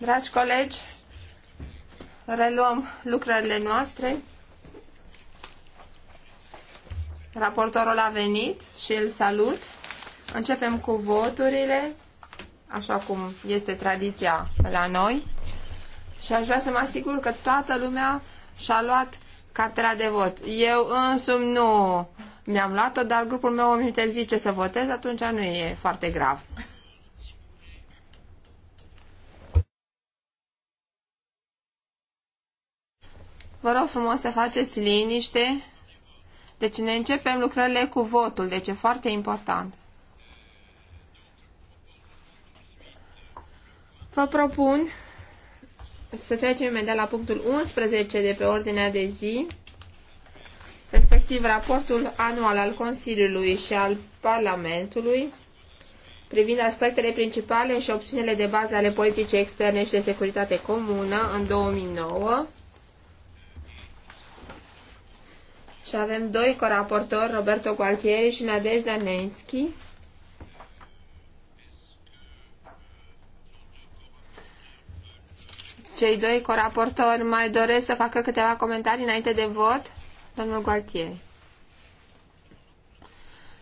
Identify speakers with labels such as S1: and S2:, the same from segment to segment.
S1: Dragi colegi, reluăm lucrările noastre. Raportorul a venit și îl salut. Începem cu voturile, așa cum este tradiția la noi. Și aș vrea să mă asigur că toată lumea și-a luat cartela de vot. Eu însum nu mi-am luat-o, dar grupul meu îmi interzice să votez, atunci nu e foarte grav. Vă rog frumos să faceți liniște. Deci ne începem lucrările cu votul, deci e foarte important. Vă propun să trecem imediat la punctul 11 de pe ordinea de zi, respectiv raportul anual al Consiliului și al Parlamentului privind aspectele principale și opțiunile de bază ale politicii externe și de securitate comună în 2009 și avem doi coraportori, Roberto Gualtieri și Nadejda Nenski. Cei doi coraportori mai doresc să facă câteva comentarii înainte de vot? Domnul Gualtieri.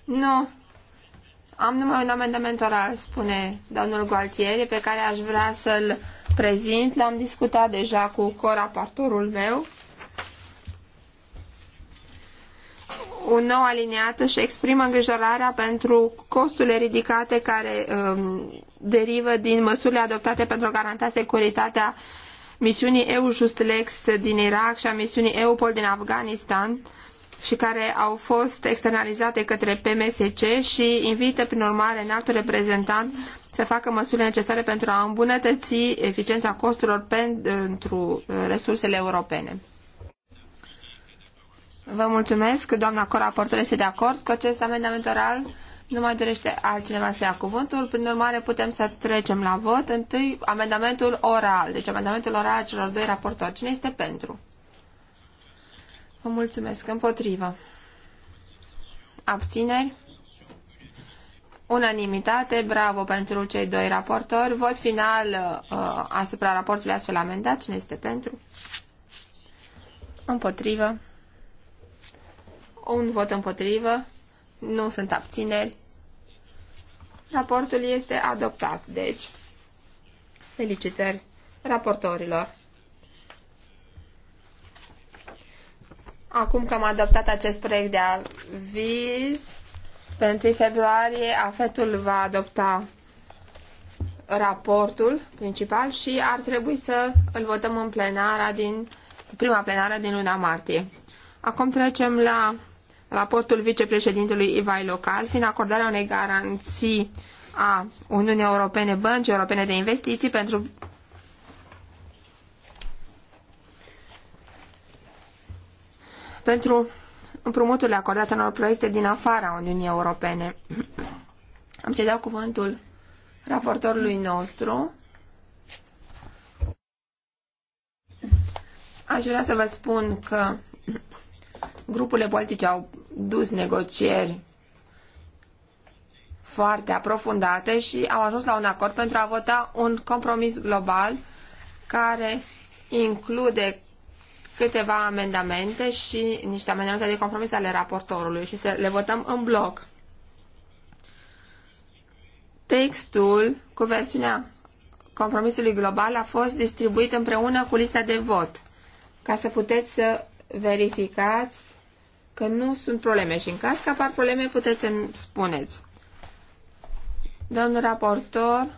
S1: Nu. Am numai un amendament oral, spune domnul Gualtieri, pe care aș vrea să-l prezint. L-am discutat deja cu coraportorul meu. un nou aliniat și exprimă îngrijorarea pentru costurile ridicate care um, derivă din măsurile adoptate pentru a garanta securitatea misiunii EU-Just Lex din Irak și a misiunii EUPOL din Afganistan și care au fost externalizate către PMSC și invită prin urmare înaltul reprezentant să facă măsurile necesare pentru a îmbunătăți eficiența costurilor pentru uh, resursele europene. Vă mulțumesc. Doamna coraportor este de acord cu acest amendament oral. Nu mai dorește altcineva să ia cuvântul. Prin urmare, putem să trecem la vot. Întâi, amendamentul oral. Deci, amendamentul oral al celor doi raportori. Cine este pentru? Vă mulțumesc. Împotrivă. Abțineri? Unanimitate. Bravo pentru cei doi raportori. Vot final uh, asupra raportului astfel amendat. Cine este pentru? Împotrivă un vot împotrivă, nu sunt abțineri. Raportul este adoptat, deci felicitări raportorilor. Acum că am adoptat acest proiect de aviz, pe 1 februarie afetul va adopta raportul principal și ar trebui să îl votăm în plenara din prima plenară din luna martie. Acum trecem la raportul vicepreședintelui Ivailo Calfin, acordarea unei garanții a Uniunii Europene, băncii europene de investiții pentru pentru împrumuturile acordate unor proiecte din afara Uniunii Europene. Am să dau cuvântul raportorului nostru. Aș vrea să vă spun că Grupurile politice au dus negocieri foarte aprofundate și au ajuns la un acord pentru a vota un compromis global care include câteva amendamente și niște amendamente de compromis ale raportorului și să le votăm în bloc. Textul cu versiunea compromisului global a fost distribuit împreună cu lista de vot ca să puteți să verificați că nu sunt probleme și în caz că apar probleme puteți să-mi spuneți. Domnul raportor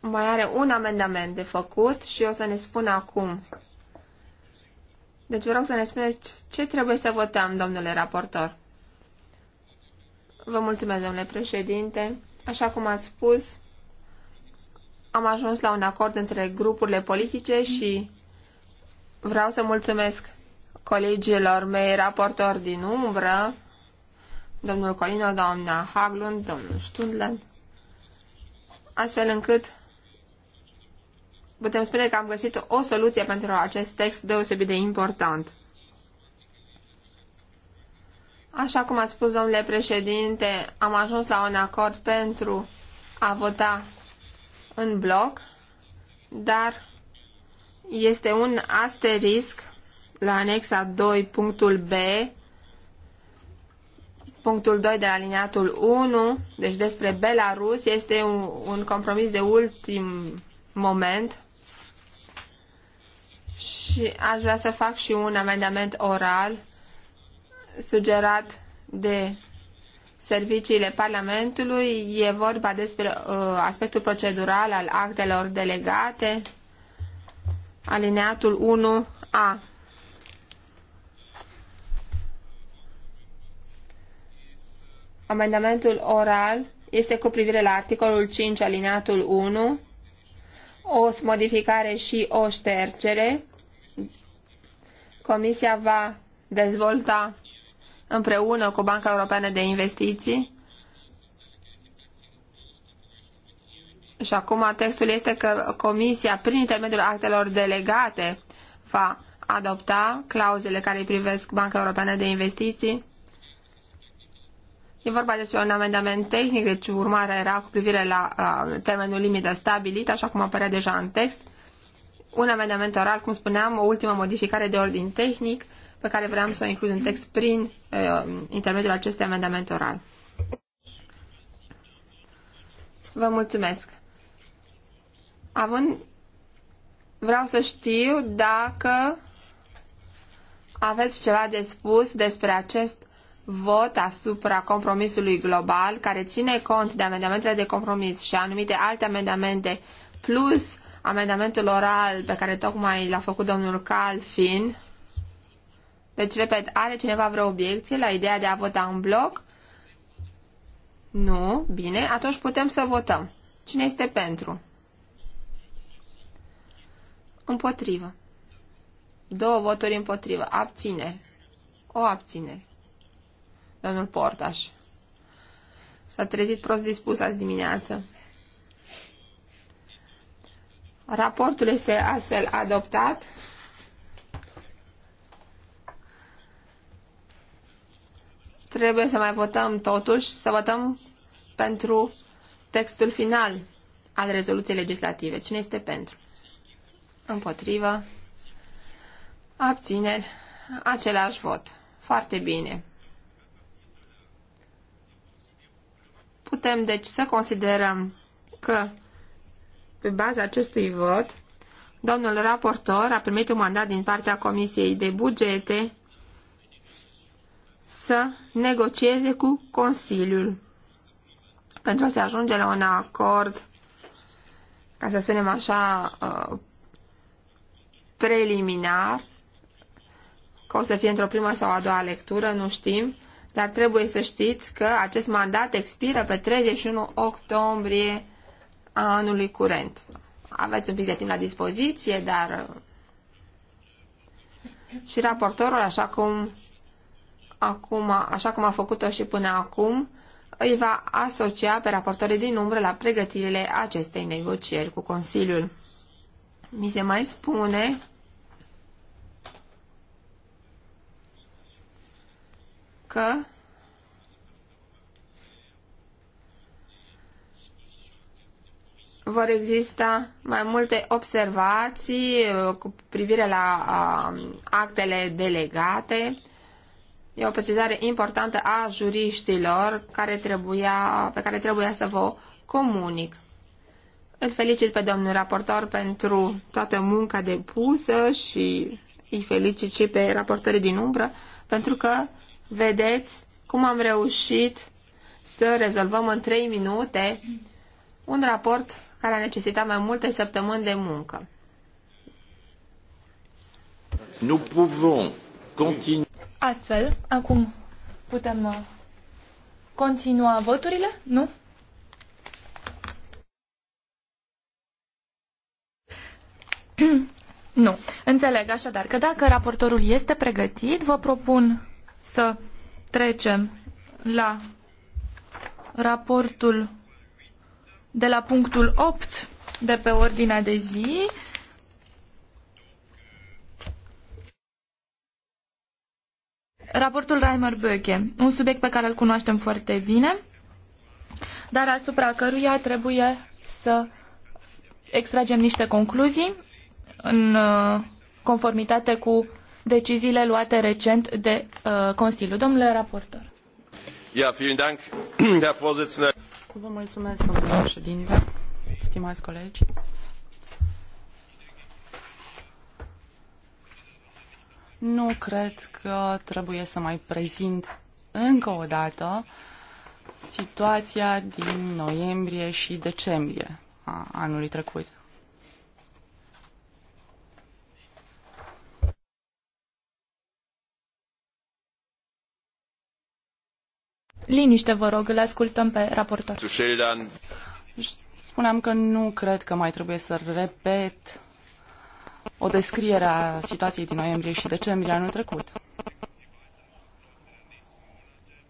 S1: mai are un amendament de făcut și o să ne spună acum. Deci vă rog să ne spuneți ce trebuie să votăm, domnule raportor. Vă mulțumesc, domnule președinte. Așa cum ați spus, am ajuns la un acord între grupurile politice și vreau să mulțumesc colegilor mei raportori din umbră, domnul Colino, doamna Haglund, domnul Stundlen, astfel încât putem spune că am găsit o soluție pentru acest text deosebit de important. Așa cum a spus domnule președinte, am ajuns la un acord pentru a vota în bloc, dar este un asterisc la anexa 2, punctul B, punctul 2 de la liniatul 1, deci despre Belarus, este un, un compromis de ultim moment și aș vrea să fac și un amendament oral sugerat de serviciile Parlamentului. E vorba despre uh, aspectul procedural al actelor delegate, alineatul 1A. Amendamentul oral este cu privire la articolul 5 alineatul 1, o modificare și o ștergere. Comisia va dezvolta împreună cu Banca Europeană de Investiții Și acum textul este că Comisia, prin intermediul actelor delegate, va adopta clauzele care privesc Banca Europeană de Investiții E vorba despre un amendament tehnic, deci urmarea era cu privire la uh, termenul limită stabilit, așa cum apărea deja în text. Un amendament oral, cum spuneam, o ultimă modificare de ordin tehnic pe care vreau să o includ în text prin uh, intermediul acestui amendament oral. Vă mulțumesc. Având, vreau să știu dacă aveți ceva de spus despre acest vot asupra compromisului global care ține cont de amendamentele de compromis și anumite alte amendamente plus amendamentul oral pe care tocmai l-a făcut domnul Calfin. Deci, repet, are cineva vreo obiecție la ideea de a vota în bloc? Nu? Bine, atunci putem să votăm. Cine este pentru? Împotrivă. Două voturi împotrivă. Abține. O abținere domnul Portaș. S-a trezit prost dispus azi dimineață. Raportul este astfel adoptat. Trebuie să mai votăm totuși, să votăm pentru textul final al rezoluției legislative. Cine este pentru? Împotrivă. Abțineri. Același vot. Foarte bine. Putem deci să considerăm că pe baza acestui vot, domnul raportor a primit un mandat din partea Comisiei de Bugete să negocieze cu Consiliul pentru a se ajunge la un acord, ca să spunem așa, uh, preliminar, că o să fie într-o primă sau a doua lectură, nu știm, dar trebuie să știți că acest mandat expiră pe 31 octombrie a anului curent. Aveți un pic de timp la dispoziție, dar uh, și raportorul, așa cum, acum, așa cum a făcut-o și până acum, îi va asocia pe raportorii din umbră la pregătirile acestei negocieri cu Consiliul. Mi se mai spune că vor exista mai multe observații uh, cu privire la uh, actele delegate. E o precizare importantă a juriștilor care trebuia, pe care trebuia să vă comunic. Îl felicit pe domnul raportor pentru toată munca depusă și îi felicit și pe raportorii din umbră pentru că Vedeți cum am reușit să rezolvăm în 3 minute un raport care a necesitat mai multe săptămâni de muncă.
S2: Nous pouvons continue.
S3: Astfel, acum putem uh, continua voturile, nu? nu. Înțeleg așadar că dacă raportorul este pregătit, vă propun să trecem la raportul de la punctul 8 de pe ordinea de zi. Raportul Reimer Böge, un subiect pe care îl cunoaștem foarte bine, dar asupra căruia trebuie să extragem niște concluzii în uh, conformitate cu deciziile luate recent de
S2: uh, Consiliu. Domnule raportor.
S1: Ja, vielen Dank, Herr Vorsitzender.
S2: Vă mulțumesc, domnule președinte, stimați colegi. Nu cred că trebuie să mai prezint încă o dată situația din noiembrie și decembrie a anului trecut. Liniște, vă rog, îl ascultăm pe raportor. Spuneam că nu cred că mai trebuie să repet o descriere a situației din noiembrie și decembrie anul trecut.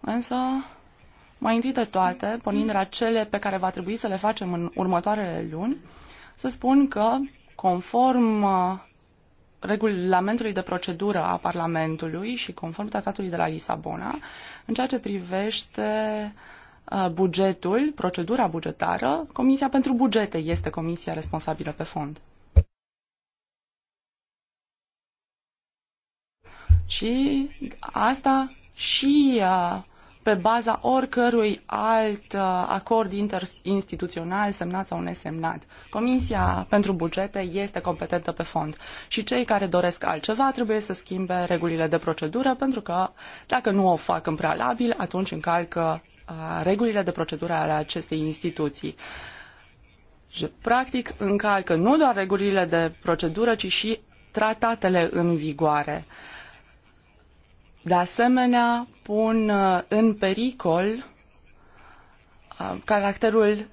S2: Însă, mai întâi de toate, pornind de la cele pe care va trebui să le facem în următoarele luni, să spun că, conform uh, regulamentului de procedură a Parlamentului și conform tratatului de la Lisabona, în ceea ce privește uh, bugetul, procedura bugetară, Comisia pentru Bugete este comisia responsabilă pe fond. Și asta și uh, pe baza oricărui alt uh, acord interinstituțional semnat sau nesemnat. Comisia pentru bugete este competentă pe fond și cei care doresc altceva trebuie să schimbe regulile de procedură pentru că dacă nu o fac în prealabil, atunci încalcă uh, regulile de procedură ale acestei instituții. Practic încalcă nu doar regulile de procedură, ci și tratatele în vigoare. Uh, de asemenea, pun uh, în pericol uh, caracterul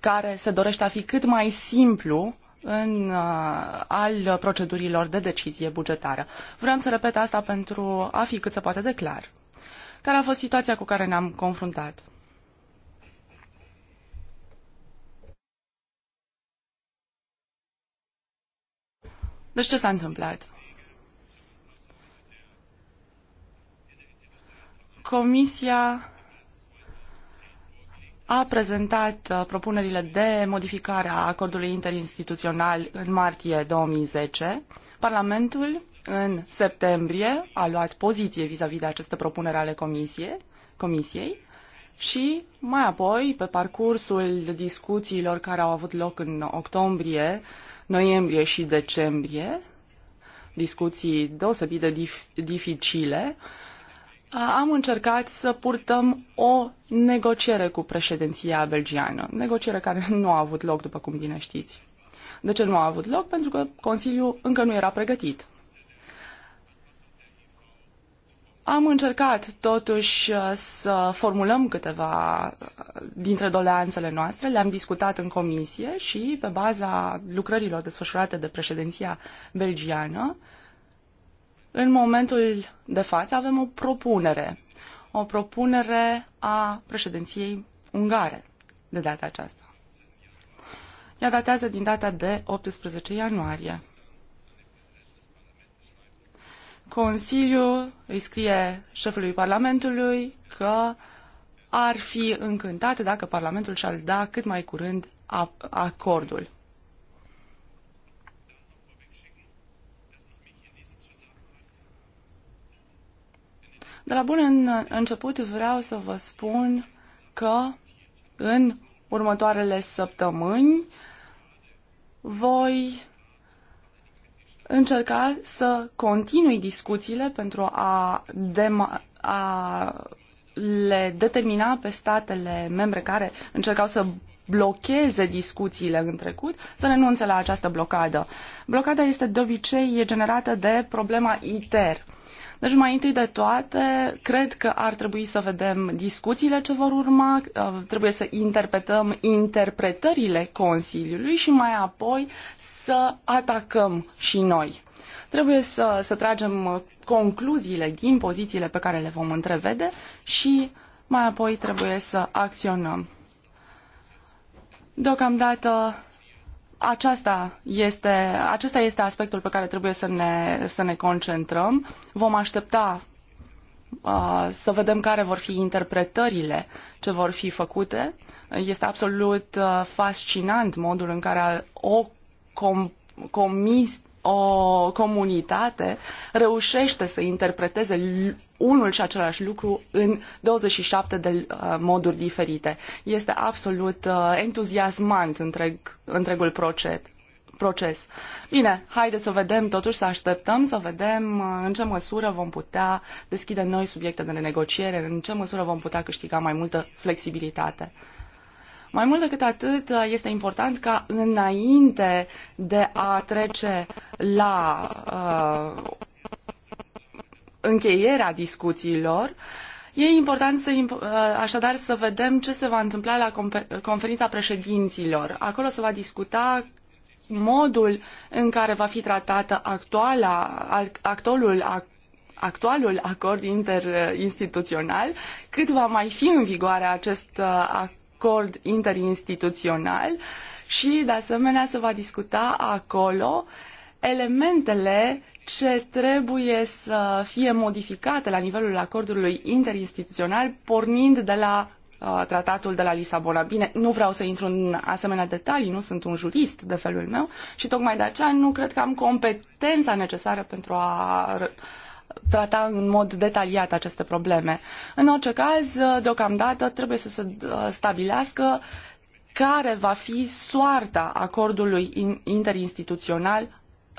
S2: care se dorește a fi cât mai simplu în, uh, al procedurilor de decizie bugetară. Vreau să repet asta pentru a fi cât se poate de clar. Care a fost situația cu care ne-am confruntat? Deci ce s-a întâmplat? Comisia a prezentat uh, propunerile de modificare a acordului interinstituțional în martie 2010. Parlamentul în septembrie a luat poziție vis-a-vis -vis de aceste propunere ale comisie, Comisiei și mai apoi, pe parcursul discuțiilor care au avut loc în octombrie, noiembrie și decembrie, discuții deosebit de dif- dificile, uh, am încercat să purtăm o negociere cu președinția belgiană, negociere care nu a avut loc, după cum bine știți. De ce nu a avut loc? Pentru că Consiliul încă nu era pregătit. Am încercat totuși să formulăm câteva dintre doleanțele noastre, le-am discutat în comisie și pe baza lucrărilor desfășurate de președinția belgiană, în momentul de față avem o propunere, o propunere a președinției ungare de data aceasta. Ea datează din data de 18 ianuarie. Consiliul îi scrie șefului Parlamentului că ar fi încântat dacă Parlamentul și-ar da cât mai curând acordul. De la bun în început vreau să vă spun că în următoarele săptămâni voi încerca să continui discuțiile pentru a, dema- a le determina pe statele membre care încercau să blocheze discuțiile în trecut, să renunțe la această blocadă. Blocada este de obicei generată de problema ITER. Deci, mai întâi de toate, cred că ar trebui să vedem discuțiile ce vor urma, uh, trebuie să interpretăm interpretările Consiliului și mai apoi să atacăm și noi. Trebuie să, să tragem concluziile din pozițiile pe care le vom întrevede și mai apoi trebuie să acționăm. Deocamdată aceasta este, acesta este aspectul pe care trebuie să ne, să ne concentrăm. Vom aștepta uh, să vedem care vor fi interpretările ce vor fi făcute. Este absolut uh, fascinant modul în care o, com, comis, o comunitate reușește să interpreteze unul și același lucru în 27 de uh, moduri diferite. Este absolut uh, entuziasmant întreg, întregul proces proces. Bine, haideți să vedem, totuși să așteptăm, să vedem uh, în ce măsură vom putea deschide noi subiecte de negociere, în ce măsură vom putea câștiga mai multă flexibilitate. Mai mult decât atât, este important ca înainte de a trece la uh, încheierea discuțiilor. E important să, uh, așadar să vedem ce se va întâmpla la conferința președinților. Acolo se va discuta modul în care va fi tratată actuala, actualul, actualul acord interinstituțional, cât va mai fi în vigoare acest uh, acord interinstituțional și, de asemenea, se va discuta acolo elementele ce trebuie să fie modificate la nivelul acordului interinstituțional, pornind de la uh, tratatul de la Lisabona. Bine, nu vreau să intru în asemenea detalii, nu sunt un jurist de felul meu și tocmai de aceea nu cred că am competența necesară pentru a trata în mod detaliat aceste probleme. În orice caz, uh, deocamdată trebuie să se uh, stabilească care va fi soarta acordului interinstituțional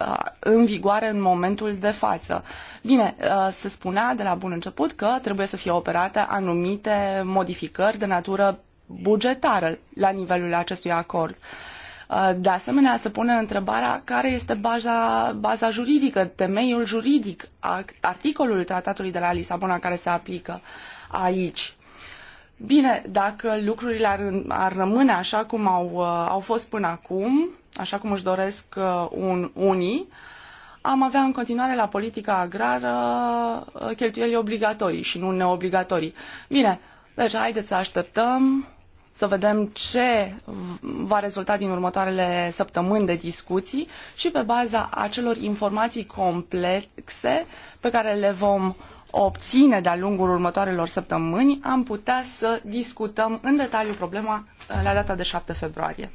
S2: Uh, în vigoare în momentul de față. Bine, uh, se spunea de la bun început că trebuie să fie operate anumite modificări de natură bugetară la nivelul acestui acord. Uh, de asemenea, se pune întrebarea care este baza, baza juridică, temeiul juridic, articolul tratatului de la Lisabona care se aplică aici. Bine, dacă lucrurile ar, ar rămâne așa cum au, au fost până acum, așa cum își doresc uh, un, unii, am avea în continuare la politica agrară uh, cheltuieli obligatorii și nu neobligatorii. Bine, deci haideți să așteptăm să vedem ce va rezulta din următoarele săptămâni de discuții și pe baza acelor informații complexe pe care le vom obține de-a lungul următoarelor săptămâni, am putea să discutăm în detaliu problema uh, la data de 7 februarie.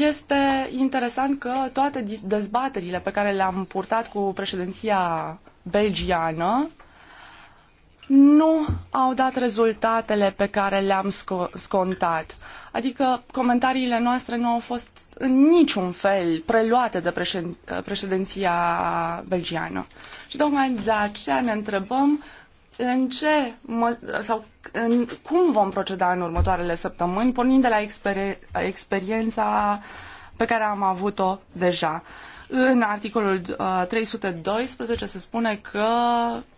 S2: Este interesant că toate dezbaterile pe care le-am purtat cu președinția belgiană nu au dat rezultatele pe care le-am sco scontat. Adică comentariile noastre nu au fost în niciun fel preluate de președinția belgiană. Și tocmai de aceea ne întrebăm în ce mă, sau în, cum vom proceda în următoarele săptămâni, pornind de la exper, experiența pe care am avut-o deja. În articolul uh, 312 se spune că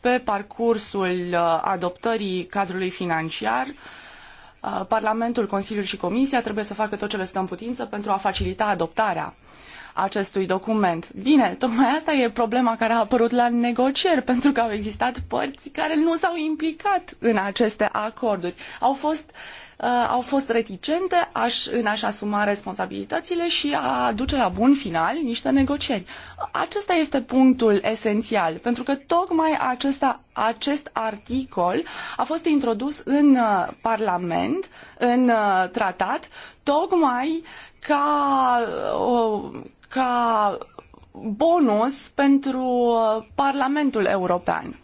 S2: pe parcursul uh, adoptării cadrului financiar, uh, Parlamentul, Consiliul și Comisia trebuie să facă tot ce le stă în putință pentru a facilita adoptarea uh, acestui document. Bine, tocmai asta e problema care a apărut la negocieri, pentru că au existat părți care nu s-au implicat în aceste acorduri. Au fost uh, au fost reticente aș, în a-și asuma responsabilitățile și a duce la bun final niște negocieri. Acesta este punctul esențial, pentru că tocmai acesta, acest articol a fost introdus în uh, Parlament, în uh, tratat, tocmai ca, uh, ca bonus pentru Parlamentul European.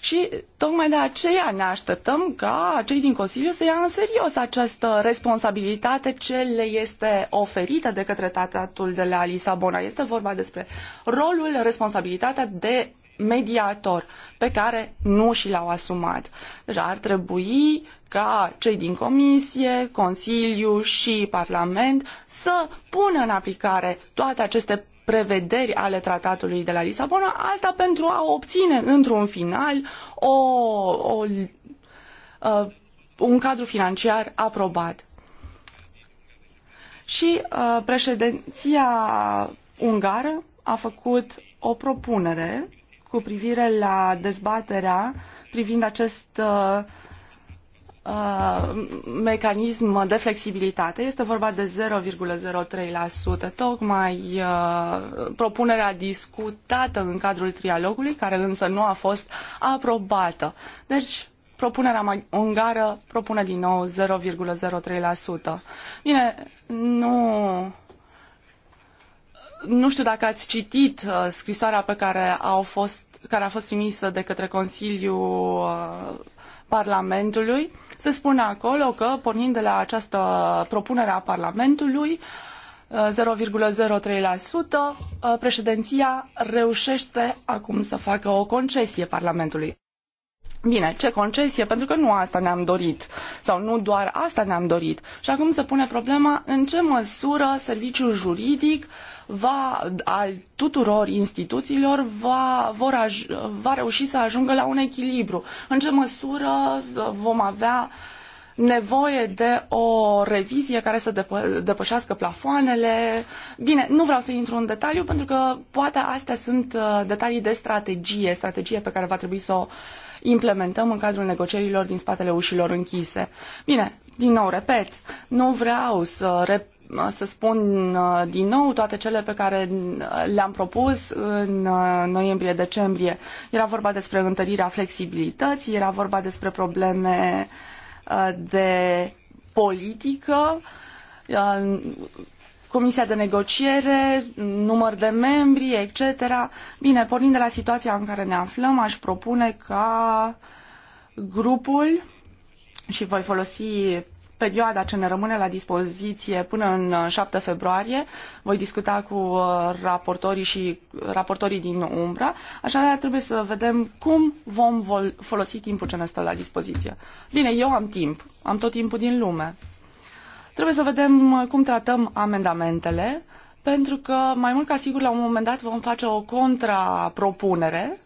S2: Și tocmai de aceea ne așteptăm ca cei din Consiliu să ia în serios această responsabilitate ce le este oferită de către tratatul de la Lisabona. Este vorba despre rolul, responsabilitatea de mediator pe care nu și l-au asumat. Deci ar trebui ca cei din Comisie, Consiliu și Parlament să pună în aplicare toate aceste prevederi ale tratatului de la Lisabona, asta pentru a obține într-un final o, o, uh, un cadru financiar aprobat. Și uh, președinția ungară a făcut o propunere cu privire la dezbaterea privind acest uh, Uh, mecanism de flexibilitate. Este vorba de 0,03%. Tocmai uh, propunerea discutată în cadrul trialogului, care însă nu a fost aprobată. Deci, propunerea ungară propune din nou 0,03%. Bine, nu... Nu știu dacă ați citit uh, scrisoarea pe care, au fost, care a fost trimisă de către Consiliul uh, Parlamentului. Se spune acolo că, pornind de la această propunere a Parlamentului, 0,03%, președinția reușește acum să facă o concesie Parlamentului. Bine, ce concesie? Pentru că nu asta ne-am dorit sau nu doar asta ne-am dorit. Și acum se pune problema în ce măsură serviciul juridic uh, va, al tuturor instituțiilor va, vor aj, va reuși să ajungă la un echilibru. În ce măsură vom avea nevoie de o revizie care să depă- depășească plafoanele. Bine, nu vreau să intru în detaliu pentru că poate astea sunt uh, detalii de strategie, strategie pe care va trebui să o implementăm în cadrul negocierilor din spatele ușilor închise. Bine, din nou repet, nu vreau să rep- Uh, să spun uh, din nou toate cele pe care uh, le-am propus în noiembrie-decembrie. Era vorba despre întărirea flexibilității, era vorba despre probleme de politică, comisia de negociere, număr de membri, etc. Bine, pornind de la situația în care ne aflăm, aș propune ca grupul și voi folosi perioada ce ne rămâne la dispoziție până în 7 uh, februarie. Voi discuta cu uh, raportorii și uh, raportorii din umbră. Așadar, trebuie să vedem cum vom folosi timpul ce ne stă la dispoziție. Bine, eu am timp. Am tot timpul din lume. Trebuie să vedem cum tratăm amendamentele, pentru că mai mult ca sigur la un moment dat vom face o contrapropunere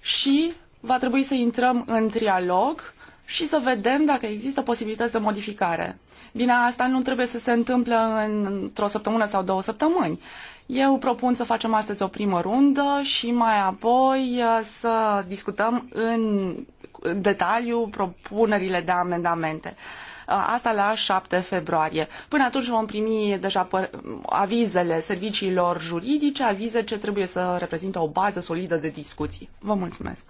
S2: și va trebui să intrăm în trialog și să vedem dacă există posibilități de modificare. Bine, asta nu trebuie să se întâmple într-o săptămână sau două săptămâni. Eu propun să facem astăzi o primă rundă și mai apoi uh, să discutăm în detaliu propunerile de amendamente. Uh, asta la 7 februarie. Până atunci vom primi deja avizele serviciilor juridice, avize ce trebuie să reprezintă o bază solidă de discuții. Vă mulțumesc!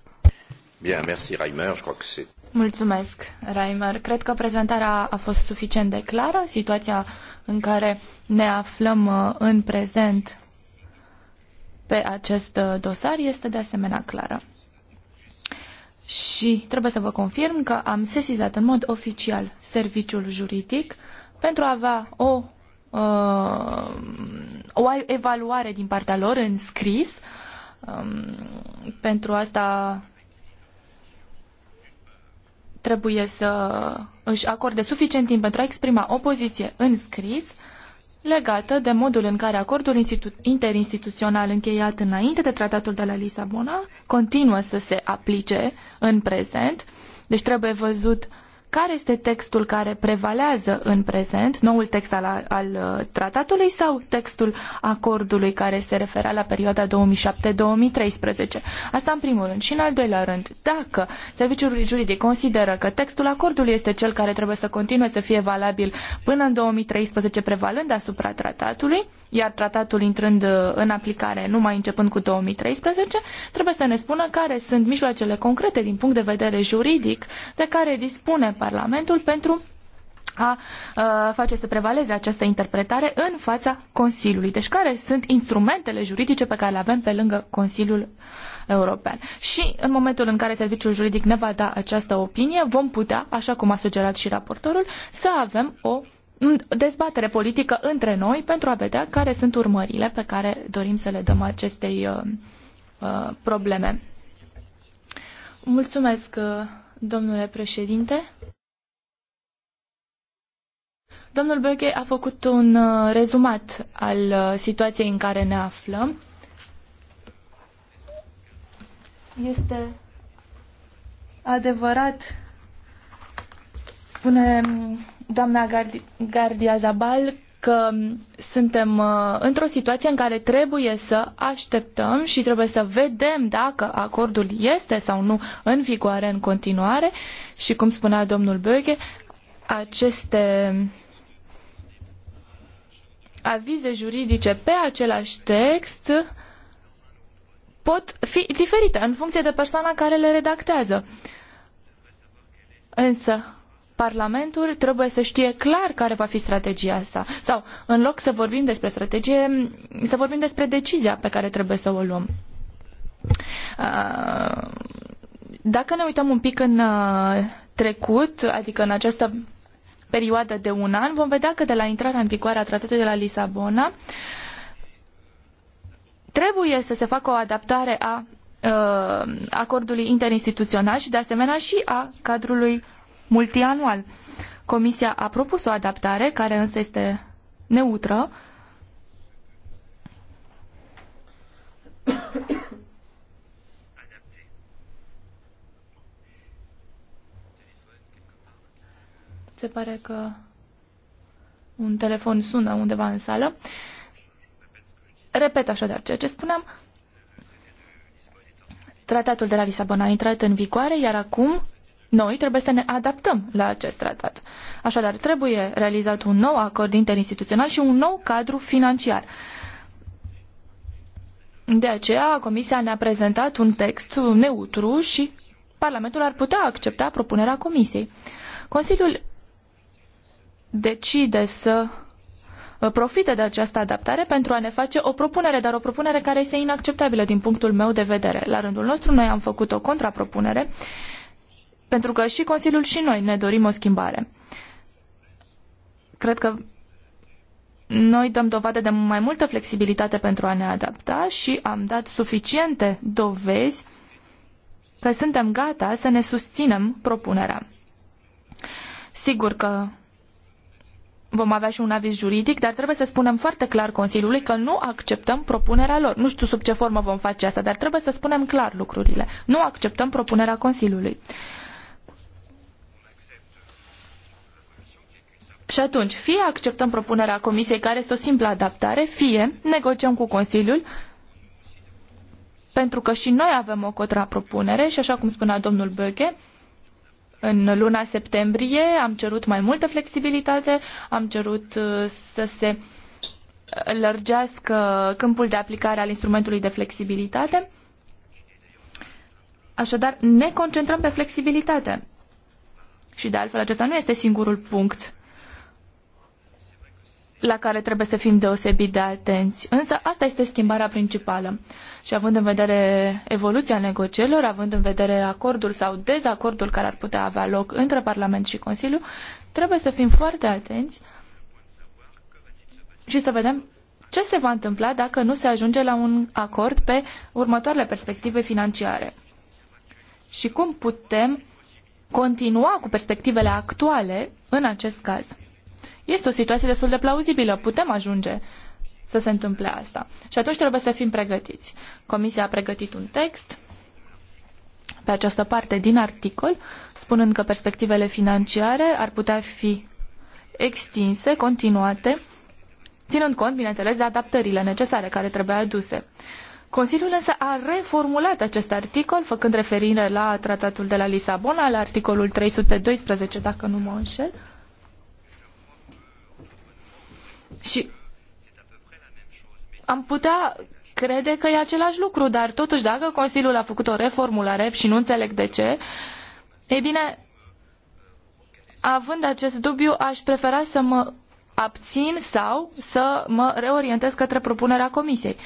S1: Bien, merci Reimer, je crois que c'est
S2: Mulțumesc,
S3: Reimer. Cred că prezentarea a fost suficient de clară. Situația în care ne aflăm uh, în prezent pe acest uh, dosar este de asemenea clară. Și trebuie să vă confirm că am sesizat în mod oficial serviciul juridic pentru a avea o, uh, o evaluare din partea lor în scris. Um, pentru asta trebuie să își acorde suficient timp pentru a exprima o poziție în scris legată de modul în care acordul interinstituțional încheiat înainte de tratatul de la Lisabona continuă să se aplice în prezent. Deci trebuie văzut uh, care este textul care prevalează în prezent, noul text al, al uh, tratatului sau textul acordului care se referea la perioada 2007-2013. Asta în primul rând. Și în al doilea rând, dacă serviciul juridic consideră că textul acordului este cel care trebuie să continue să fie valabil până în 2013, prevalând asupra tratatului, iar tratatul intrând uh, în aplicare numai începând cu 2013, trebuie să ne spună care sunt mijloacele concrete din punct de vedere juridic de care dispune Parlamentul pentru a, uh, face să prevaleze această interpretare în fața Consiliului. Deci care sunt instrumentele juridice pe care le avem pe lângă Consiliul European. Și în momentul în care serviciul juridic ne va da această opinie, vom putea, așa cum a sugerat și raportorul, să avem o dezbatere politică între noi pentru a vedea care sunt urmările pe care dorim să le dăm acestei uh, uh probleme. Mulțumesc, uh, domnule președinte. Domnul Böge a făcut un uh, rezumat al situației în care ne aflăm. Este adevărat, spune doamna Gardi Gardia Zabal că suntem uh, într-o situație în care trebuie să așteptăm și trebuie să vedem dacă acordul este sau nu în vigoare în continuare și cum spunea domnul Böge, aceste avize juridice pe același text pot fi diferite în funcție de persoana care le redactează. Însă, Parlamentul trebuie să știe clar care va fi strategia sa. Sau, în loc să vorbim despre strategie, să vorbim despre decizia pe care trebuie să o luăm. Dacă ne uităm un pic în trecut, adică în această perioadă de un an, vom vedea că de la intrarea în vigoare a tratatului de la Lisabona trebuie să se facă o adaptare a acordului interinstituțional și de asemenea și a cadrului multianual. Comisia a propus o adaptare, care însă este neutră. Se pare că un telefon sună undeva în sală. Repet așadar ceea ce spuneam. Tratatul de la Lisabona a intrat în vigoare, iar acum noi trebuie să ne adaptăm la acest tratat. Așadar, trebuie realizat un nou acord interinstituțional și un nou cadru financiar. De aceea, Comisia ne-a prezentat un text neutru și Parlamentul ar putea accepta propunerea Comisiei. Consiliul decide să profite de această adaptare pentru a ne face o propunere, dar o propunere care este inacceptabilă din punctul meu de vedere. La rândul nostru, noi am făcut o contrapropunere pentru că și Consiliul și noi ne dorim o schimbare. Cred că noi dăm dovadă de mai multă flexibilitate pentru a ne adapta și am dat suficiente dovezi că suntem gata să ne susținem propunerea. Sigur că vom avea și un aviz juridic, dar trebuie să spunem foarte clar Consiliului că nu acceptăm propunerea lor. Nu știu sub ce formă vom face asta, dar trebuie să spunem clar lucrurile. Nu acceptăm propunerea Consiliului. Uh, Și atunci, fie acceptăm propunerea Comisiei, care este o simplă adaptare, fie negociem cu Consiliul, pentru că și noi avem o contrapropunere și, așa cum spunea domnul Böge, în luna septembrie am cerut mai multă flexibilitate, am cerut uh, să se lărgească câmpul de aplicare al instrumentului de flexibilitate. Așadar, ne concentrăm pe flexibilitate. Și de altfel, acesta nu este singurul punct la care trebuie să fim deosebit de atenți. Însă asta este schimbarea principală. Și având în vedere evoluția negocierilor, având în vedere acordul sau dezacordul care ar putea avea loc între Parlament și Consiliu, trebuie să fim foarte atenți și să vedem ce se va întâmpla dacă nu se ajunge la un acord pe următoarele perspective financiare. Și cum putem continua cu perspectivele actuale în acest caz. Este o situație destul de plauzibilă. Putem ajunge să se întâmple asta. Și atunci trebuie să fim pregătiți. Comisia a pregătit un text pe această parte din articol, spunând că perspectivele financiare ar putea fi extinse, continuate, ținând cont, bineînțeles, de adaptările necesare care trebuie aduse. Consiliul însă a reformulat acest articol, făcând referire la tratatul de la Lisabona, la articolul 312, dacă nu mă înșel, Și am putea crede că e același lucru, dar totuși dacă Consiliul a făcut o reformulare și nu înțeleg de ce, ei bine, având acest dubiu, aș prefera să mă abțin sau să mă reorientez către propunerea Comisiei.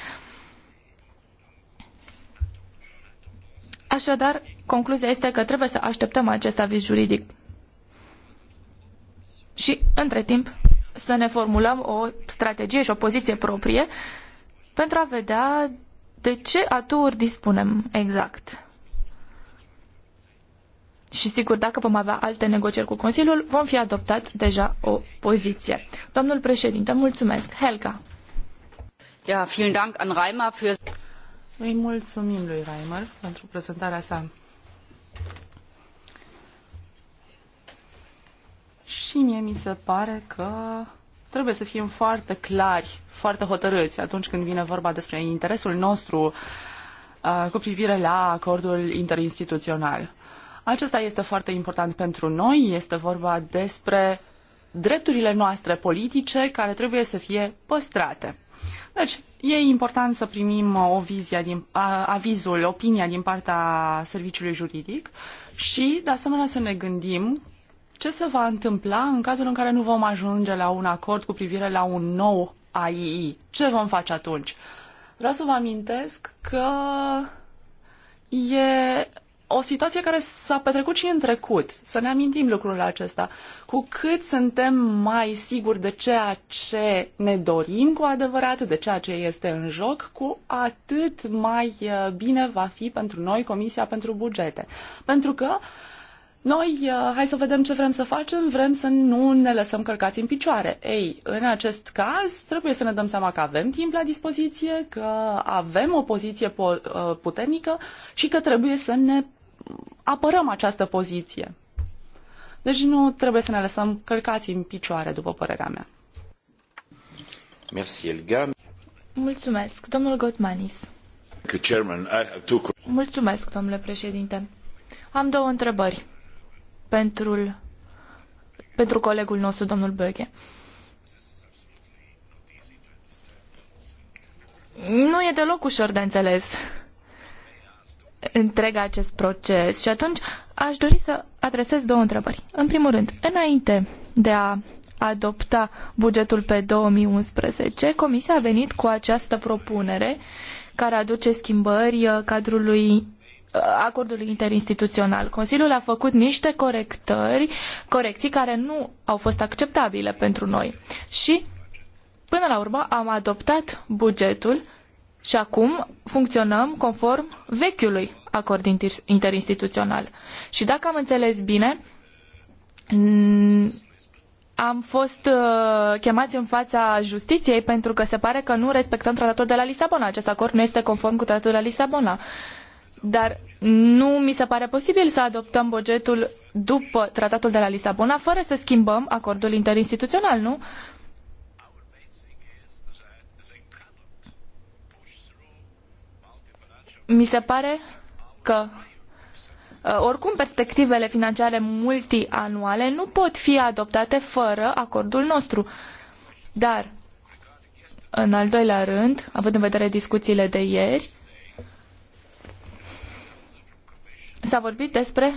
S3: Așadar, concluzia este că trebuie să așteptăm acest aviz juridic. Și, între timp, să ne formulăm o strategie și o poziție proprie pentru a vedea de ce aturi dispunem exact. Și sigur, dacă vom avea alte negocieri cu Consiliul, vom fi adoptat deja o poziție. Domnul președinte, mulțumesc. Helga.
S2: Ja, vielen Dank an Reimer für... Îi mulțumim lui Reimer pentru prezentarea sa. Și mie mi se pare că trebuie să fim foarte clari, foarte hotărâți atunci când vine vorba despre interesul nostru uh, cu privire la acordul interinstituțional. Acesta este foarte important pentru noi, este vorba despre drepturile noastre politice care trebuie să fie păstrate. Deci, e important să primim o vizia din, a, avizul, opinia din partea serviciului juridic și, de asemenea, să ne gândim ce se va întâmpla în cazul în care nu vom ajunge la un acord cu privire la un nou AII? Ce vom face atunci? Vreau să vă amintesc că e o situație care s-a petrecut și în trecut. Să ne amintim lucrurile acesta. Cu cât suntem mai siguri de ceea ce ne dorim cu adevărat, de ceea ce este în joc, cu atât mai uh, bine va fi pentru noi Comisia pentru Bugete. Pentru că uh, noi, uh, hai să vedem ce vrem să facem, vrem să nu ne lăsăm călcați în picioare. Ei, în acest caz, trebuie să ne dăm seama că avem timp la dispoziție, că avem o poziție uh, puternică și că trebuie să ne apărăm această poziție. Deci nu trebuie să ne lăsăm călcați în picioare, după părerea mea. Merci, Elga.
S3: Mulțumesc, domnul Gotmanis. Mulțumesc, domnule președinte. Am două întrebări pentru, pentru colegul nostru, domnul Böge. Nu e deloc ușor de înțeles întreg acest proces și atunci aș dori să adresez două întrebări. În primul rând, înainte de a adopta bugetul pe 2011, Comisia a venit cu această propunere care aduce schimbări uh, cadrului acordului interinstituțional. Consiliul a făcut niște corectări, corecții care nu au fost acceptabile pentru noi. Și până la urmă am adoptat bugetul și acum funcționăm conform vechiului acord interinstituțional. Și dacă am înțeles bine, am fost uh, chemați în fața justiției pentru că se pare că nu respectăm tratatul de la Lisabona. Acest acord nu este conform cu tratatul de la Lisabona dar nu mi se pare posibil să adoptăm bugetul după tratatul de la Lisabona fără să schimbăm acordul interinstituțional, nu? Mi se pare că uh, oricum perspectivele financiare multianuale nu pot fi adoptate fără acordul nostru. Dar, în al doilea rând, având în vedere discuțiile de ieri, S-a vorbit despre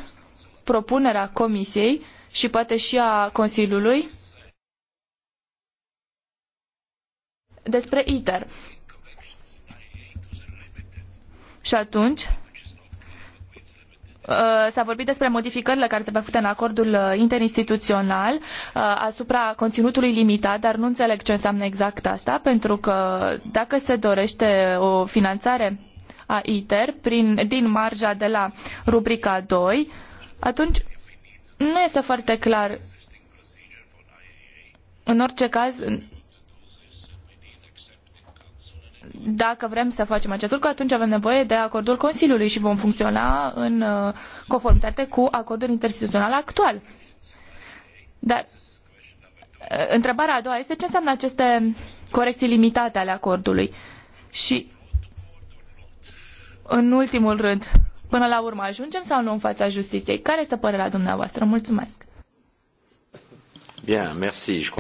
S3: propunerea Comisiei și poate și a Consiliului despre ITER. Și atunci uh, s-a vorbit despre modificările care trebuie făcute în acordul uh, interinstituțional uh, asupra conținutului limitat, dar nu înțeleg ce înseamnă exact asta, pentru că dacă se dorește o finanțare a ITER prin, din marja de la rubrica 2, atunci nu este foarte clar. În orice caz, dacă vrem să facem acest lucru, atunci avem nevoie de acordul Consiliului și vom funcționa în uh, conformitate cu acordul interinstituțional actual. Dar uh, întrebarea a doua este ce înseamnă aceste corecții limitate ale acordului. Și în ultimul rând, până la urmă ajungem sau nu în fața justiției? Care este părerea dumneavoastră? Mulțumesc!
S1: Bien, merci.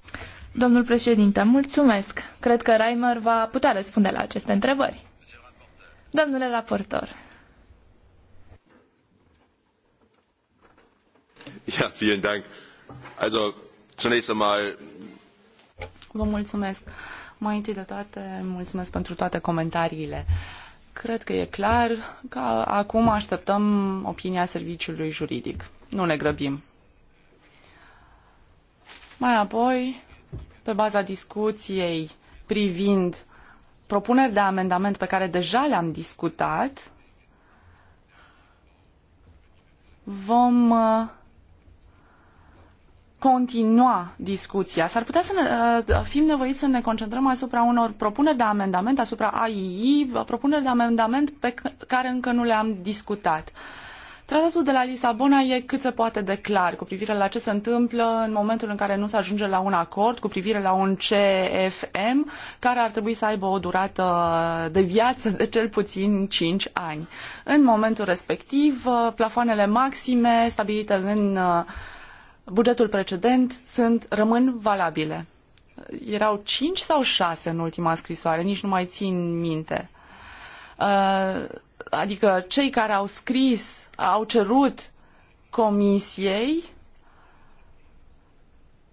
S3: Domnul președinte, mulțumesc. Cred că Reimer va putea răspunde la aceste întrebări. Domnule raportor.
S1: Ja, vielen Dank. Also, zunächst einmal...
S2: Vă mulțumesc. Mai întâi de toate, mulțumesc pentru toate comentariile. Uh, Cred că e clar că acum așteptăm opinia serviciului juridic. Nu ne grăbim. Mai apoi, pe baza discuției privind propuneri de amendament pe care deja le-am discutat, vom uh, continua discuția. S-ar putea să ne, uh, fim nevoiți să ne concentrăm asupra unor propuneri de amendament, asupra AII, propuneri de amendament pe care încă nu le-am discutat. Tratatul de la Lisabona e cât se poate de clar cu privire la ce se întâmplă în momentul în care nu se ajunge la un acord cu privire la un CFM care ar trebui să aibă o durată de viață de cel puțin 5 ani. În momentul respectiv, uh, plafoanele maxime stabilite în uh, bugetul precedent sunt, rămân valabile. Erau cinci sau șase în ultima scrisoare, nici nu mai țin minte. Uh, adică cei care au scris, au cerut comisiei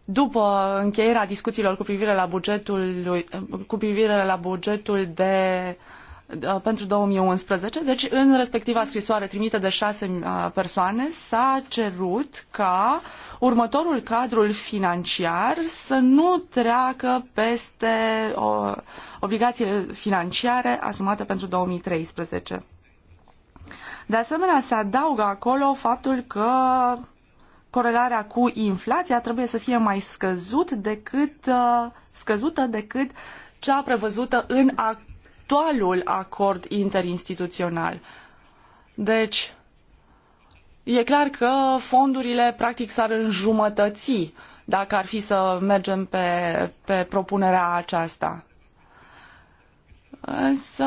S2: după încheierea discuțiilor cu privire la bugetul, cu privire la bugetul de pentru 2011. Deci, în respectiva scrisoare trimită de șase uh, persoane, s-a cerut ca uh, următorul cadru financiar să nu treacă peste o, obligațiile financiare asumate pentru 2013. De asemenea, se adaugă acolo faptul că corelarea cu inflația trebuie să fie mai scăzut decât, uh, scăzută decât cea prevăzută în actualul acord interinstituțional. Deci, E clar că fondurile practic s-ar înjumătăți dacă ar fi să mergem pe, pe propunerea aceasta. Însă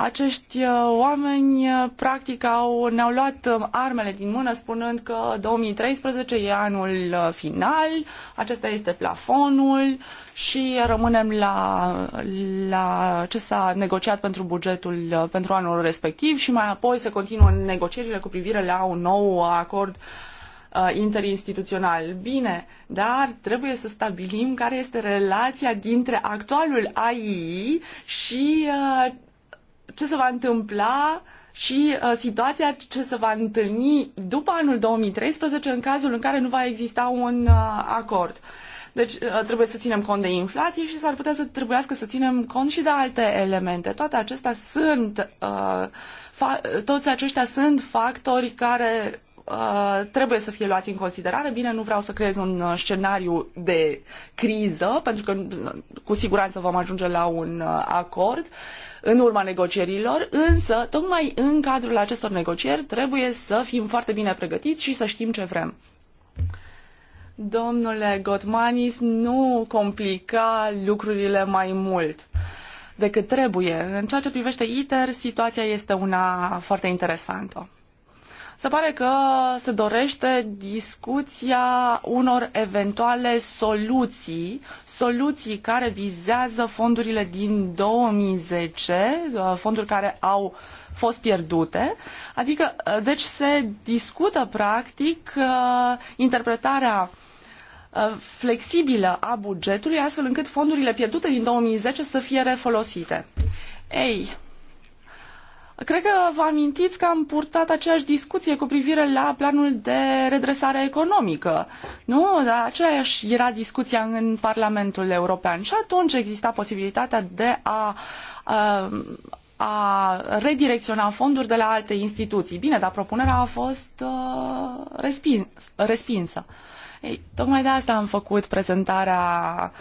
S2: acești uh, oameni uh, practic au, ne-au luat uh, armele din mână spunând că 2013 e anul final, acesta este plafonul și rămânem la, la ce s-a negociat pentru bugetul pentru anul respectiv și mai apoi se continuă negocierile cu privire la un nou acord interinstituțional. Bine, dar trebuie să stabilim care este relația dintre actualul AII și ce se va întâmpla și uh, situația ce se va întâlni după anul 2013 în cazul în care nu va exista un uh, acord. Deci uh, trebuie să ținem cont de inflație și s-ar putea să trebuiască să ținem cont și de alte elemente. Toate acestea sunt, uh, toți aceștia sunt factori care Uh, trebuie să fie luați în considerare. Bine, nu vreau să creez un uh, scenariu de criză, pentru că uh, cu siguranță vom ajunge la un acord în urma negocierilor, însă tocmai în cadrul acestor negocieri trebuie să fim foarte bine pregătiți și să știm ce vrem. Domnule Gotmanis, nu complica lucrurile mai mult decât trebuie. În ceea ce privește ITER, situația este una foarte interesantă. Se pare că se dorește discuția unor eventuale soluții, soluții care vizează fondurile din 2010, uh, fonduri care au fost pierdute. Adică, uh, deci se discută practic uh, interpretarea flexibilă a bugetului, astfel încât fondurile pierdute din 2010 să fie refolosite. Ei, Cred că vă amintiți că am purtat aceeași discuție cu privire la planul de redresare economică. Nu? Dar aceeași era discuția în Parlamentul European și atunci exista posibilitatea de a, a, a redirecționa fonduri de la alte instituții. Bine, dar propunerea a fost uh, respins, respinsă. Ei, tocmai de asta am făcut prezentarea,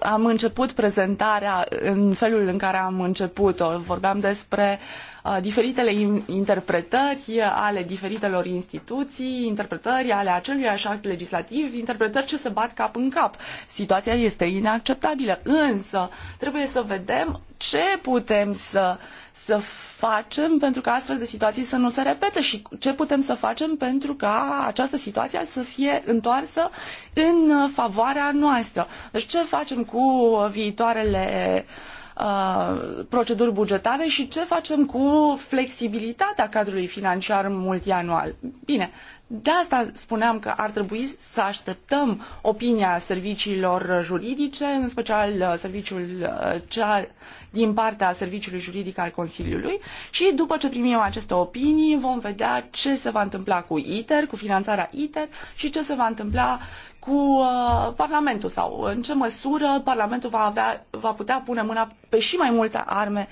S2: am început prezentarea în felul în care am început-o. Vorbeam despre uh, Uh, diferitele interpretări ale diferitelor instituții, interpretări ale acelui act legislativ, interpretări ce se bat cap în cap. Situația este inacceptabilă, însă trebuie să vedem ce putem să, să facem pentru ca astfel de situații să nu se repete și ce putem să facem pentru ca această situație să fie întoarsă în favoarea noastră. Deci ce facem cu viitoarele uh, Uh, proceduri bugetare și ce facem cu flexibilitatea cadrului financiar multianual. Bine, de asta spuneam că ar trebui să așteptăm opinia serviciilor juridice, în special uh, serviciul uh, din partea Serviciului Juridic al Consiliului și după ce primim aceste opinii vom vedea ce se va întâmpla cu ITER, cu finanțarea ITER și ce se va întâmpla cu uh, Parlamentul sau în ce măsură Parlamentul va, avea, va putea pune mâna pe și mai multe arme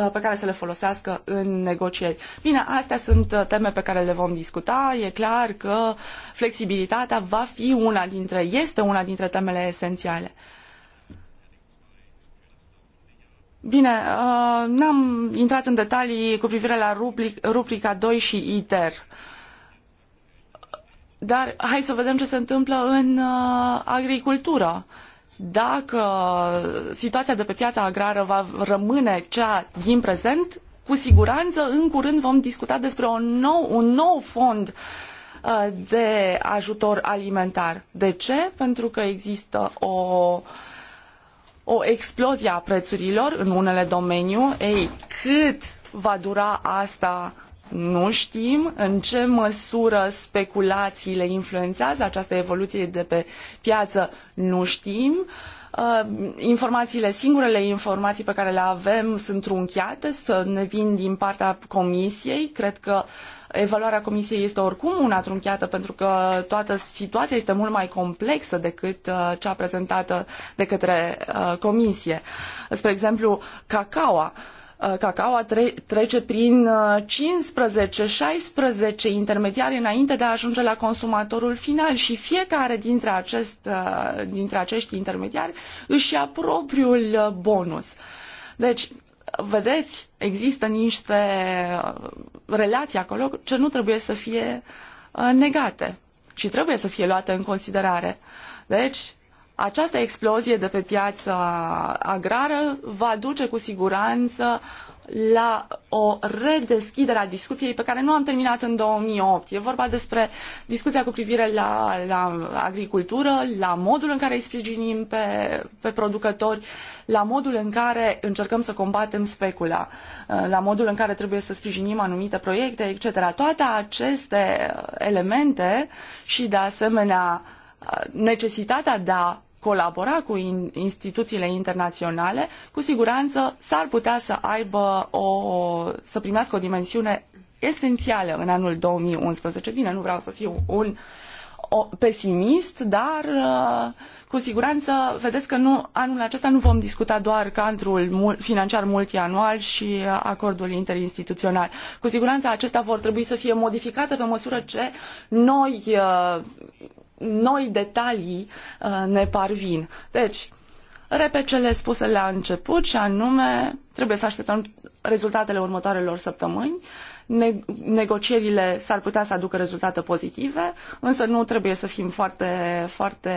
S2: uh, pe care să le folosească în negocieri. Bine, astea sunt uh, teme pe care le vom discuta. E clar că flexibilitatea va fi una dintre, este una dintre temele esențiale. Bine, uh, n-am intrat în detalii cu privire la rubric, rubrica 2 și ITER. Dar hai să vedem ce se întâmplă în uh, agricultură. Dacă situația de pe piața agrară va rămâne cea din prezent, cu siguranță în curând vom discuta despre un nou, un nou fond uh, de ajutor alimentar. De ce? Pentru că există o uh, o explozie a prețurilor în unele domenii. Ei, cât va dura asta nu știm în ce măsură speculațiile influențează această evoluție de pe piață, nu știm. Uh, informațiile, singurele informații pe care le avem sunt trunchiate, ne vin din partea comisiei. Cred că uh, Evaluarea comisiei este oricum una trunchiată pentru că toată situația este mult mai complexă decât uh, cea prezentată de către uh, comisie. Spre exemplu, cacaoa uh, cacaoa trece prin 15-16 intermediari înainte de a ajunge la consumatorul final și fiecare dintre, acest, dintre acești intermediari își ia propriul bonus. Deci, Vedeți, există niște uh, relații acolo ce nu trebuie să fie uh, negate și trebuie să fie luate în considerare. Deci, această explozie de pe piața agrară va duce cu siguranță la o redeschidere a discuției pe care nu am terminat în 2008. E vorba despre discuția cu privire la, la agricultură, la modul în care îi sprijinim pe, pe producători, la modul în care încercăm să combatem specula, la modul în care trebuie să sprijinim anumite proiecte, etc. Toate aceste elemente și, de asemenea, necesitatea de a colabora cu instituțiile internaționale, cu siguranță s-ar putea să aibă o, să primească o dimensiune esențială în anul 2011. Bine, nu vreau să fiu un o, pesimist, dar uh, cu siguranță vedeți că nu, anul acesta nu vom discuta doar cadrul financiar multianual și acordul interinstituțional. Cu siguranță acestea vor trebui să fie modificate pe măsură ce noi uh, noi detalii uh, ne parvin. Deci, repet cele spuse la început și anume trebuie să așteptăm rezultatele următoarelor săptămâni negocierile s-ar putea să aducă rezultate pozitive, însă nu trebuie să fim foarte, foarte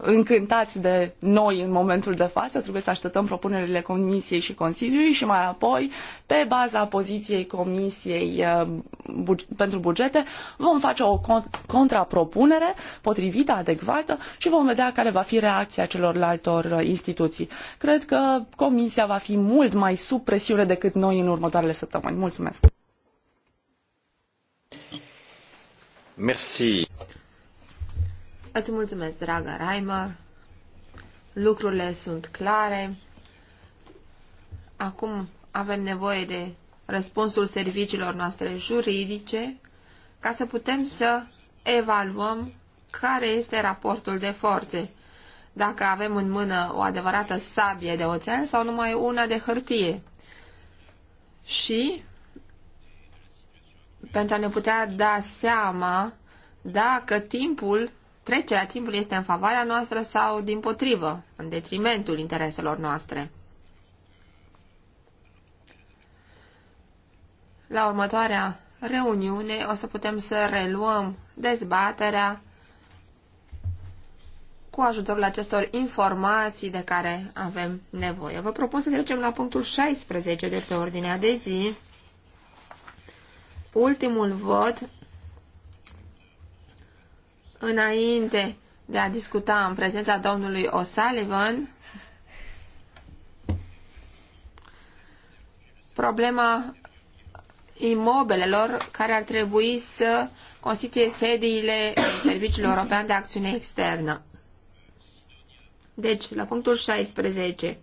S2: încântați de noi în momentul de față, trebuie să așteptăm propunerile Comisiei și Consiliului și mai apoi, pe baza poziției Comisiei uh, pentru bugete, vom face o contrapropunere potrivită, adecvată și vom vedea care va fi reacția celorlaltor uh, instituții. Cred că Comisia va fi mult mai sub presiune decât noi în următoarele săptămâni. Mulțumesc! Merci.
S1: Îți mulțumesc, dragă Reimer. Lucrurile sunt clare. Acum avem nevoie de răspunsul serviciilor noastre juridice ca să putem să evaluăm care este raportul de forțe. Dacă avem în mână o adevărată sabie de oțel sau numai una de hârtie. Și pentru a ne putea da seama dacă timpul, trecerea timpului este în favoarea noastră sau din potrivă, în detrimentul intereselor noastre. La următoarea reuniune o să putem să reluăm dezbaterea cu ajutorul acestor informații de care avem nevoie. Vă propun să trecem la punctul 16 de pe ordinea de zi ultimul vot înainte de a discuta în prezența domnului O'Sullivan problema imobilelor care ar trebui să constituie sediile Serviciului European de Acțiune Externă. Deci, la punctul 16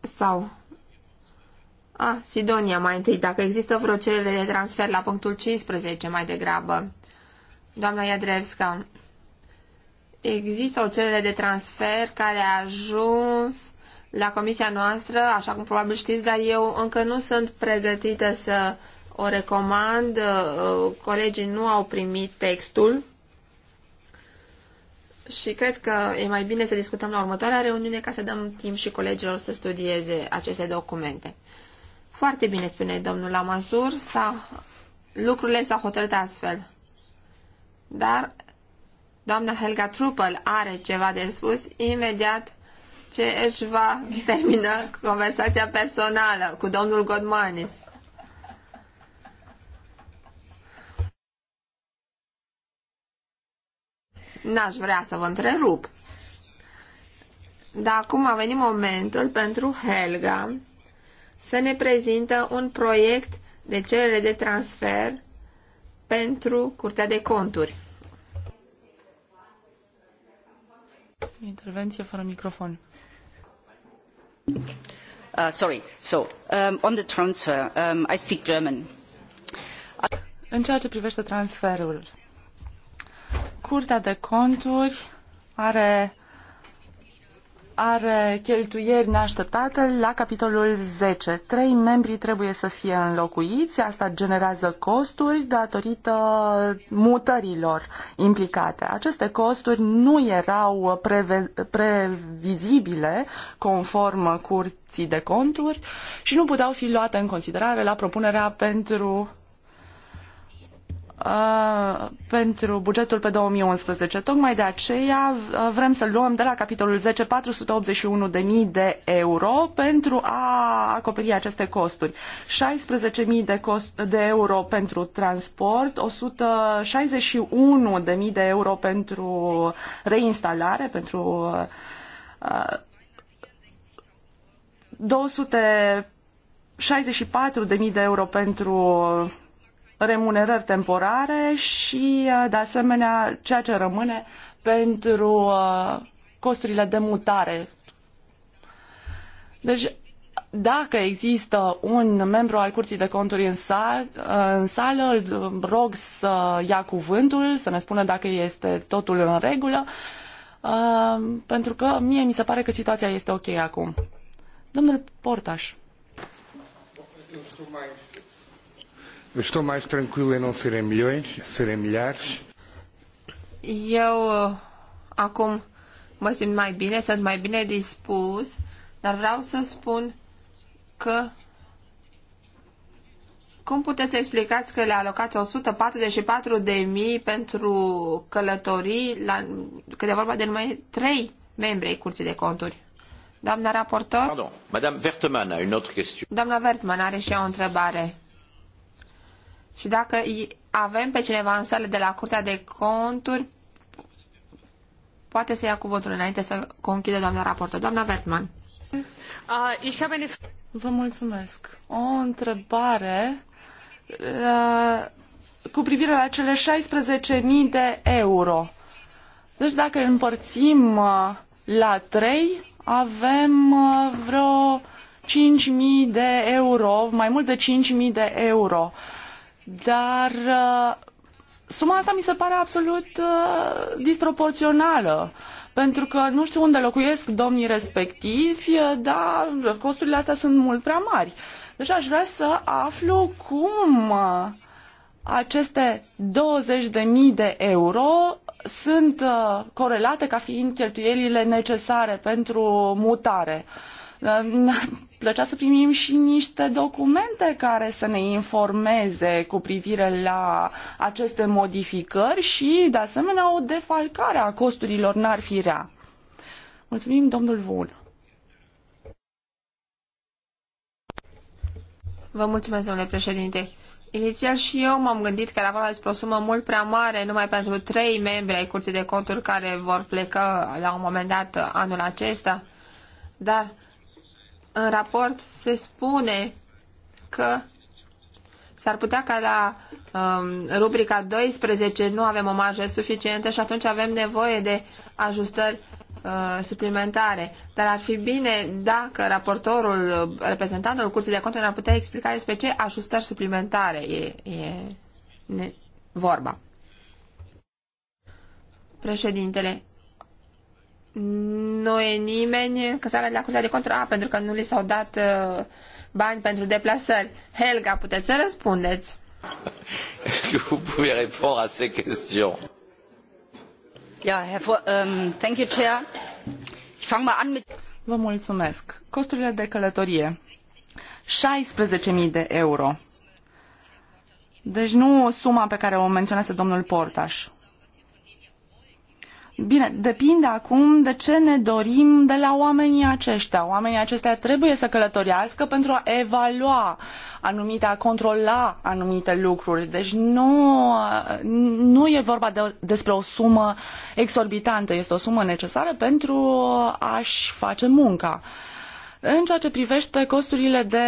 S1: sau a, Sidonia, mai întâi, dacă există vreo cerere de transfer la punctul 15 mai degrabă. Doamna Iadrevska, există o cerere de transfer care a ajuns la comisia noastră, așa cum probabil știți, dar eu încă nu sunt pregătită să o recomand. Uh, colegii nu au primit textul și cred că e mai bine să discutăm la următoarea reuniune ca să dăm timp și colegilor să studieze aceste documente. Foarte bine, spune domnul Amazur, sa... lucrurile s-au hotărât astfel. Dar doamna Helga Truppel are ceva de spus imediat ce își va termina conversația personală cu domnul Godmanis. N-aș vrea să vă întrerup. Dar acum a venit momentul pentru Helga să ne prezintă un proiect de cerere de transfer pentru Curtea de Conturi.
S2: Intervenție fără microfon. Uh, sorry. So, um, on the transfer, um, I speak German. În ceea ce privește transferul, Curtea de Conturi are are cheltuieri neașteptate la capitolul 10. Trei membri trebuie să fie înlocuiți, asta generează costuri datorită mutărilor implicate. Aceste costuri nu erau preve- previzibile conform curții de conturi și nu puteau fi luate în considerare la propunerea pentru Uh, pentru bugetul pe 2011. Tocmai de aceea uh, vrem să luăm de la capitolul 10 481.000 de euro pentru a acoperi aceste costuri. 16.000 de, cost, de euro pentru transport, 161.000 de euro pentru reinstalare, pentru uh, 264.000 uh, de euro pentru remunerări temporare și, uh, de asemenea, ceea ce rămâne pentru uh, costurile de mutare. Deci, dacă există un membru al Curții de Conturi în, sal, în sală, îl rog să ia cuvântul, să ne spună dacă este totul în regulă, uh, pentru că mie mi se pare că situația este ok acum. Domnul Portaș. Eu estou mais tranquilo em não serem milhões, serem milhares.
S1: Eu uh, acum mă simt mai bine, sunt mai bine dispus, dar vreau să spun că cum puteți să explicați că le alocați 144 de mii pentru călătorii, la, că de vorba de numai trei membri ai Curții de Conturi? Doamna raportor? Pardon, Madame Vertman a une autre question. Doamna Vertman are și ea o întrebare. Și dacă avem pe cineva în sală de la Curtea de Conturi, poate să ia cuvântul înainte să conchide doamna raportor. Doamna Vertman.
S2: Uh, Vă mulțumesc. O întrebare uh, cu privire la cele 16.000 de euro. Deci dacă împărțim uh, la 3, avem vreo 5.000 de euro, mai mult de 5.000 de euro. Uh, dar uh, suma asta mi se pare absolut uh, disproporțională. Pentru că nu știu unde locuiesc domnii respectivi, uh, dar costurile astea sunt mult prea mari. Deci aș vrea să aflu cum uh, aceste 20.000 de euro sunt corelate ca fiind cheltuielile necesare pentru mutare plăcea să primim și niște documente care să ne informeze cu privire la aceste modificări și, de asemenea, o defalcare a costurilor n-ar fi rea. Mulțumim, domnul Vul.
S1: Vă mulțumesc, domnule președinte. Inițial și eu m-am gândit că era vorba despre o sumă mult prea mare numai pentru trei membri ai Curții de Conturi care vor pleca la un moment dat anul acesta, dar în raport se spune că s-ar putea ca la um, rubrica 12 nu avem o marjă suficientă și atunci avem nevoie de ajustări uh, suplimentare. Dar ar fi bine dacă raportorul, reprezentantul Curții de Conturi ar putea explica despre ce ajustări suplimentare e, e ne, vorba. Președintele, nu e nimeni în căsarea de la Curtea de control A, pentru că nu li s-au dat uh, bani pentru deplasări. Helga, puteți să răspundeți?
S2: Ja, ähm, thank you, Chair. Vă mulțumesc. Costurile de călătorie. 16.000 de euro. Deci nu suma pe care o menționase domnul Portaș. Bine, depinde acum de ce ne dorim de la oamenii aceștia. Oamenii aceștia trebuie să călătorească pentru a evalua anumite, a controla anumite lucruri. Deci nu, nu e vorba de, despre o sumă exorbitantă, este o sumă necesară pentru a-și face munca. Uh, în ceea ce privește costurile de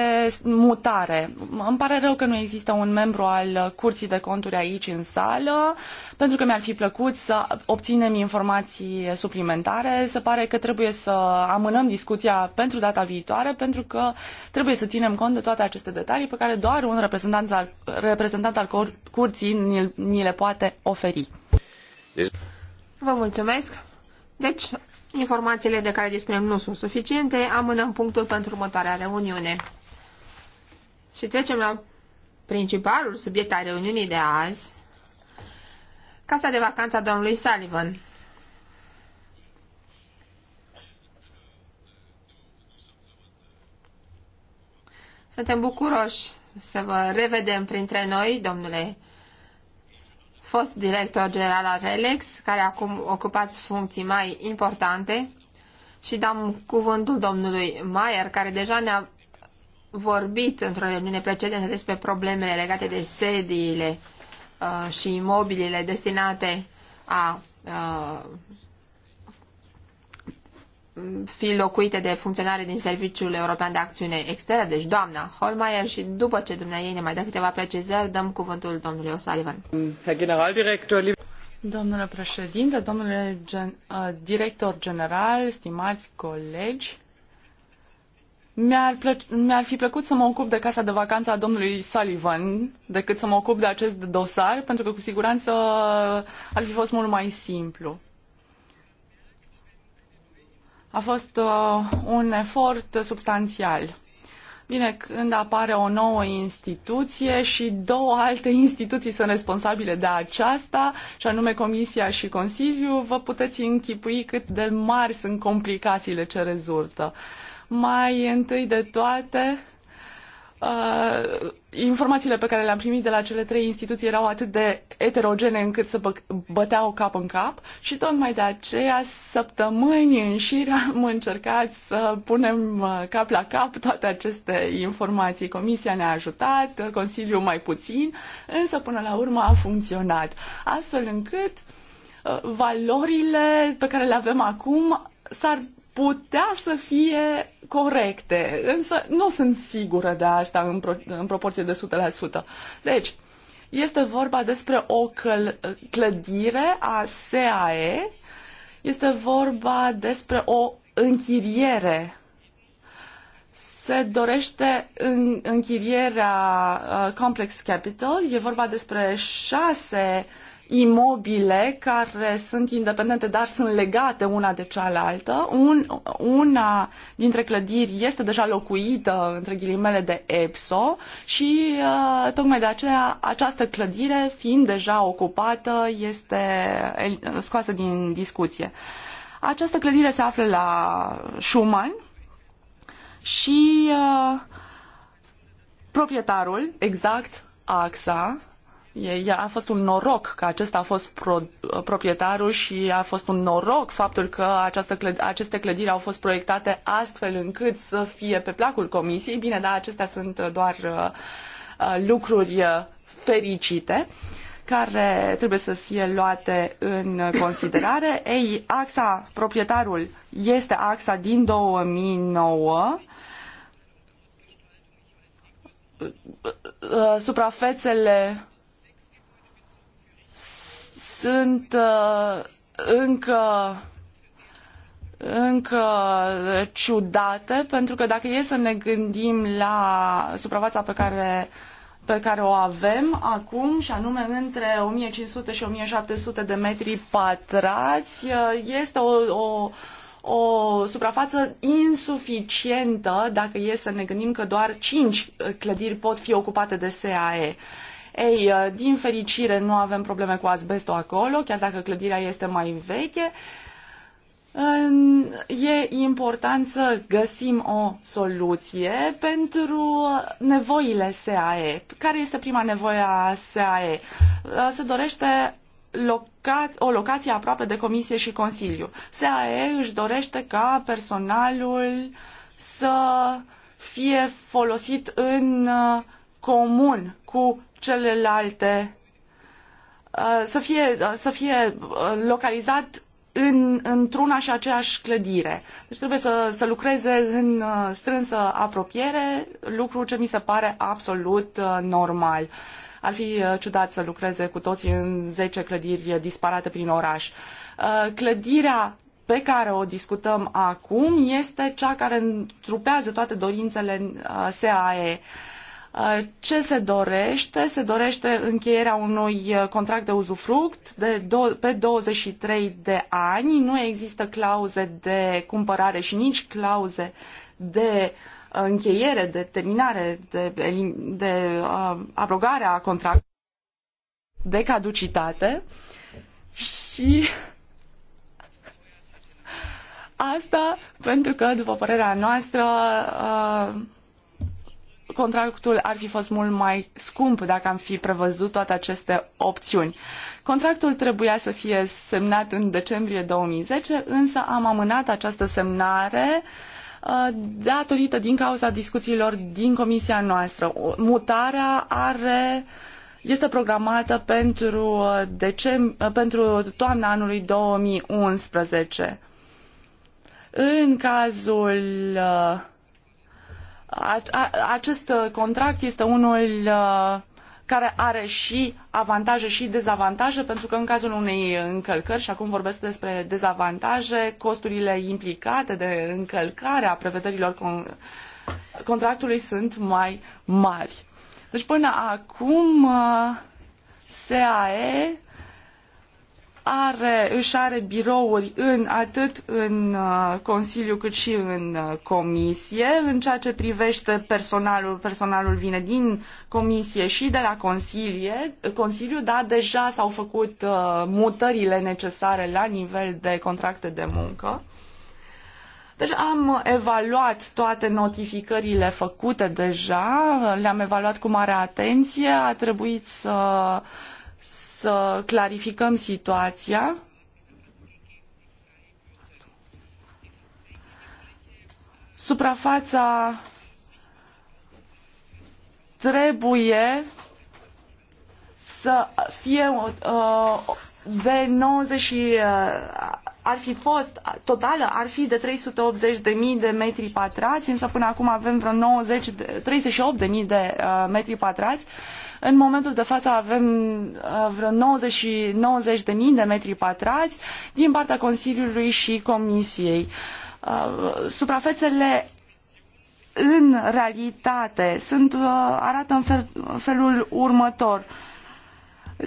S2: mutare, îmi pare rău că nu există un membru al Curții de Conturi aici în sală, pentru că mi-ar fi plăcut să obținem informații suplimentare. Se pare că trebuie să amânăm discuția pentru data viitoare, pentru că trebuie să ținem cont de toate aceste detalii pe care doar un reprezentant al, reprezentant al Curții ni, ni le poate oferi. Deci-
S1: Vă mulțumesc! Deci, Informațiile de care dispunem nu sunt suficiente, amânăm punctul pentru următoarea reuniune. Și trecem la principalul subiect al reuniunii de azi, casa de vacanță a domnului Sullivan. Suntem bucuroși să vă revedem printre noi, domnule fost director general al Relex, care acum ocupați funcții mai importante, și dăm cuvântul domnului Maier, care deja ne-a vorbit într-o reuniune precedentă despre problemele legate de sediile uh, și imobilele destinate a uh, fi locuite de funcționare din Serviciul European de Acțiune Externă, deci doamna Holmeier, și după ce dumneavoastră ne mai dă câteva precizări, dăm cuvântul domnului O'Sullivan.
S2: Domnule președinte, domnule gen, uh, director general, stimați colegi, mi-ar, plăc- mi-ar fi plăcut să mă ocup de casa de vacanță a domnului Sullivan decât să mă ocup de acest dosar, pentru că cu siguranță ar fi fost mult mai simplu. A fost uh, un efort substanțial. Bine, când apare o nouă instituție și două alte instituții sunt responsabile de aceasta, și anume Comisia și Consiliu, vă puteți închipui cât de mari sunt complicațiile ce rezultă. Mai întâi de toate, uh, informațiile pe care le-am primit de la cele trei instituții erau atât de eterogene încât să bă- băteau cap în cap și tocmai de aceea săptămâni în șir am încercat să punem uh, cap la cap toate aceste informații. Comisia ne-a ajutat, Consiliul mai puțin, însă până la urmă a funcționat, astfel încât uh, valorile pe care le avem acum s-ar putea să fie corecte, însă nu sunt sigură de asta în, pro- în proporție de 100%. Deci, este vorba despre o căl- clădire a SAE, este vorba despre o închiriere. Se dorește în, închirierea uh, Complex Capital, e vorba despre șase uh, imobile care sunt independente, dar sunt legate una de cealaltă. Un, una dintre clădiri este deja locuită, între ghilimele, de EPSO și uh, tocmai de aceea această clădire, fiind deja ocupată, este scoasă din discuție. Această clădire se află la Schumann și uh, proprietarul, exact AXA, a fost un noroc că acesta a fost pro, proprietarul și a fost un noroc faptul că această aceste clădiri au fost proiectate astfel încât să fie pe placul comisiei. Bine, da, acestea sunt doar uh, uh, lucruri uh, fericite care trebuie să fie luate în considerare. Ei, AXA, proprietarul, este AXA din 2009 suprafețele sunt uh, încă încă ciudate, pentru că dacă e să ne gândim la suprafața pe care, pe care o avem acum, și anume între 1500 și 1700 de metri pătrați, uh, este o, o, o suprafață insuficientă dacă e să ne gândim că doar 5 clădiri pot fi ocupate de SAE. Ei, uh, din fericire nu avem probleme cu asbestul acolo, chiar dacă clădirea este mai veche. E important să găsim o soluție pentru nevoile SAE. Care este prima nevoie a SAE? Uh, se dorește o locație aproape de Comisie și Consiliu. SAE își dorește ca personalul să fie folosit în uh, comun cu celelalte uh, să fie, uh, să fie uh, localizat în, într-una și aceeași clădire. Deci trebuie să, să lucreze în strânsă apropiere, lucru ce mi se pare absolut normal. Ar fi ciudat să lucreze cu toții în 10 clădiri disparate prin oraș. Clădirea pe care o discutăm acum este cea care întrupează toate dorințele SAE. Uh, ce se dorește? Se dorește încheierea unui uh, contract de uzufruct de do- pe 23 de ani. Nu există clauze de cumpărare și nici clauze de uh, încheiere, de terminare, de, de uh, abrogare a contractului, de caducitate. Și asta pentru că, după părerea noastră, uh, contractul ar fi fost mult mai scump dacă am fi prevăzut toate aceste opțiuni. Contractul trebuia să fie semnat în decembrie 2010, însă am amânat această semnare uh, datorită din cauza discuțiilor din comisia noastră. Mutarea are este programată pentru, uh, decemb uh, pentru toamna anului 2011. În cazul uh, acest uh, contract este unul uh, care are și avantaje și dezavantaje, pentru că în cazul unei încălcări, și acum vorbesc despre dezavantaje, costurile implicate de a prevederilor con- contractului sunt mai mari. Deci până acum uh, SAE are, își are birouri în, atât în uh, Consiliu cât și în uh, Comisie. În ceea ce privește personalul, personalul vine din Comisie și de la Consilie, Consiliu, dar deja s-au făcut uh, mutările necesare la nivel de contracte de muncă. Deci am evaluat toate notificările făcute deja, le-am evaluat cu mare atenție, a trebuit să uh, să clarificăm situația. Suprafața trebuie să fie uh, de 90 uh, ar fi fost totală, ar fi de 380.000 de metri pătrați, însă până acum avem vreo 90 de, 38.000 de uh, metri pătrați. Uh, în momentul de față avem uh, vreo 90, 90 de mii de metri pătrați din partea Consiliului și Comisiei. Uh, suprafețele în realitate sunt, uh, arată în fel, felul următor.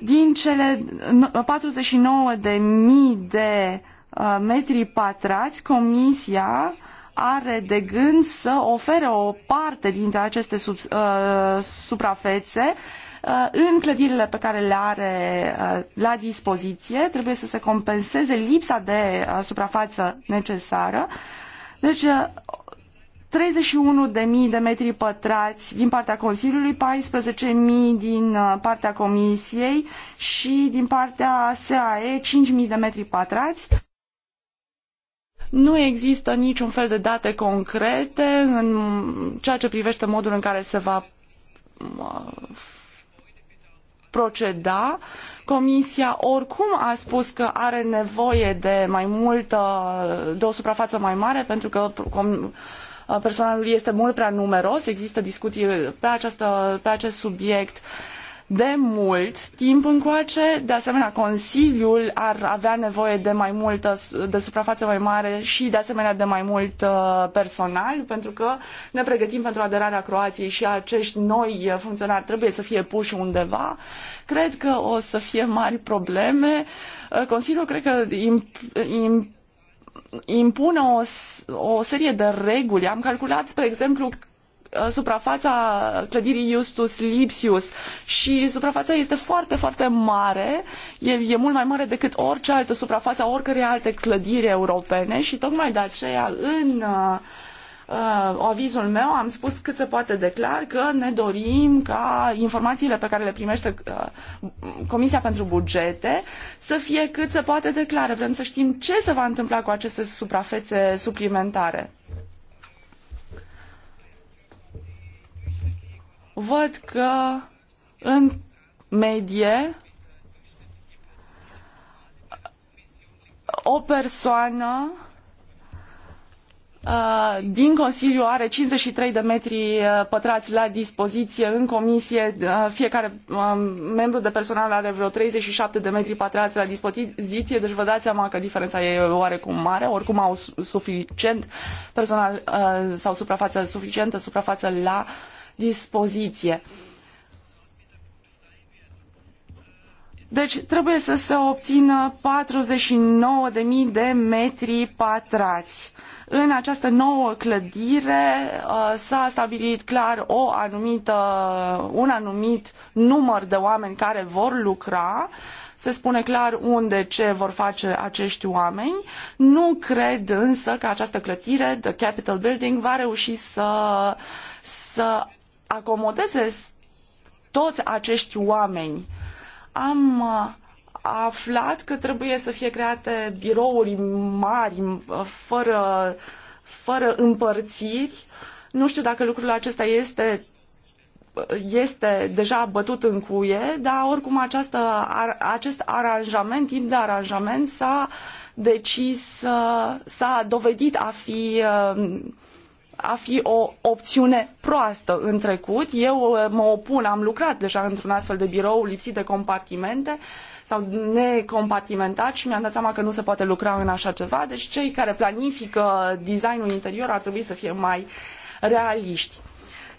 S2: Din cele 49.000 de, de metri pătrați, Comisia are de gând să ofere o parte dintre aceste sub, uh, suprafețe Uh, în clădirile pe care le are uh, la dispoziție, trebuie să se compenseze lipsa de uh, suprafață necesară. Deci 31.000 de metri pătrați din partea Consiliului, 14.000 din partea Comisiei și din partea SAE 5.000 de metri pătrați. Nu există niciun fel de date concrete în ceea ce privește modul în care se va proceda. Comisia oricum a spus că are nevoie de mai multă, de o suprafață mai mare pentru că personalul este mult prea numeros, există discuții pe, această, pe acest subiect de mult timp încoace. De asemenea, Consiliul ar avea nevoie de mai multă, de suprafață mai mare și de asemenea de mai mult uh, personal, pentru că ne pregătim pentru aderarea Croației și acești noi funcționari trebuie să fie puși undeva. Cred că o să fie mari probleme. Uh, Consiliul cred că impune o, o serie de reguli. Am calculat, spre exemplu, Uh, suprafața clădirii Justus Lipsius și suprafața este foarte, foarte mare, e, e mult mai mare decât orice altă suprafață a oricărei alte clădiri europene și tocmai de aceea în uh, uh, avizul meu am spus cât se poate declar că ne dorim ca informațiile pe care le primește uh, Comisia pentru Bugete să fie cât se poate declare. Vrem să știm ce se va întâmpla cu aceste suprafețe suplimentare. văd că în medie o persoană uh, din Consiliu are 53 de metri uh, pătrați la dispoziție în comisie, uh, fiecare um, membru de personal are vreo 37 de metri pătrați la dispoziție, deci vă dați seama că diferența e oarecum mare, oricum au suficient personal sau suprafață suficientă suprafață la uh, dispoziție. Deci trebuie să se obțină 49.000 de metri patrați. În această nouă clădire uh, s-a stabilit clar o anumită, un anumit număr de oameni care vor lucra. Se spune clar unde ce vor face acești oameni. Nu cred însă că această clădire, The capital Building, va reuși să, să acomodeze toți acești oameni. Am uh, aflat că trebuie să fie create birouri mari, fără, fără împărțiri. Nu știu dacă lucrul acesta este este deja bătut în cuie, dar oricum această, acest aranjament, timp de aranjament s-a decis, uh, s-a dovedit a fi uh, a fi o opțiune proastă în trecut. Eu uh, mă opun, am lucrat deja într-un astfel de birou lipsit de compartimente sau necompartimentat și mi-am dat seama că nu se poate lucra în așa ceva. Deci cei care planifică designul interior ar trebui să fie mai realiști.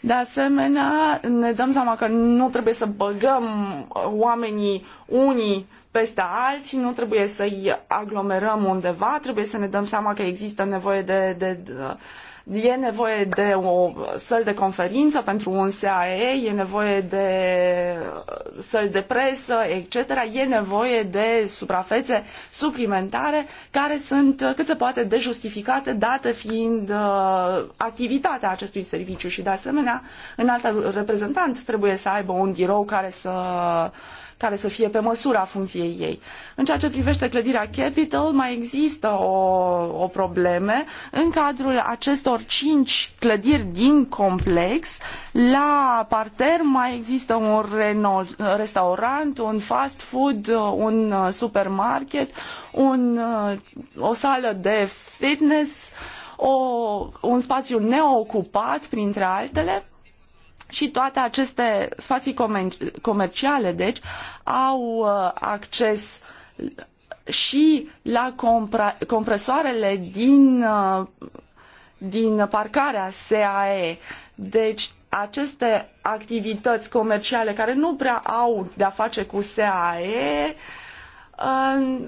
S2: De asemenea, ne dăm seama că nu trebuie să băgăm oamenii unii peste alții, nu trebuie să-i aglomerăm undeva, trebuie să ne dăm seama că există nevoie de, de, de E nevoie de o săl de conferință pentru un SAE, e nevoie de uh, săl de presă, etc. E nevoie de suprafețe suplimentare care sunt uh, cât se poate de justificate, dată fiind uh, activitatea acestui serviciu și de asemenea, în altă reprezentant trebuie să aibă un birou care să care să fie pe măsura funcției ei. În ceea ce privește clădirea Capital, mai există o, o probleme în cadrul acestor cinci clădiri din complex. La parter mai există un reno, restaurant, un fast food, un uh, supermarket, un, uh, o sală de fitness, o, un spațiu neocupat, printre altele și toate aceste spații comerciale, deci, au uh, acces și la compresoarele din, uh, din parcarea SAE. Deci, aceste activități comerciale care nu prea au de-a face cu SAE uh,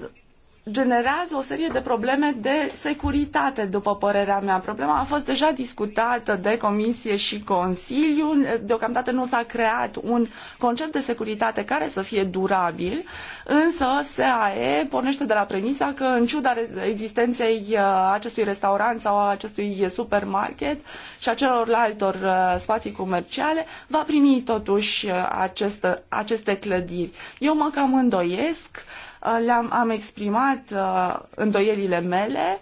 S2: generează o serie de probleme de securitate, după părerea mea. Problema a fost deja discutată de Comisie și Consiliu. Deocamdată nu s-a creat un concept de securitate care să fie durabil, însă SAE pornește de la premisa că, în ciuda existenței uh, acestui restaurant sau acestui supermarket și a celorlaltor uh, spații comerciale, va primi totuși uh, acest, aceste clădiri. Eu mă cam îndoiesc Uh, le-am am exprimat uh, îndoielile mele.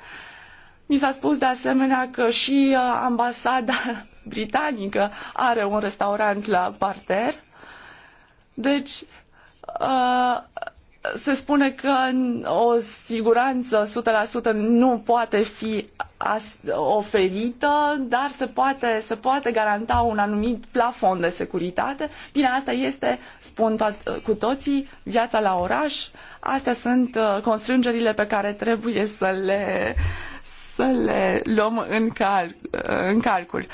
S2: Mi s-a spus de asemenea că și uh, ambasada britanică are un restaurant la parter. Deci, se spune că o siguranță 100% nu poate fi oferită, dar se poate, se poate garanta un anumit plafon de securitate. Bine, asta este, spun to- cu toții, viața la oraș, Astea sunt uh, constrângerile pe care trebuie să le să le luăm în, cal, uh, în calcul.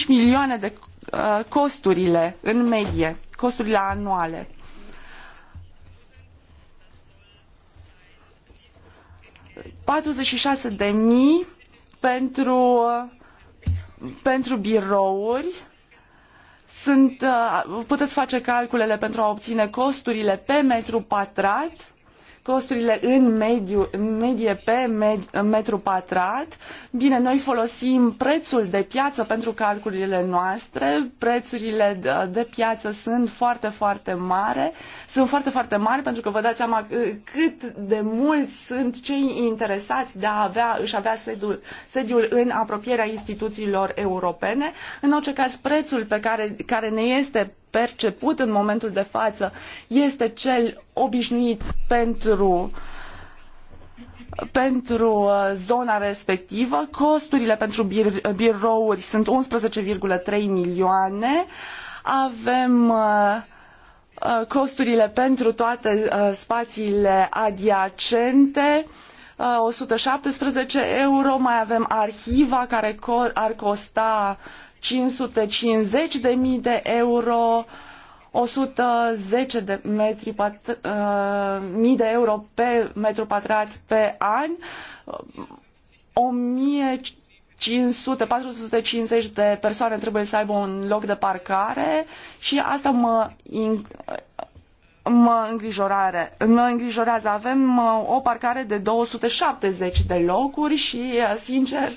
S2: 12,5 milioane de uh, costurile în medie, costurile anuale. de mii pentru, pentru birouri, sunt, uh, puteți face calculele pentru a obține costurile pe metru pătrat costurile în, mediu, în medie pe med, metru pătrat. Bine, noi folosim prețul de piață pentru calculele noastre. Prețurile de, de piață sunt foarte, foarte mare. Sunt foarte, foarte mari pentru că vă dați seama cât de mulți sunt cei interesați de a avea, își avea sediul, sediul în apropierea instituțiilor europene. În orice caz, prețul pe care, care ne este perceput în momentul de față este cel obișnuit pentru pentru uh, zona respectivă. Costurile pentru bir birouri sunt 11,3 milioane. Avem uh, uh, costurile pentru toate spațiile adiacente, 117 euro, mai avem arhiva care ar costa 550 de mii de euro, 110 de metri pat, uh, mii de euro pe metru pătrat pe an, 1500-450 de persoane trebuie să aibă un loc de parcare și asta mă mă, îngrijorare, mă îngrijorează. Avem uh, o parcare de 270 de locuri și, uh, sincer,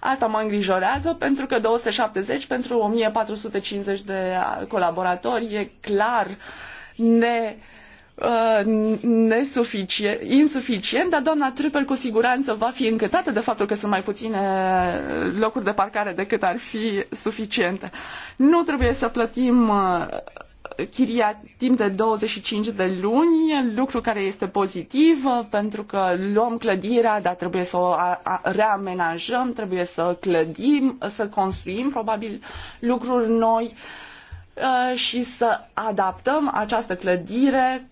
S2: asta mă îngrijorează pentru că 270 pentru 1450 de uh, colaboratori e clar ne nesuficient, insuficient, dar doamna Trupel cu siguranță va fi încătată de faptul că sunt mai puține locuri de parcare decât ar fi suficiente. Nu trebuie să plătim chiria timp de 25 de luni, lucru care este pozitiv uh, pentru că luăm clădirea, dar trebuie să o reamenajăm, trebuie să clădim, uh, să construim probabil lucruri noi uh, și să adaptăm această clădire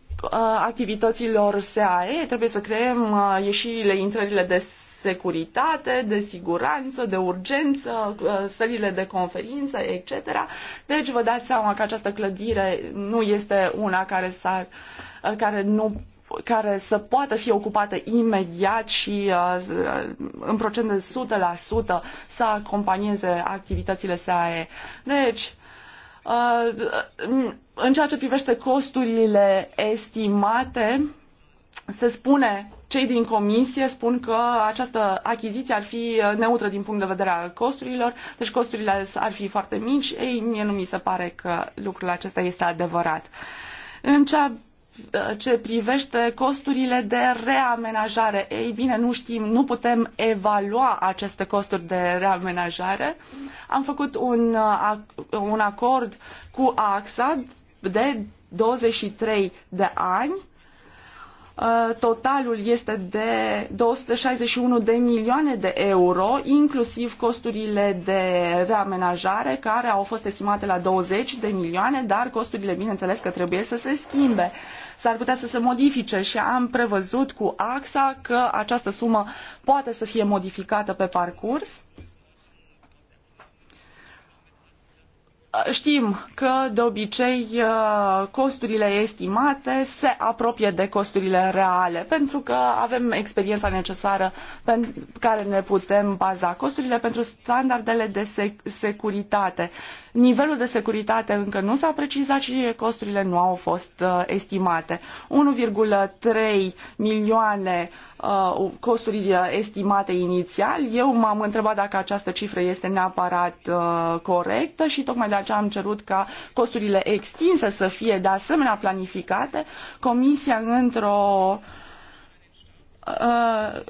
S2: activităților SAE, trebuie să creăm ieșirile, intrările de securitate, de siguranță, de urgență, uh, sălile de conferință, etc. Deci vă dați seama că această clădire nu este una care, s-ar, uh, care nu care să poată fi ocupată imediat și uh, în procent de 100% să acompanieze activitățile SAE. Deci, în ceea ce privește costurile estimate, se spune, cei din comisie spun că această achiziție ar fi neutră din punct de vedere al costurilor, deci costurile ar fi foarte mici. Ei, mie nu mi se pare că lucrul acesta este adevărat. În cea ce privește costurile de reamenajare. Ei bine, nu știm, nu putem evalua aceste costuri de reamenajare. Am făcut un, un acord cu AXA de 23 de ani Uh, totalul este de 261 de milioane de euro, inclusiv costurile de reamenajare, care au fost estimate la 20 de milioane, dar costurile, bineînțeles, că trebuie să se schimbe. S-ar putea să se modifice și am prevăzut cu AXA că această sumă poate să fie modificată pe parcurs. Știm că, de obicei, uh, costurile estimate se apropie de costurile reale, pentru că avem experiența necesară pe care ne putem baza. Costurile pentru standardele de sec- securitate. Nivelul de securitate încă nu s-a precizat și costurile nu au fost uh, estimate. 1,3 milioane uh, Uh, costuri estimate inițial. Eu m-am întrebat dacă această cifră este neapărat uh, corectă și tocmai de aceea am cerut ca costurile extinse să fie de asemenea planificate. Comisia într-o uh,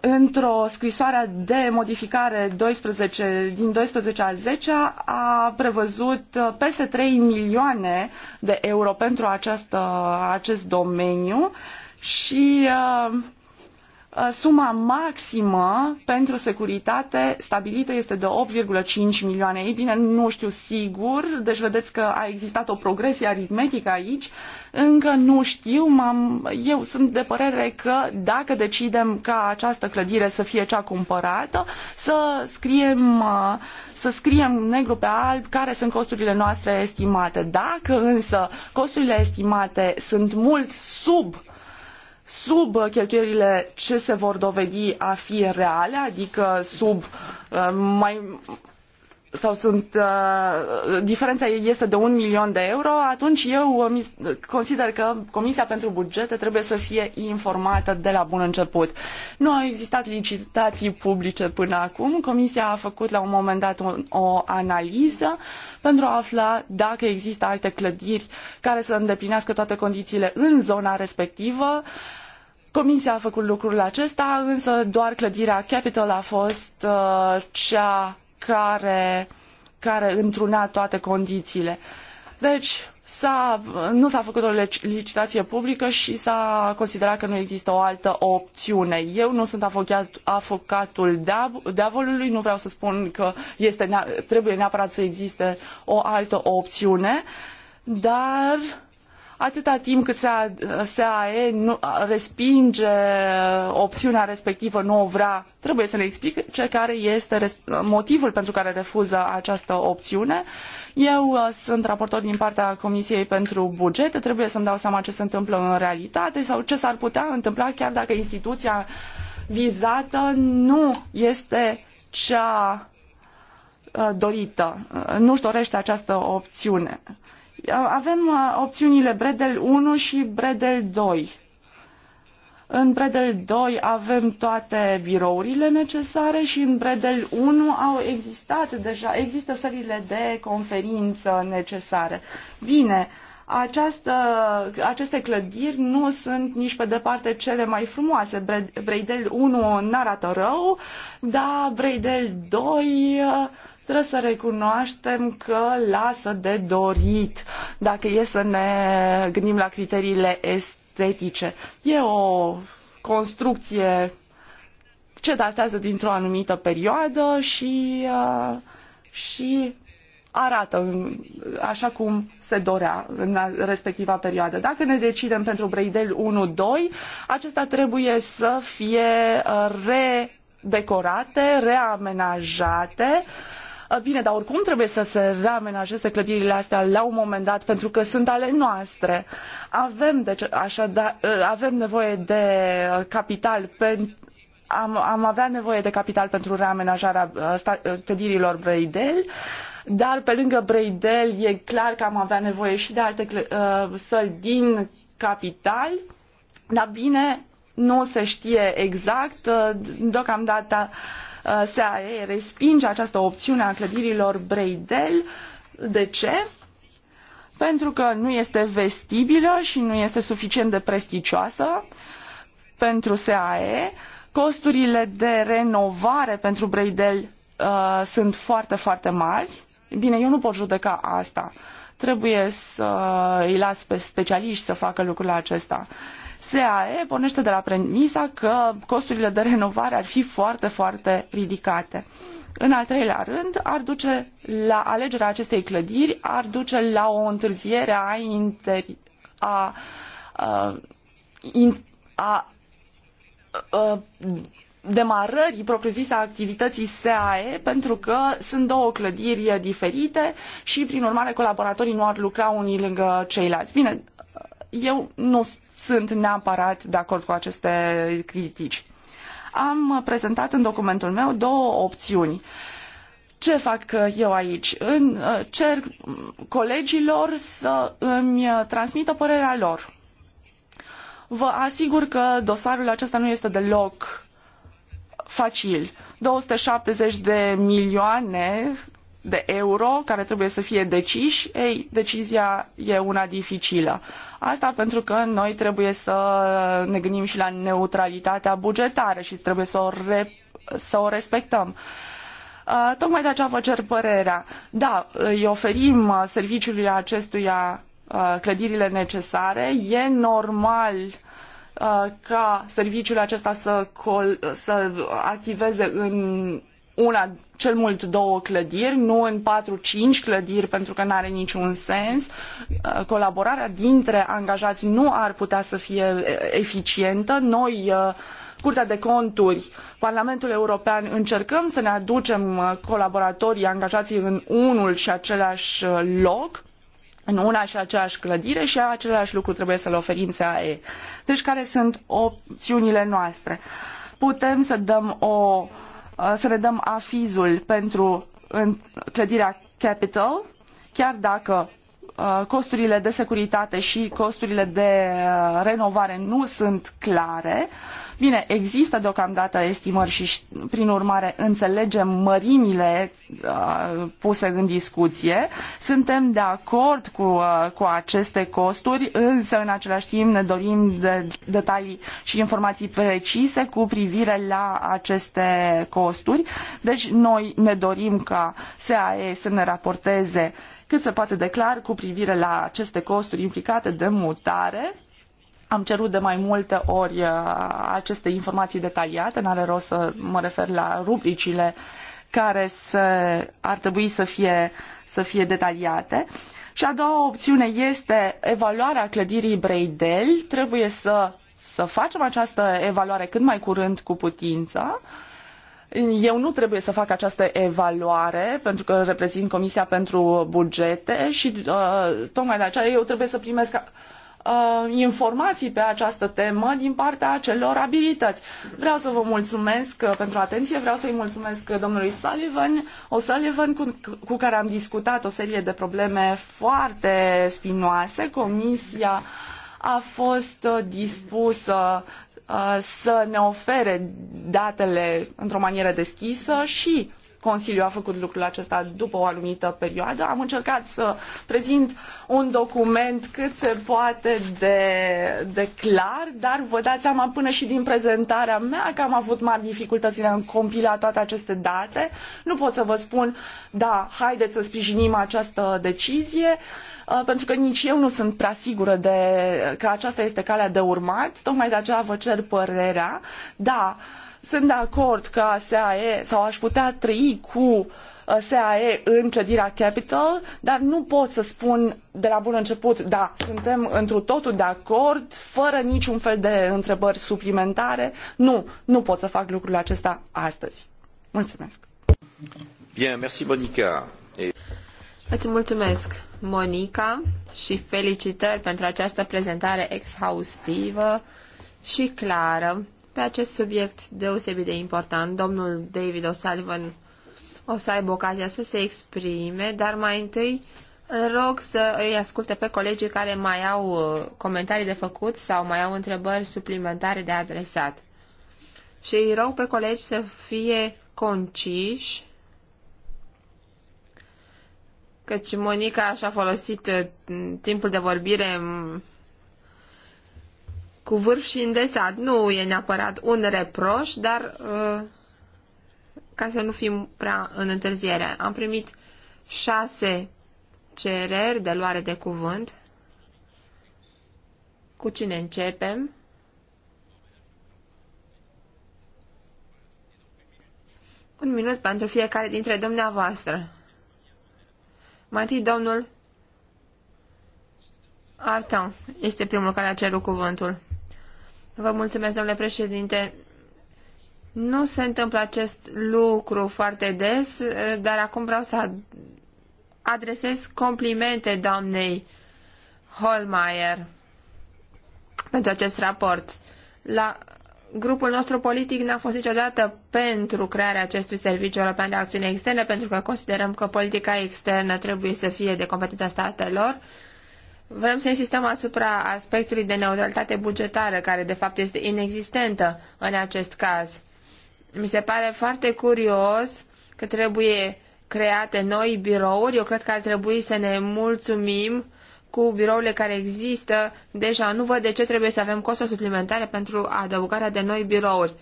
S2: într-o scrisoare de modificare 12, din 12 a 10 a prevăzut peste 3 milioane de euro pentru această, acest domeniu. Uh, și uh, uh, suma maximă pentru securitate stabilită este de 8,5 milioane. Ei bine, nu știu sigur, deci vedeți că a existat o progresie aritmetică aici. Încă nu știu, eu sunt de părere că dacă decidem ca această clădire să fie cea cumpărată, să scriem, uh, să scriem negru pe alb care sunt costurile noastre estimate. Dacă însă costurile estimate sunt mult sub sub cheltuielile ce se vor dovedi a fi reale, adică sub uh, mai sau sunt uh, diferența este de un milion de euro, atunci eu uh, consider că Comisia pentru Bugete trebuie să fie informată de la bun început. Nu au existat licitații publice până acum. Comisia a făcut la un moment dat o, o analiză pentru a afla dacă există alte clădiri care să îndeplinească toate condițiile în zona respectivă. Uh, Comisia a făcut lucrul acesta, însă doar clădirea Capital a fost uh, cea care, care întrunea toate condițiile. Deci, s-a, nu s-a făcut o licitație publică și s-a considerat că nu există o altă opțiune. Eu nu sunt avocat, avocatul diavolului, nu vreau să spun că este, trebuie neapărat să existe o altă opțiune, dar atâta timp cât SAE nu, respinge uh, opțiunea respectivă, nu o vrea, trebuie să ne explice care este motivul pentru care refuză această opțiune. Eu uh, sunt raportor din partea Comisiei pentru Bugete, trebuie să-mi dau seama ce se întâmplă în realitate sau ce s-ar putea întâmpla chiar dacă instituția vizată nu este cea uh, dorită, nu-și dorește această opțiune. Uh, avem uh, opțiunile Bredel 1 și Bredel 2. În Bredel 2 avem toate birourile necesare și în Bredel 1 au existat deja, există sările de conferință necesare. Bine, această, aceste clădiri nu sunt nici pe departe cele mai frumoase. Bredel 1 n-arată rău, dar Bredel 2 trebuie să recunoaștem că lasă de dorit dacă e să ne gândim la criteriile estetice. E o construcție ce datează dintr-o anumită perioadă și, uh, și arată uh, așa cum se dorea în respectiva perioadă. Dacă ne decidem pentru Braidel 1-2, acesta trebuie să fie uh, redecorate, reamenajate uh, Eh, bine, dar oricum trebuie să se reamenajeze clădirile astea la un moment dat, pentru că sunt ale noastre. Avem, deci, așa, da, eh, avem nevoie de eh, capital pentru am, am avea nevoie de capital pentru reamenajarea clădirilor Breidel, dar pe lângă Breidel e clar că am avea nevoie și de alte săli din capital, dar bine, nu se știe exact. deocamdată Uh, SAE respinge această opțiune a clădirilor Breidel. De ce? Pentru că nu este vestibilă și nu este suficient de prestigioasă pentru SAE. Costurile de renovare pentru Breidel uh, sunt foarte, foarte mari. Bine, eu nu pot judeca asta. Uh, Trebuie să îi las pe specialiști să facă lucrul acesta. SAE pornește de la premisa că costurile de renovare ar fi foarte, foarte ridicate. În al treilea rând, ar duce la alegerea acestei clădiri ar duce la o întârziere a, inter... a, a, a, a demarării propriu-zise a activității SAE, pentru că sunt două clădiri diferite și, prin urmare, colaboratorii nu ar lucra unii lângă ceilalți. Bine, eu nu sunt neapărat de acord cu aceste critici. Am prezentat în documentul meu două opțiuni. Ce fac eu aici? Uh, cer colegilor să îmi transmită părerea lor. Vă asigur că dosarul acesta nu este deloc facil. 270 de milioane de euro care trebuie să fie deciși, ei, decizia e una dificilă. Asta pentru că noi trebuie să ne gândim și la neutralitatea bugetară și trebuie să o, re, să o respectăm. Tocmai de aceea vă cer părerea. Da, îi oferim serviciului acestuia clădirile necesare, e normal uh, Uh, ca serviciul acesta să, col- să activeze în una, cel mult două clădiri, nu în patru cinci clădiri, pentru că nu are niciun sens. Uh, colaborarea dintre angajați nu ar putea să fie uh, eficientă. Noi, Curtea de Conturi, Parlamentul European, încercăm să ne aducem colaboratorii, angajații în unul și același loc în una și aceeași clădire și același lucru trebuie să-l oferim SAE. Deci care sunt opțiunile noastre? Putem să dăm o uh, să le dăm afizul pentru în clădirea Capital, chiar dacă Uh, costurile de securitate și costurile de uh, renovare nu sunt clare. Bine, există deocamdată estimări și prin urmare înțelegem mărimile uh, puse în discuție. Suntem de acord cu, cu aceste costuri, însă în același timp ne dorim de detalii și informații precise cu privire la aceste costuri. Deci noi ne dorim ca SAE să ne raporteze cât se poate declar cu privire la aceste costuri implicate de mutare. Am cerut de mai multe ori uh, aceste informații detaliate, n-are rost să mă refer la rubricile care să, ar trebui să fie, să fie detaliate. Și a doua opțiune este evaluarea clădirii Breidel. Trebuie să, să facem această evaluare cât mai curând cu putință. Eu nu trebuie să fac această evaluare pentru că reprezint Comisia pentru Bugete și uh, tocmai de aceea eu trebuie să primesc uh, informații pe această temă din partea celor abilități. Vreau să vă mulțumesc uh, pentru atenție, vreau să-i mulțumesc domnului Sullivan, o Sullivan cu, cu care am discutat o serie de probleme foarte spinoase. Comisia a fost uh, dispusă Uh, să ne ofere datele într-o manieră deschisă și Consiliu a făcut lucrul acesta după o anumită perioadă. Am încercat să prezint un document cât se poate de, de clar, dar vă dați seama până și din prezentarea mea că am avut mari dificultăți în a compila toate aceste date. Nu pot să vă spun, da, haideți să sprijinim această decizie, uh, pentru că nici eu nu sunt prea sigură de, că aceasta este calea de urmat. Tocmai de aceea vă cer părerea. Da, sunt de acord că SAE sau aș putea trăi cu uh, SAE în clădirea Capital, dar nu pot să spun de la bun început, da, suntem întru totul de acord, fără niciun fel de întrebări suplimentare.
S1: Nu, nu pot să fac lucrul acesta astăzi. Mulțumesc.
S2: Bine, merci Monica.
S1: Îți mulțumesc, Monica, și felicitări pentru această prezentare exhaustivă și clară pe acest subiect deosebit de important. Domnul David O'Sullivan o să aibă ocazia să se exprime, dar mai întâi rog să îi asculte pe colegii care mai au uh, comentarii de făcut sau mai au întrebări suplimentare de adresat. Și îi rog pe colegi să fie conciși, căci Monica și-a folosit uh, timpul de vorbire mm, cu vârf și îndesat. Nu e neapărat un reproș, dar uh, ca să nu fim prea în întârziere. Am primit șase cereri de luare de cuvânt. Cu cine începem? Un minut pentru fiecare dintre dumneavoastră. Mai întâi, domnul Artan este primul care a cerut cuvântul. Vă mulțumesc, domnule președinte. Nu se întâmplă acest lucru foarte des, dar acum vreau să adresez complimente doamnei Holmeier pentru acest raport. La grupul nostru politic n-a fost niciodată pentru crearea acestui serviciu european de acțiune externă, pentru că considerăm că politica externă trebuie să fie de competența statelor, Vrem să insistăm asupra aspectului de neutralitate bugetară, care de fapt este inexistentă în acest caz. Mi se pare foarte curios că trebuie create noi birouri. Eu cred că ar trebui să ne mulțumim cu birourile care există deja. Nu văd de ce trebuie să avem costuri suplimentare pentru adăugarea de noi birouri.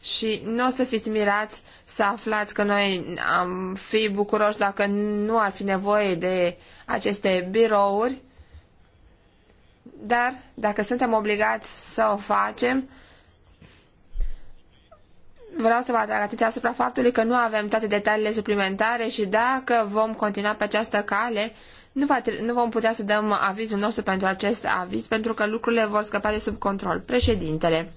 S1: Și nu o să fiți mirați să aflați că noi am fi bucuroși dacă nu ar fi nevoie de aceste birouri dar dacă suntem obligați să o facem, vreau să vă atrag atenția asupra faptului că nu avem toate detaliile suplimentare și dacă vom continua pe această cale, nu, va, nu vom putea să dăm avizul nostru pentru acest aviz, pentru că lucrurile vor scăpa de sub control. Președintele,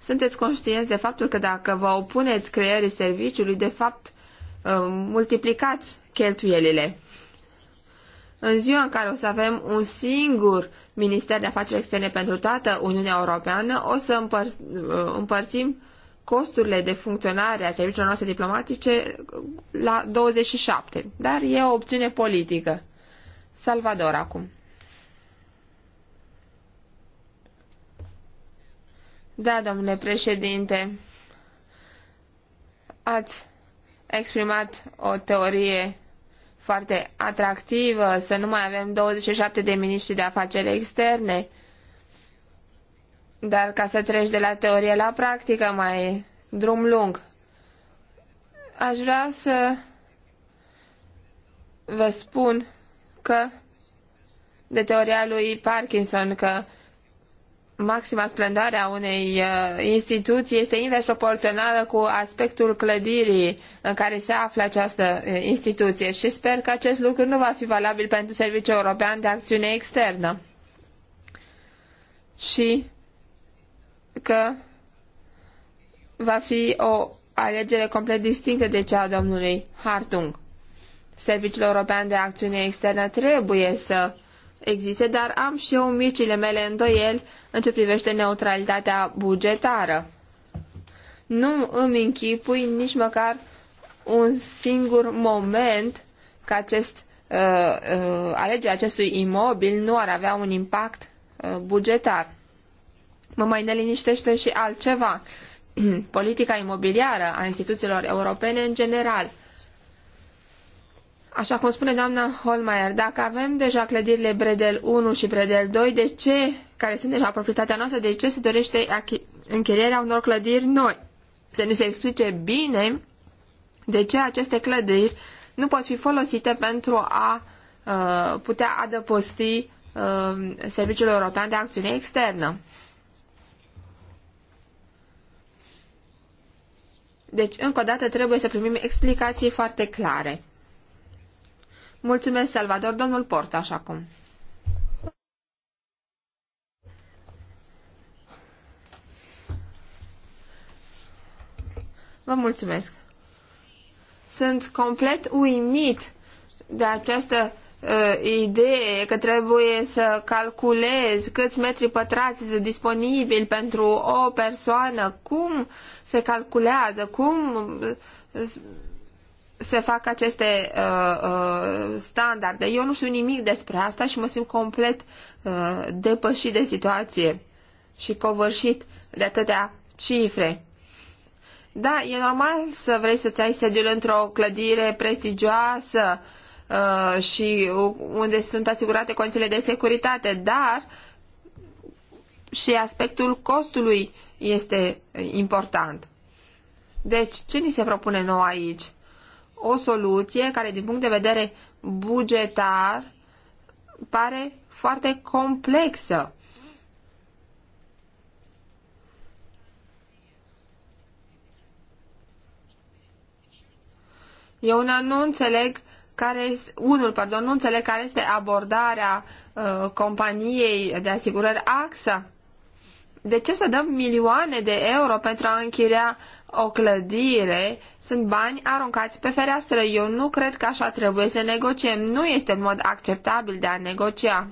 S1: sunteți conștienți de faptul că dacă vă opuneți creierii serviciului, de fapt, uh, multiplicați cheltuielile în ziua în care o să avem un singur minister de afaceri externe pentru toată Uniunea Europeană, o să împăr- împărțim costurile de funcționare a serviciilor noastre diplomatice la 27. Dar e o opțiune politică. Salvador acum. Da, domnule președinte, ați exprimat o teorie foarte atractivă, să nu mai avem 27 de miniștri de afaceri externe. Dar ca să treci de la teorie la practică, mai drum lung. Aș vrea să vă spun că de teoria lui Parkinson că maxima splendoare a unei uh, instituții este invers proporțională cu aspectul clădirii în care se află această uh, instituție și sper că acest lucru nu va fi valabil pentru Serviciul European de Acțiune Externă și că va fi o alegere complet distinctă de cea a domnului Hartung. Serviciul European de Acțiune Externă trebuie să existe, dar am și eu micile mele îndoieli în ce privește neutralitatea bugetară. Nu îmi închipui nici măcar un singur moment că acest, uh, uh, alegerea acestui imobil nu ar avea un impact uh, bugetar. Mă mai neliniștește și altceva. Politica imobiliară a instituțiilor europene în general. Așa cum spune doamna Holmeier, dacă avem deja clădirile Bredel 1 și Bredel 2, de ce, care sunt deja proprietatea noastră, de ce se dorește închirierea unor clădiri noi? Să ni se explice bine de ce aceste clădiri nu pot fi folosite pentru a uh, putea adăposti uh, Serviciul European de Acțiune Externă. Deci, încă o dată, trebuie să primim explicații foarte clare. Mulțumesc, Salvador. Domnul Port, așa cum. Vă mulțumesc. Sunt complet uimit de această uh, idee că trebuie să calculez câți metri pătrați sunt disponibili pentru o persoană, cum se calculează, cum se fac aceste uh, uh, standarde. Eu nu știu nimic despre asta și mă simt complet uh, depășit de situație și covârșit de atâtea cifre. Da, e normal să vrei să-ți ai sediul într-o clădire prestigioasă uh, și unde sunt asigurate condițiile de securitate, dar și aspectul costului este important. Deci, ce ni se propune nou aici? o soluție care, din punct de vedere bugetar, pare foarte complexă. Eu una nu înțeleg care este, unul, pardon, nu înțeleg care este abordarea uh, companiei de asigurări AXA de ce să dăm milioane de euro pentru a închiria o clădire? Sunt bani aruncați pe fereastră. Eu nu cred că așa trebuie să negociem. Nu este un mod acceptabil de a negocia.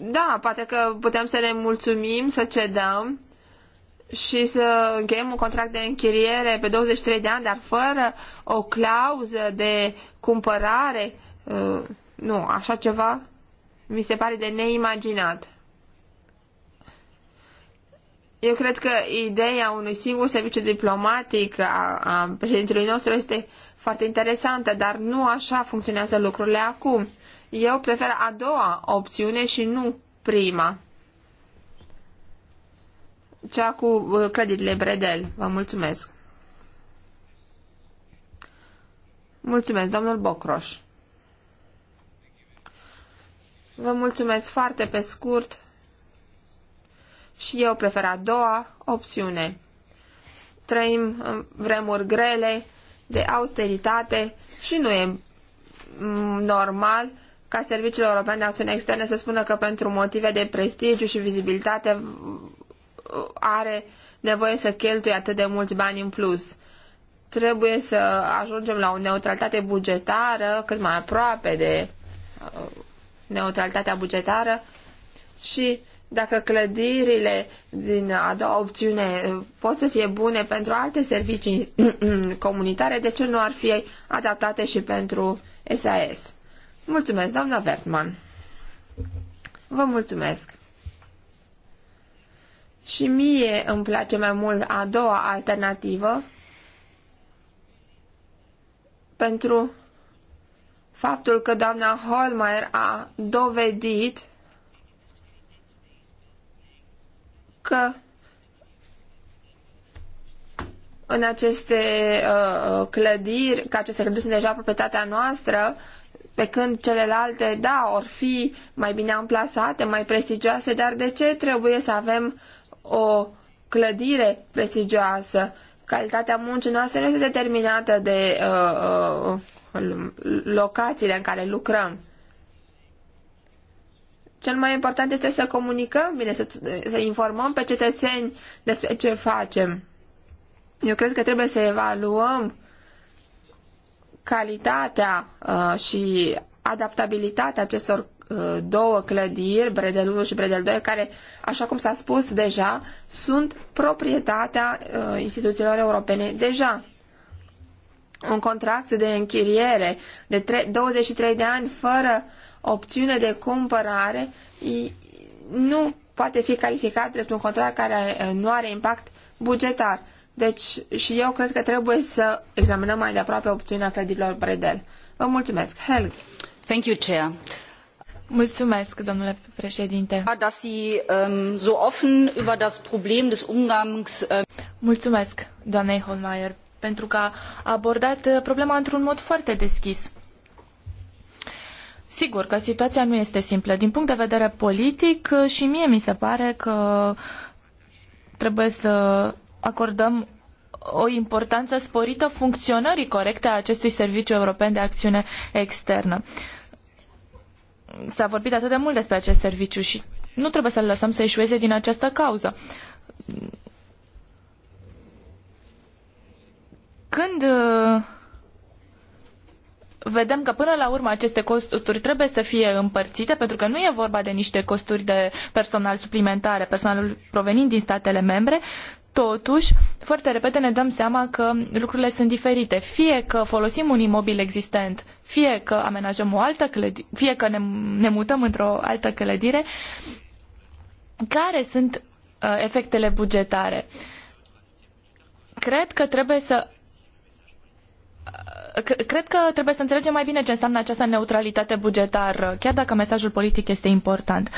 S1: Da, poate că putem să ne mulțumim, să cedăm și să încheiem un contract de închiriere pe 23 de ani, dar fără o clauză de cumpărare. Uh, nu, așa ceva mi se pare de neimaginat. Eu cred că ideea unui singur serviciu diplomatic a, a președintelui nostru este foarte interesantă, dar nu așa funcționează lucrurile acum. Eu prefer a doua opțiune și nu prima. Cea cu uh, clădirile Bredel. Vă mulțumesc. Mulțumesc, domnul Bocroș. Vă mulțumesc foarte pe scurt și eu prefer a doua opțiune. Trăim în vremuri grele de austeritate și nu e normal ca Serviciul europene de Acțiune Externe să spună că pentru motive de prestigiu și vizibilitate are nevoie să cheltuie atât de mulți bani în plus. Trebuie să ajungem la o neutralitate bugetară cât mai aproape de uh, neutralitatea bugetară și dacă clădirile din a doua opțiune pot să fie bune pentru alte servicii comunitare, de ce nu ar fi adaptate și pentru SAS? Mulțumesc, doamna Vertman. Vă mulțumesc. Și mie îmi place mai mult a doua alternativă pentru faptul că doamna Holmeier a dovedit că în aceste uh, clădiri, că aceste clădiri sunt deja proprietatea noastră, pe când celelalte, da, or fi mai bine amplasate, mai prestigioase, dar de ce trebuie să avem o clădire prestigioasă? Calitatea muncii noastre nu este determinată de uh, uh, locațiile în care lucrăm. Cel mai important este să comunicăm bine, să, să informăm pe cetățeni despre ce facem. Eu cred că trebuie să evaluăm calitatea uh, și adaptabilitatea acestor uh, două clădiri, Bredel 1 și Bredel 2, care, așa cum s-a spus deja, sunt proprietatea uh, instituțiilor europene deja un contract de închiriere de 23 de ani fără opțiune de cumpărare nu poate fi calificat drept un contract care nu are impact bugetar. Deci și eu cred că trebuie să examinăm mai de aproape opțiunea clădirilor Bredel. Vă mulțumesc. Helg. Thank you, Chair.
S3: Mulțumesc, domnule președinte. Dass Sie um, so offen um Mulțumesc, doamnei Holmeier, pentru că a abordat uh, problema într-un mod foarte deschis. Sigur că situația nu este simplă. Din punct de vedere politic, uh, și mie mi se pare că trebuie să acordăm o importanță sporită funcționării corecte a acestui Serviciu European de Acțiune Externă. S-a vorbit atât de mult despre acest serviciu și nu trebuie să-l lăsăm să eșueze din această cauză. Când uh, vedem că până la urmă aceste costuri trebuie să fie împărțite, pentru că nu e vorba de niște costuri de personal suplimentare, personalul provenind din statele membre, Totuși, foarte repede ne dăm seama că lucrurile sunt diferite. Fie că folosim un imobil existent, fie că amenajăm o altă clădire, fie că ne, ne mutăm într-o altă clădire, care sunt uh, efectele bugetare? Cred că trebuie să cred că trebuie să înțelegem mai bine ce înseamnă această neutralitate bugetară, chiar dacă mesajul politic este important.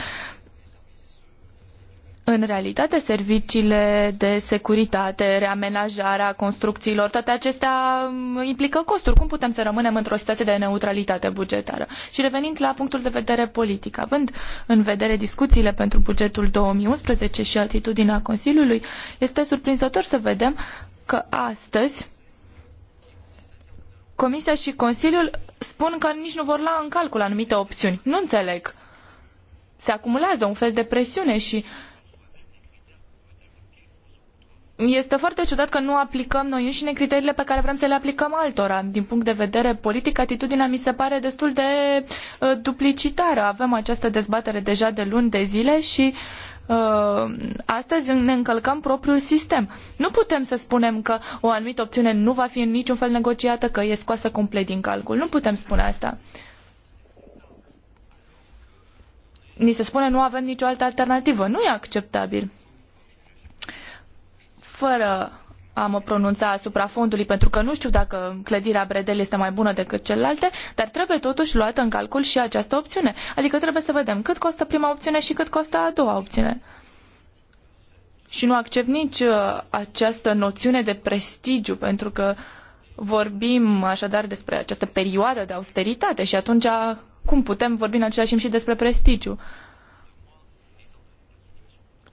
S3: În realitate, serviciile de securitate, reamenajarea construcțiilor, toate acestea mm, implică costuri. Cum putem să rămânem într-o situație de neutralitate bugetară? Și revenind la punctul de vedere politic, având în vedere discuțiile pentru bugetul 2011 și atitudinea Consiliului, este surprinzător să vedem că astăzi Comisia și Consiliul spun că nici nu vor lua în calcul anumite opțiuni. Nu înțeleg. Se acumulează un fel de presiune și este foarte ciudat că nu aplicăm noi înșine criteriile pe care vrem să le aplicăm altora. Din punct de vedere politic, atitudinea mi se pare destul de uh, duplicitară. Avem această dezbatere deja de luni de zile și uh, Uh, astăzi ne încălcăm propriul sistem. Nu putem să spunem că o anumită opțiune nu va fi în niciun fel negociată, că e scoasă complet din calcul. Nu putem spune asta. Ni se spune nu avem nicio altă alternativă. Nu e acceptabil. Fără a mă pronunța asupra fondului, pentru că nu știu dacă clădirea Bredel este mai bună decât celelalte, dar trebuie totuși luată în calcul și această opțiune. Adică trebuie să vedem cât costă prima opțiune și cât costă a doua opțiune. Și nu accept nici uh, această noțiune de prestigiu, pentru că vorbim așadar despre această perioadă de austeritate și atunci cum putem vorbi în același timp și despre prestigiu? Uh,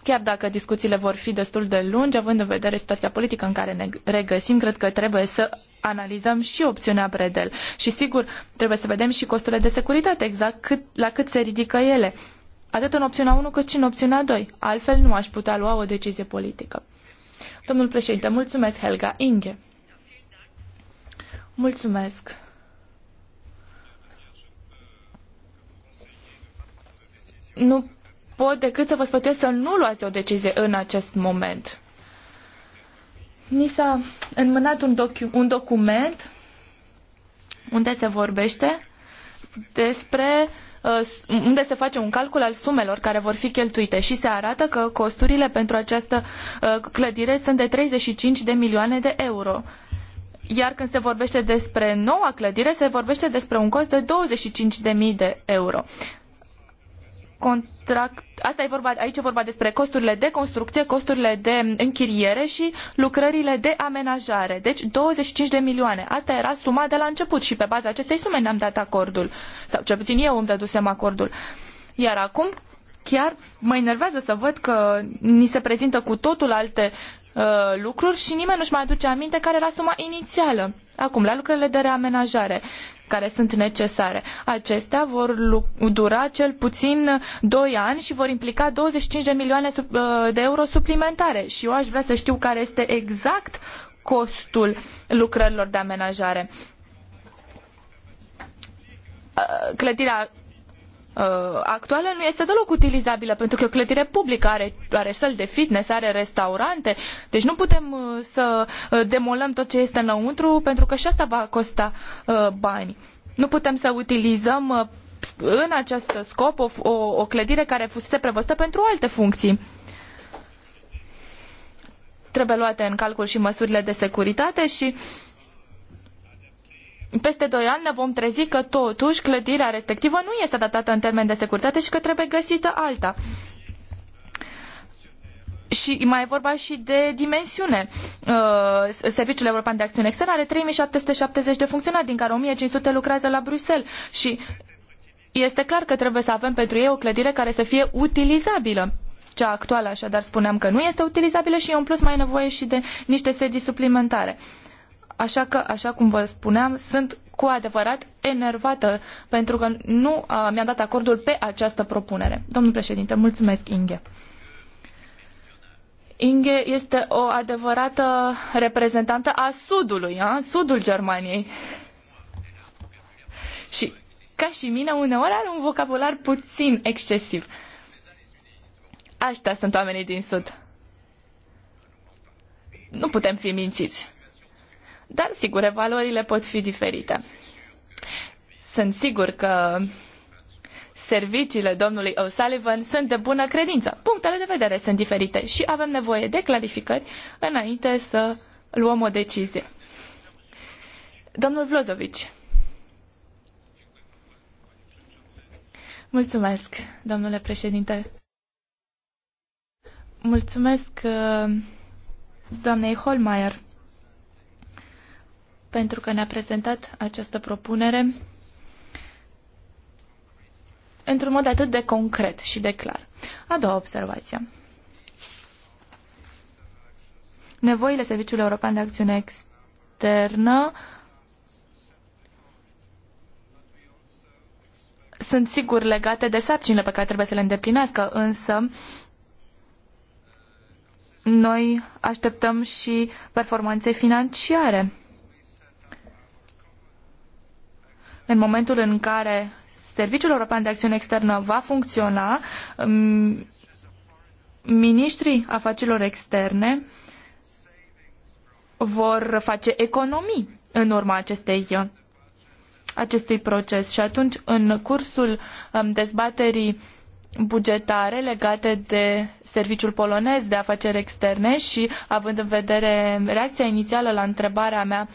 S3: Chiar dacă discuțiile vor fi destul de lungi, având în vedere situația politică în care ne regăsim, cred că trebuie să analizăm și opțiunea Bredel. Și sigur, trebuie să vedem și costurile de securitate, exact cât, la cât se ridică ele, atât în opțiunea 1 cât și în opțiunea 2. Altfel nu aș putea lua o decizie politică. Domnul președinte, mulțumesc, Helga Inge. Mulțumesc. Nu pot decât să vă sfătuiesc să nu luați o decizie în acest moment. Ni s-a înmânat un, docu- un document unde se vorbește despre uh, unde se face un calcul al sumelor care vor fi cheltuite și se arată că costurile pentru această uh, clădire sunt de 35 de milioane de euro. Iar când se vorbește despre noua clădire, se vorbește despre un cost de 25.000 de euro contract, asta e vorba, aici e vorba despre costurile de construcție, costurile de închiriere și lucrările de amenajare. Deci 25 de milioane. Asta era suma de la început și pe baza acestei sume ne-am dat acordul. Sau cel puțin eu îmi dădusem acordul. Iar acum chiar mă enervează să văd că ni se prezintă cu totul alte uh, lucruri și nimeni nu-și mai aduce aminte care era suma inițială. Acum, la lucrările de reamenajare care sunt necesare. Acestea vor dura cel puțin 2 ani și vor implica 25 de milioane uh, de euro suplimentare. Și eu aș vrea să știu care este exact costul lucrărilor de amenajare. Uh, clădirea Uh, actuală nu este deloc utilizabilă, pentru că o clădire publică are, are săli de fitness, are restaurante, deci nu putem uh, să uh, demolăm tot ce este înăuntru, pentru că și asta va costa bani. Nu putem să utilizăm în acest scop o, o, o clădire care fusese prevăzută pentru alte funcții trebuie luate în calcul și măsurile de securitate și peste doi ani ne vom trezi că totuși clădirea respectivă nu este datată în termen de securitate și că trebuie găsită alta. Și mai e vorba și de dimensiune. Uh, Serviciul European de Acțiune Externă are 3770 de funcționari, din care 1500 lucrează la Bruxelles. Și este clar că trebuie să avem pentru ei o clădire care să fie utilizabilă cea actuală, așadar spuneam că nu este utilizabilă și în plus mai e nevoie și de niște sedii suplimentare. Uh, Așa că, așa cum vă spuneam, sunt cu adevărat enervată pentru că nu mi-a dat acordul pe această propunere. Domnul președinte, mulțumesc, Inge. Inge este o adevărată reprezentantă a Sudului, a Sudul Germaniei. Și ca și mine, uneori are un vocabular puțin excesiv. Aștia sunt oamenii din Sud. Nu putem fi mințiți. Dar, sigur, evaluările pot fi diferite. Sunt sigur că serviciile domnului O'Sullivan sunt de bună credință. Punctele de vedere sunt diferite și avem nevoie de clarificări înainte să luăm o decizie. Domnul Vlozovici. Mulțumesc, domnule președinte. Mulțumesc uh, doamnei Holmeier pentru că ne-a prezentat această propunere într-un mod atât de concret și de clar. A doua observație. Nevoile Serviciului European de Acțiune Externă sunt sigur legate de sarcinile pe care trebuie să le îndeplinească, însă noi așteptăm și performanțe financiare în momentul în care Serviciul European de Acțiune Externă va funcționa, ministrii afacerilor externe vor face economii în urma acestei, acestui proces. Și atunci, în cursul um, dezbaterii bugetare legate de serviciul polonez de afaceri externe și având în vedere reacția inițială la întrebarea mea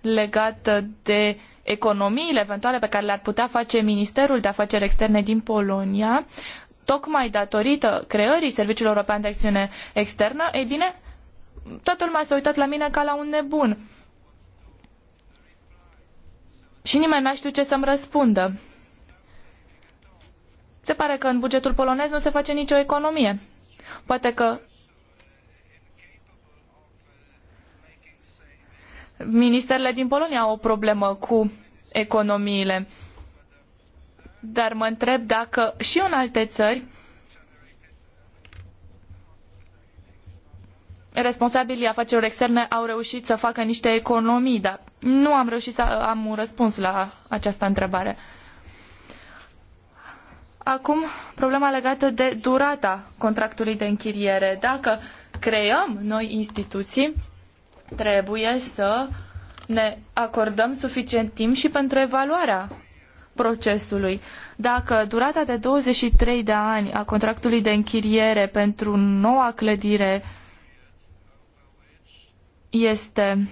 S3: legată de economiile eventuale pe care le-ar putea face Ministerul de Afaceri Externe din Polonia, tocmai datorită creării Serviciului European de Acțiune Externă, ei bine, toată lumea s-a uitat la mine ca la un nebun. Și nimeni n-a știut ce să-mi răspundă. Se pare că în bugetul polonez nu se face nicio economie. Poate că Ministerele din Polonia au o problemă cu economiile. Dar mă întreb dacă și în alte țări responsabilii afacerilor externe au reușit să facă niște economii, dar nu am reușit să am un răspuns la această întrebare. Acum, problema legată de durata contractului de închiriere. Dacă creăm noi instituții, Trebuie să ne acordăm suficient timp și pentru evaluarea procesului. Dacă durata de 23 de ani a contractului de închiriere pentru noua clădire este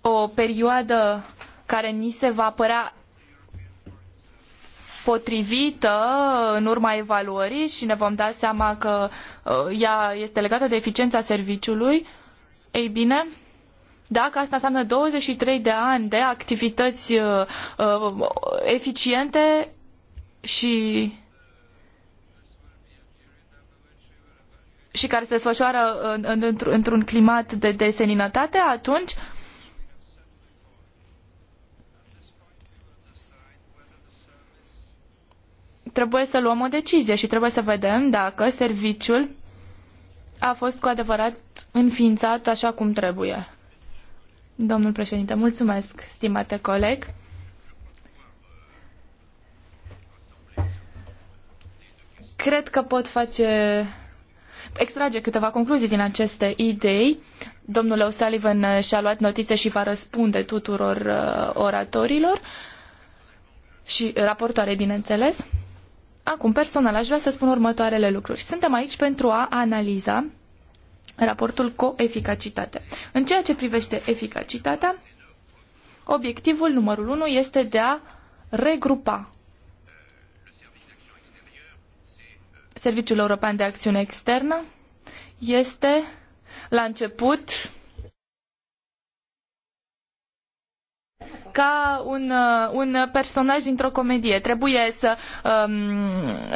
S3: o perioadă care ni se va părea potrivită în urma evaluării și ne vom da seama că uh, ea este legată de eficiența serviciului, ei bine, dacă asta înseamnă 23 de ani de activități uh, uh, eficiente și și care se desfășoară într-un climat de, de seninătate, atunci uh, trebuie să luăm o decizie și trebuie să vedem dacă serviciul a fost cu adevărat înființat așa cum trebuie. Domnul președinte, mulțumesc, stimate coleg. Cred că pot face extrage câteva concluzii din aceste idei. Domnul O'Sullivan și-a luat notițe și va răspunde tuturor uh, oratorilor și raportoare, bineînțeles. Acum, personal, aș vrea să spun următoarele lucruri. Suntem aici pentru a analiza raportul co-eficacitate. În ceea ce privește eficacitatea, obiectivul numărul unu este de a regrupa Serviciul European de Acțiune Externă este la început ca un, uh, un personaj dintr-o comedie. Trebuie să um,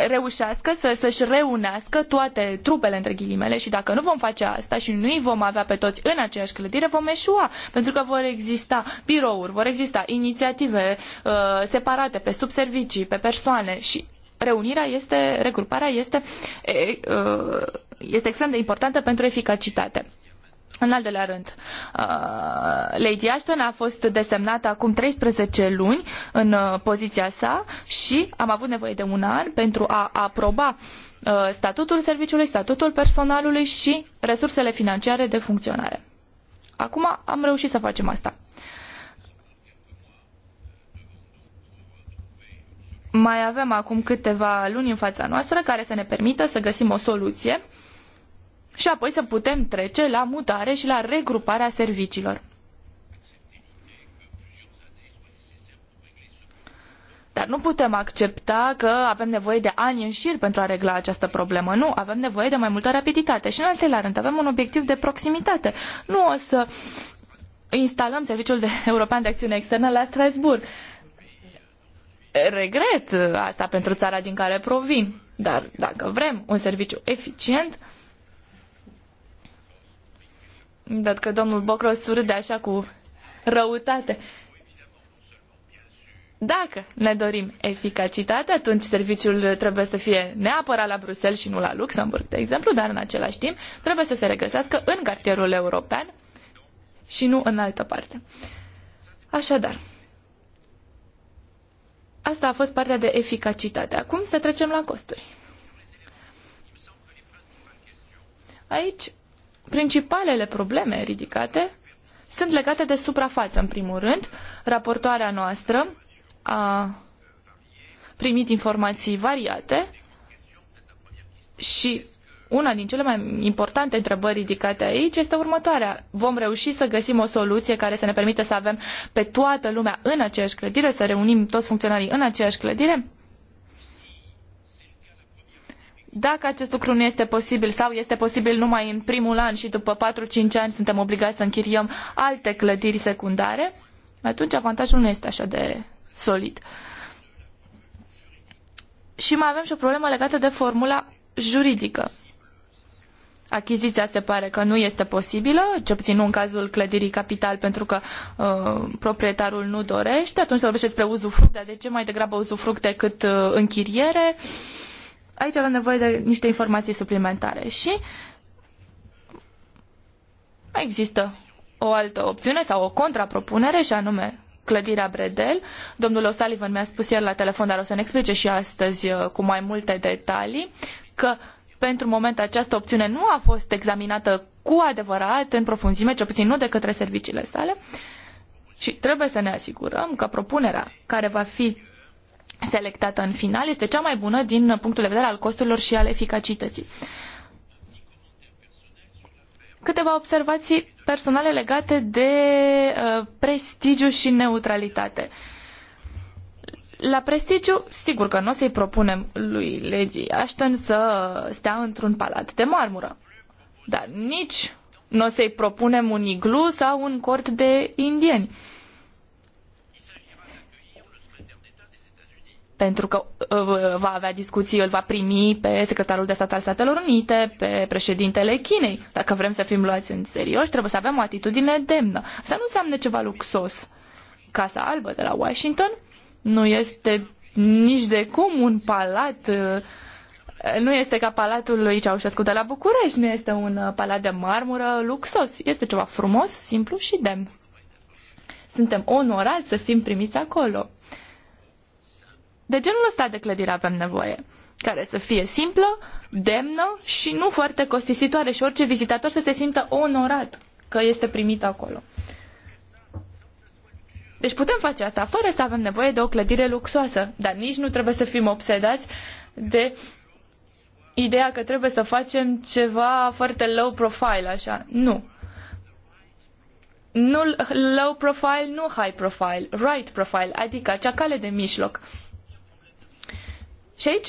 S3: reușească, să, să-și reunească toate trupele, între ghilimele, și dacă nu vom face asta și nu îi vom avea pe toți în aceeași clădire, vom eșua, pentru că vor exista birouri, vor exista inițiative uh, separate pe subservicii, pe persoane și reunirea este, regruparea este, uh, este extrem de importantă pentru eficacitate. În al doilea rând, uh, Lady Ashton a fost desemnată acum 13 luni în uh, poziția sa și am avut nevoie de un an pentru a aproba uh, statutul serviciului, statutul personalului și resursele financiare de funcționare. Acum am reușit să facem asta. Mai avem acum câteva luni în fața noastră care să ne permită să găsim o soluție și apoi să putem trece la mutare și la regruparea serviciilor. Dar nu putem accepta că avem nevoie de ani în șir pentru a regla această problemă. Nu, avem nevoie de mai multă rapiditate. Și în al treilea rând, avem un obiectiv de proximitate. Nu o să instalăm Serviciul de European de Acțiune Externă la Strasbourg. Regret asta pentru țara din care provin. Dar dacă vrem un serviciu eficient, dat că domnul Bocro surâde așa cu răutate. Dacă ne dorim eficacitate, atunci serviciul trebuie să fie neapărat la Bruxelles și nu la Luxemburg, de exemplu, dar în același timp trebuie să se regăsească în cartierul european și nu în altă parte. Așadar, asta a fost partea de eficacitate. Acum să trecem la costuri. Aici Principalele probleme ridicate sunt legate de suprafață, în primul rând. Raportoarea noastră a primit informații variate și una din cele mai importante întrebări ridicate aici este următoarea. Vom reuși să găsim o soluție care să ne permită să avem pe toată lumea în aceeași clădire, să reunim toți funcționarii în aceeași clădire? Dacă acest lucru nu este posibil sau este posibil numai în primul an și după patru cinci ani suntem obligați să închiriem alte clădiri secundare, atunci avantajul nu este așa de solid. Și mai avem și o problemă legată de formula juridică. Achiziția se pare că nu este posibilă, ce puțin nu în cazul clădirii capital, pentru că uh, proprietarul nu dorește. Atunci se vorbește despre uzufruct, dar de ce mai degrabă uzufruct decât uh, închiriere? Uh, aici avem nevoie de niște informații suplimentare și mai există o altă opțiune sau o contrapropunere și anume clădirea Bredel. Domnul O'Sullivan mi-a spus ieri la telefon, dar o să-mi explice și astăzi uh, cu mai multe detalii, că pentru moment această opțiune nu a fost examinată cu adevărat în profunzime, ce puțin nu de către serviciile sale. Și trebuie să ne asigurăm că propunerea care va fi selectată în final este cea mai bună din punctul de vedere al costurilor și al eficacității. Câteva observații personale legate de uh, prestigiu și neutralitate. La prestigiu, sigur că nu o să-i propunem lui Lady Ashton să stea într-un palat de marmură. Dar nici nu o să-i propunem un iglu sau un cort de indieni. Uh, pentru că uh, va avea discuții, îl va primi pe secretarul de stat al Statelor Unite, pe președintele Chinei. Dacă vrem să fim luați în serios, trebuie să avem o atitudine demnă. Asta nu înseamnă ceva luxos. Casa Albă de la Washington nu este nici de cum un palat uh, nu este ca palatul lui Ceaușescu de la București, nu este un uh, palat de marmură luxos. Este ceva frumos, simplu și demn. Suntem onorați să fim primiți acolo. De genul ăsta de clădire avem nevoie, care să fie simplă, demnă și nu foarte costisitoare și orice vizitator să se simtă onorat că este primit acolo. Deci putem face asta fără să avem nevoie de o clădire luxoasă, dar nici nu trebuie să fim obsedați de ideea că trebuie să facem ceva foarte low profile, așa. Nu. Nu low profile, nu high profile, right profile, adică acea cale de mijloc. Și aici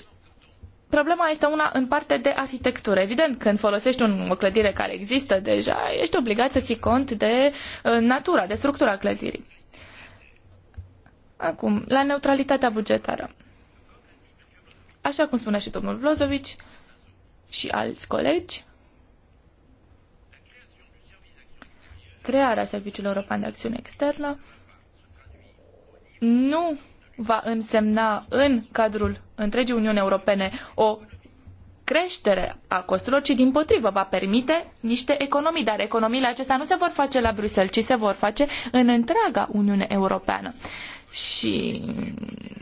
S3: problema este una în parte de arhitectură. Evident, când folosești un, o clădire care există deja, ești obligat să ții cont de uh, natura, de structura clădirii. Acum, la neutralitatea bugetară. Așa cum spunea și domnul Vlozovici și alți colegi, crearea Serviciului European de Acțiune Externă nu va însemna în cadrul întregii Uniuni Europene o creștere a costurilor, ci din potrivă va permite niște economii, dar economiile acestea nu se vor face la Bruxelles, ci se vor face în întreaga Uniune Europeană. Și,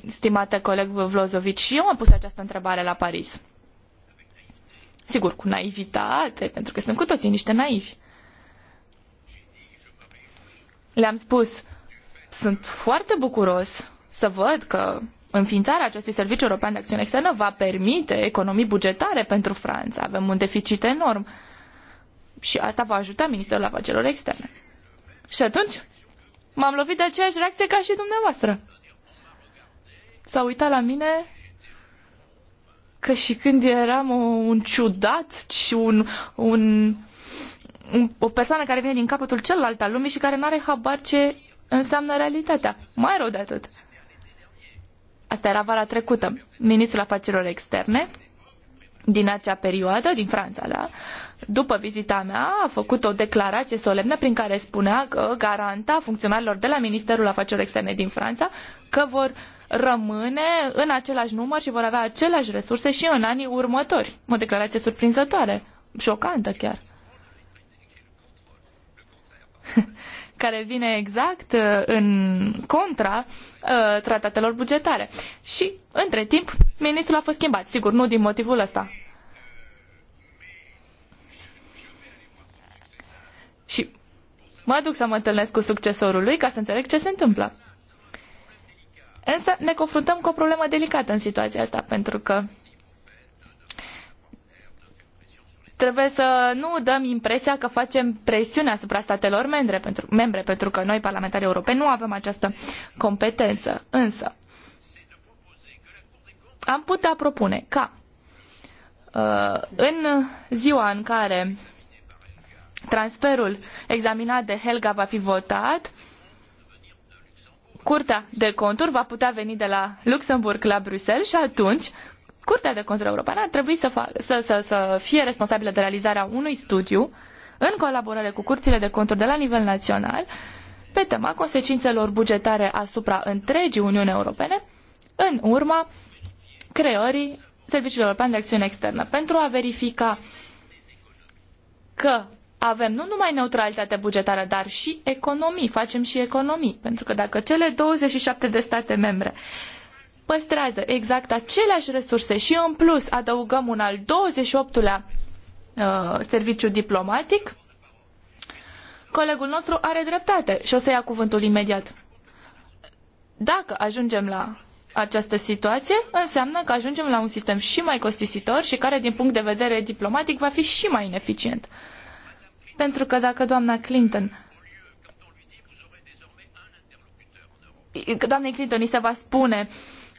S3: stimate coleg Vlozovic, și eu am pus această întrebare la Paris. Sigur, cu naivitate, pentru că suntem cu toții niște naivi. Le-am spus, sunt foarte bucuros să văd că înființarea acestui serviciu european de acțiune externă va permite economii bugetare pentru Franța. Avem un deficit enorm și asta va ajuta Ministerul Afacerilor Externe. Și atunci m-am lovit de aceeași reacție ca și dumneavoastră. S-a uitat la mine că și când eram un ciudat și un, un, un, o persoană care vine din capătul celălalt al lumii și care nu are habar ce înseamnă realitatea. Mai rău de atât asta era vara trecută, ministrul afacerilor externe din acea perioadă, din Franța, da? După vizita mea a făcut o declarație solemnă prin care spunea că garanta funcționarilor de la Ministerul Afacerilor Externe din Franța că vor rămâne în același număr și vor avea aceleași resurse și în anii următori. O declarație surprinzătoare, șocantă chiar. care vine exact uh, în contra uh, tratatelor bugetare. Și, între timp, ministrul a fost schimbat, sigur, nu din motivul ăsta. Și mă duc să mă întâlnesc cu succesorul lui ca să înțeleg ce se întâmplă. Însă ne confruntăm cu o problemă delicată în situația asta, pentru că trebuie să nu dăm impresia că facem presiune asupra statelor membre pentru, membre, pentru că noi, parlamentarii europeni, nu avem această competență. Însă, am putea propune ca uh, în ziua în care transferul examinat de Helga va fi votat, Curtea de conturi va putea veni de la Luxemburg la Bruxelles și atunci Curtea de Control Europeană ar trebui să, fac, să, să, să fie responsabilă de realizarea unui studiu în colaborare cu curțile de conturi de la nivel național pe tema consecințelor bugetare asupra întregii Uniuni Europene în urma creării Serviciului European de Acțiune Externă pentru a verifica că avem nu numai neutralitate bugetară, dar și economii, facem și economii, pentru că dacă cele 27 de state membre uh, păstrează exact aceleași resurse și în plus adăugăm un al 28-lea uh, serviciu diplomatic, colegul nostru are dreptate și o să ia cuvântul imediat. Dacă ajungem la această situație, înseamnă că ajungem la un sistem și mai costisitor și care, din punct de vedere diplomatic, va fi și mai ineficient. Pentru că dacă doamna Clinton doamnei Clinton îi se va spune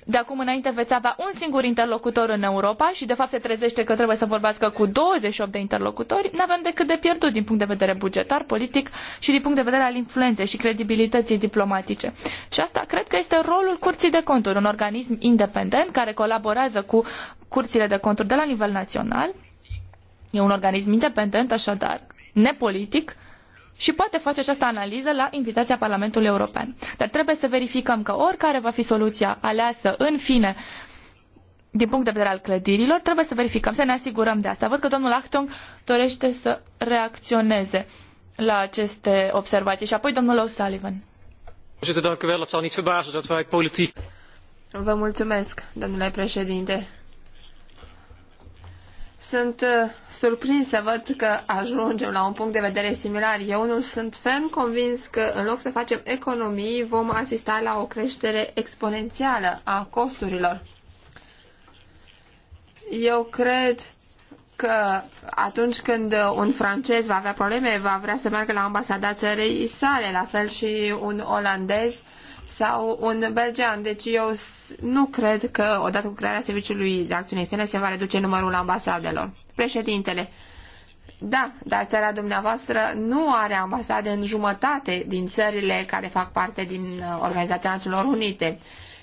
S3: de acum înainte veți avea un singur interlocutor în Europa și de fapt se trezește că trebuie să vorbească cu 28 de interlocutori, nu avem decât de pierdut din punct de vedere bugetar, politic și din punct de vedere al influenței și credibilității diplomatice. Și asta cred că este rolul Curții de Conturi, un organism independent care colaborează cu curțile de conturi de la nivel național. E un organism independent, așadar, nepolitic, și poate face această analiză la invitația Parlamentului European. Dar trebuie să verificăm că oricare va fi soluția aleasă, în fine, din punct de vedere al clădirilor, trebuie să verificăm, să ne asigurăm de asta. Văd că domnul Achtung dorește să reacționeze la aceste observații. Și apoi domnul O'Sullivan.
S1: Vă mulțumesc, domnule președinte. Sunt uh, surprins să văd că ajungem la un punct de vedere similar. Eu nu sunt ferm convins că în loc să facem economii vom asista la o creștere exponențială a costurilor. Eu cred că atunci când un francez va avea probleme, va vrea să meargă la ambasada țării sale, la fel și un olandez sau un belgean. Deci eu nu cred că odată cu crearea serviciului de acțiune externe se va reduce numărul ambasadelor. Președintele, da, dar țara dumneavoastră nu are ambasade în jumătate din țările care fac parte din uh, Organizația Națiunilor Unite.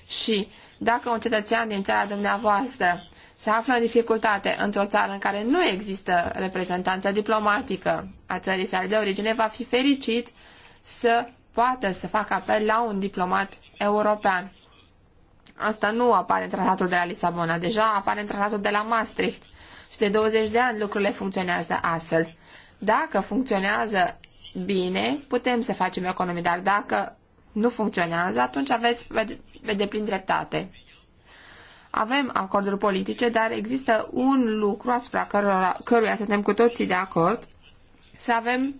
S1: Și dacă un cetățean din țara dumneavoastră se află în dificultate într-o țară în care nu există reprezentanță diplomatică a țării sale de origine, va fi fericit să Poate să facă apel la un diplomat european. Asta nu apare în tratatul de la Lisabona, deja apare în tratatul de la Maastricht. Și de 20 de ani lucrurile funcționează astfel. Dacă funcționează bine, putem să facem economii, dar dacă nu funcționează, atunci aveți pe deplin dreptate. Avem acorduri politice, dar există un lucru asupra cărora, căruia suntem cu toții de acord, să avem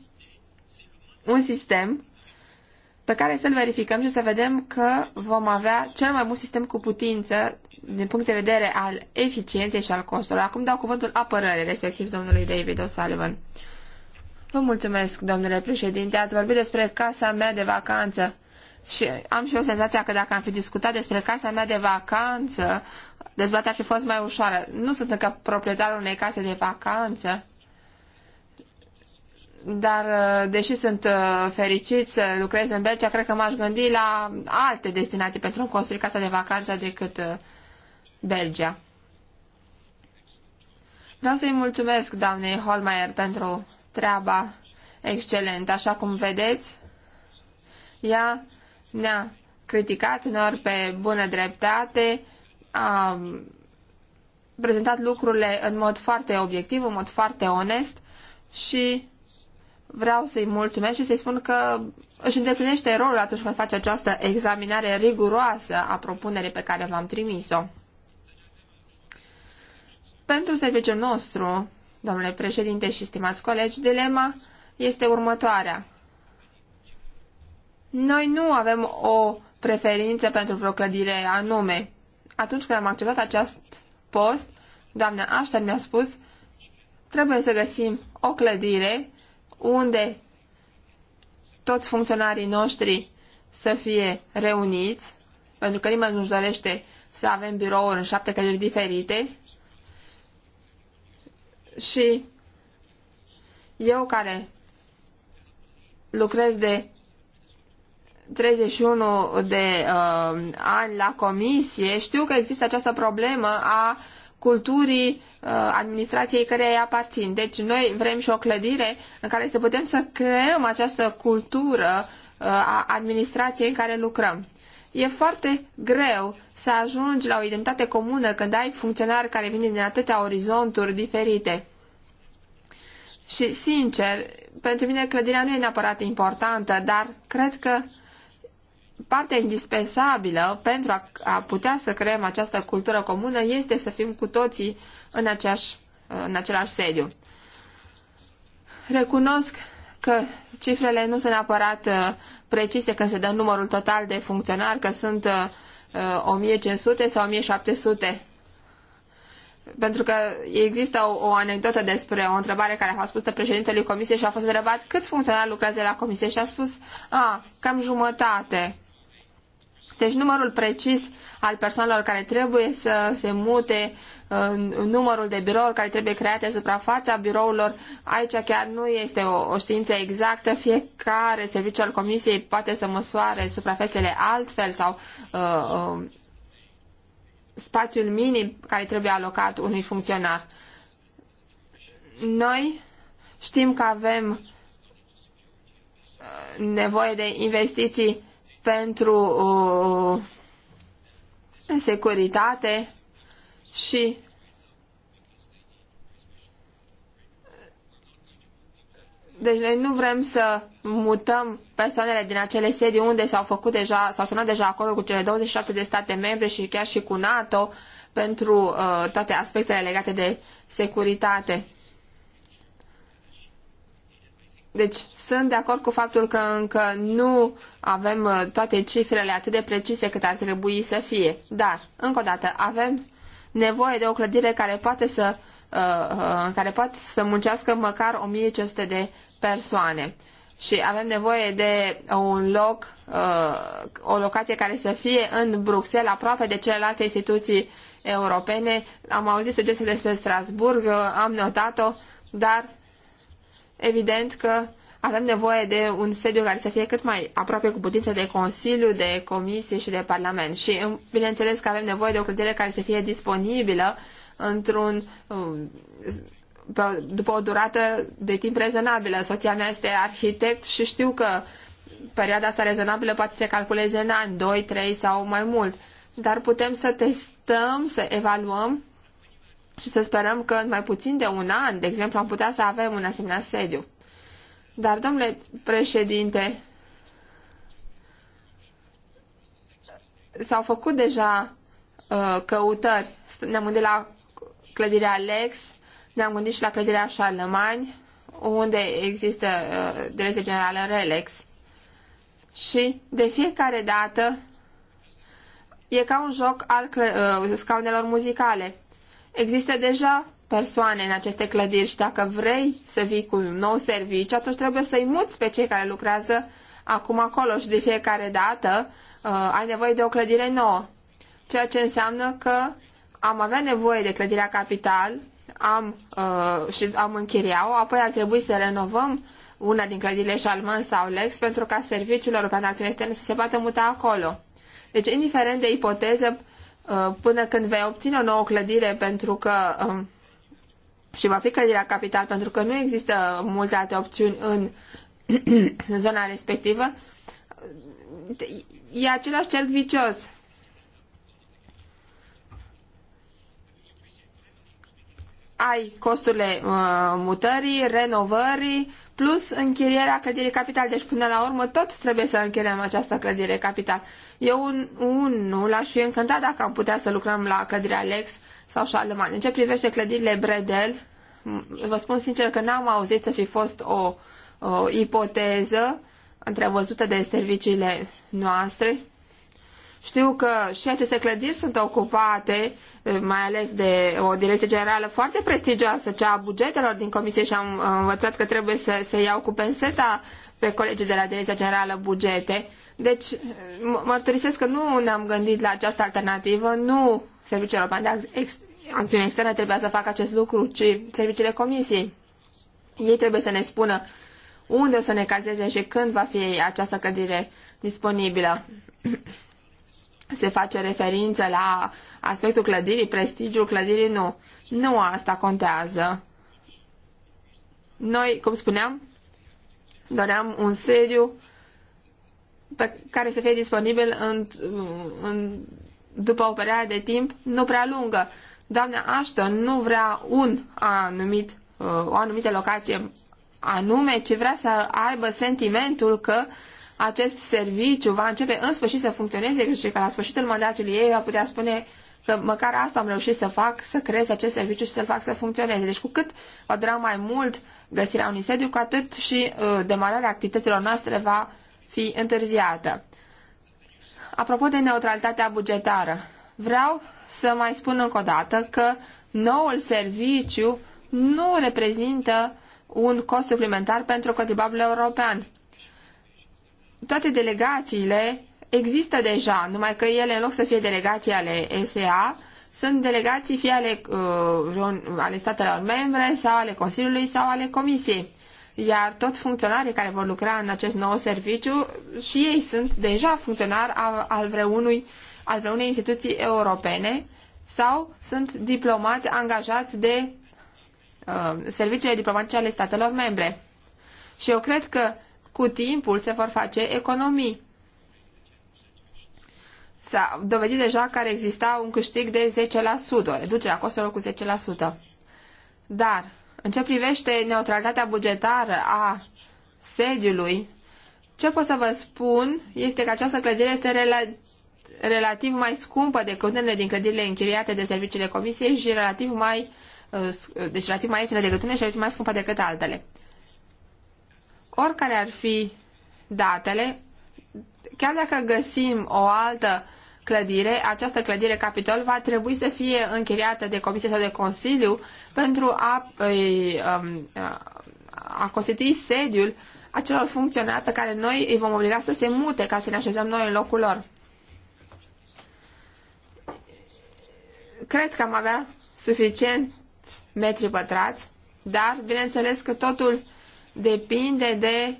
S1: un sistem pe care să-l verificăm și să vedem că vom avea cel mai bun sistem cu putință din punct de vedere al eficienței și al costurilor. Acum dau cuvântul apărării, respectiv domnului David O'Sullivan. Vă mulțumesc, domnule președinte. Ați vorbit despre casa mea de vacanță și am și eu senzația că dacă am fi discutat despre casa mea de vacanță, dezbaterea ar fi fost mai ușoară. Nu sunt încă proprietarul unei case de vacanță, dar, uh, deși sunt uh, fericit să lucrez în Belgia, cred că m-aș gândi la alte destinații pentru a construi casa de vacanță decât uh, Belgia. Vreau să-i mulțumesc doamnei Holmeier pentru treaba excelentă. Așa cum vedeți, ea ne-a criticat uneori pe bună dreptate, a um, prezentat lucrurile în mod foarte obiectiv, în mod foarte onest și vreau să-i mulțumesc și să-i spun că își îndeplinește rolul atunci când face această examinare riguroasă a propunerii pe care v-am trimis-o. Pentru serviciul nostru, domnule președinte și stimați colegi, dilema este următoarea. Noi nu avem o preferință pentru vreo clădire anume. Atunci când am acceptat acest post, doamna Aștar mi-a spus trebuie să găsim o clădire unde toți funcționarii noștri să fie reuniți, pentru că nimeni nu-și dorește să avem birouri în șapte căderi diferite. Și eu care lucrez de 31 de uh, ani la comisie, știu că există această problemă a uh, culturii uh, administrației care îi aparțin. Deci noi vrem și o clădire în care să putem să creăm această cultură uh, a administrației în care lucrăm. E foarte greu să ajungi la o identitate comună când ai funcționari care vin din atâtea orizonturi diferite. Și, sincer, pentru mine clădirea nu e neapărat importantă, dar cred că parte indispensabilă pentru a, a putea să creăm această cultură comună este să fim cu toții în, aceeași, în același sediu. Recunosc că cifrele nu sunt neapărat uh, precise când se dă numărul total de funcționari, că sunt 1500 uh, uh, sau 1700. Pentru că există o, o anecdotă despre o întrebare care a fost pusă președintelui comisiei și a fost întrebat câți funcționari lucrează la comisie și a spus, a, cam jumătate. Deci numărul precis al persoanelor care trebuie să se mute, uh, numărul de birouri care trebuie create, suprafața birourilor, aici chiar nu este o, o știință exactă. Fiecare serviciu al comisiei poate să măsoare suprafețele altfel sau uh, uh, spațiul minim care trebuie alocat unui funcționar. Noi știm că avem uh, nevoie de investiții pentru uh, securitate și Deci noi nu vrem să mutăm persoanele din acele sedi unde s-au făcut deja, s-au sunat deja acolo cu cele 27 de state membre și chiar și cu NATO pentru uh, toate aspectele legate de securitate. Deci sunt de acord cu faptul că încă nu avem uh, toate cifrele atât de precise cât ar trebui să fie. Dar, încă o dată, avem nevoie de o clădire care poate să, uh, uh care poate să muncească măcar 1500 de persoane. Și avem nevoie de un loc, uh, o locație care să fie în Bruxelles, aproape de celelalte instituții europene. Am auzit sugestii despre Strasburg, uh, am notat-o, dar evident că avem nevoie de un sediu care să fie cât mai aproape cu putință de Consiliu, de Comisie și de Parlament. Și bineînțeles că avem nevoie de o clădire care să fie disponibilă într-un um, după o durată de timp rezonabilă. Soția mea este arhitect și știu că perioada asta rezonabilă poate să calculeze în ani, 2, 3 sau mai mult. Dar putem să testăm, să evaluăm și să sperăm că în mai puțin de un an, de exemplu, am putea să avem un asemenea sediu. Dar, domnule președinte, s-au făcut deja uh, căutări. Ne-am gândit la clădirea Lex, ne-am gândit și la clădirea Charlemagne, unde există uh, direcție generală Relex. Și de fiecare dată e ca un joc al uh, scaunelor muzicale. Există deja persoane în aceste clădiri și dacă vrei să vii cu un nou serviciu, atunci trebuie să-i muți pe cei care lucrează acum acolo și de fiecare dată uh, ai nevoie de o clădire nouă. Ceea ce înseamnă că am avea nevoie de clădirea capital am, uh, și am închiriat-o, apoi ar trebui să renovăm una din clădirile Chalman sau Lex pentru ca serviciul european de acțiune să se poată muta acolo. Deci, indiferent de ipoteză, Uh, până când vei obține o nouă clădire pentru că um, și va fi clădirea capital pentru că nu există multe alte opțiuni în zona respectivă, e același cerc vicios. Ai costurile uh, mutării, renovării, plus închirierea clădirii capital. Deci, până la urmă, tot trebuie să închiriem această clădire capital. Eu unul aș fi încântat dacă am putea să lucrăm la clădirea Alex sau Charlemagne. În ce privește clădirile Bredel, vă spun sincer că n-am auzit să fi fost o, o ipoteză întrevăzută de serviciile noastre. Știu că și aceste clădiri sunt ocupate, mai ales de o direcție generală foarte prestigioasă, cea a bugetelor din comisie și am învățat că trebuie să se iau cu penseta pe colegii de la Direcția Generală Bugete deci, mărturisesc că nu ne-am gândit la această alternativă, nu Serviciul European de Ex Acțiune Externă trebuia să facă acest lucru, ci serviciile Comisiei. Ei trebuie să ne spună unde o să ne cazeze și când va fi această clădire disponibilă. Se face referință la aspectul clădirii, prestigiul clădirii, nu. Nu asta contează. Noi, cum spuneam, doream un sediu pe care să fie disponibil în, în, după o perioadă de timp nu prea lungă. Doamna Ashton nu vrea un anumit, uh, o anumită locație anume, ci vrea să aibă sentimentul că acest serviciu va începe în sfârșit să funcționeze și că la sfârșitul mandatului ei va putea spune că măcar asta am reușit să fac, să creez acest serviciu și să-l fac să funcționeze. Deci cu cât va dura mai mult găsirea unui sediu, cu atât și uh, demararea activităților noastre va fi întârziată. Apropo de neutralitatea bugetară, vreau să mai spun încă o dată că noul serviciu nu reprezintă un cost suplimentar pentru contribuabil european. Toate delegațiile există deja, numai că ele, în loc să fie delegații ale SEA, sunt delegații fie ale, uh, ale statelor membre sau ale Consiliului sau ale Comisiei iar toți funcționarii care vor lucra în acest nou serviciu și ei sunt deja funcționari al vreunui, al vreunei instituții europene sau sunt diplomați angajați de uh, serviciile diplomatice ale statelor membre. Și eu cred că cu timpul se vor face economii. S-a dovedit deja că ar exista un câștig de 10%, o reducere a costurilor cu 10%. Dar în ce privește neutralitatea bugetară a sediului, ce pot să vă spun este că această clădire este rela- relativ mai scumpă decât unele din clădirile închiriate de serviciile comisiei și relativ mai, uh, uh, deci relativ mai ieftină decât unele și relativ mai scumpă decât altele. Oricare ar fi datele, chiar dacă găsim o altă clădire, această clădire Capitol va trebui să fie închiriată de Comisie sau de Consiliu pentru a, um, a constitui sediul acelor funcționari pe care noi îi vom obliga să se mute ca să ne așezăm noi în locul lor. Cred că am avea suficient metri pătrați, dar bineînțeles că totul depinde de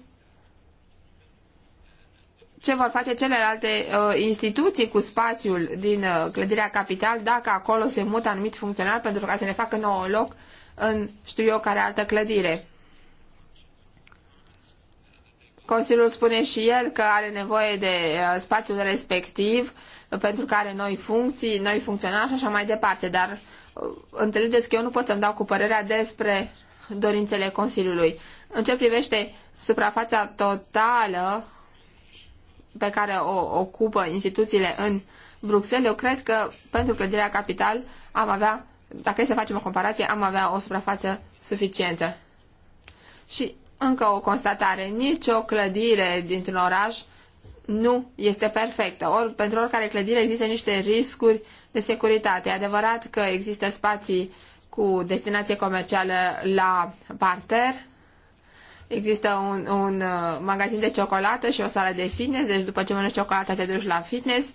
S1: ce vor face celelalte uh, instituții cu spațiul din uh, clădirea capital dacă acolo se mută anumit funcțional pentru ca să ne facă nouă loc în știu eu care altă clădire. Consiliul spune și el că are nevoie de uh, spațiul respectiv pentru că are noi funcții, noi funcționari și așa mai departe, dar uh, înțelegeți că eu nu pot să-mi dau cu părerea despre dorințele Consiliului. În ce privește suprafața totală pe care o ocupă instituțiile în Bruxelles, eu cred că pentru clădirea capital am avea, dacă e să facem o comparație, am avea o suprafață suficientă. Și încă o constatare, nicio clădire dintr-un oraș nu este perfectă. Or, pentru oricare clădire există niște riscuri de securitate. E adevărat că există spații cu destinație comercială la parter, Există un, un uh, magazin de ciocolată și o sală de fitness, deci după ce mănânci ciocolată te duci la fitness.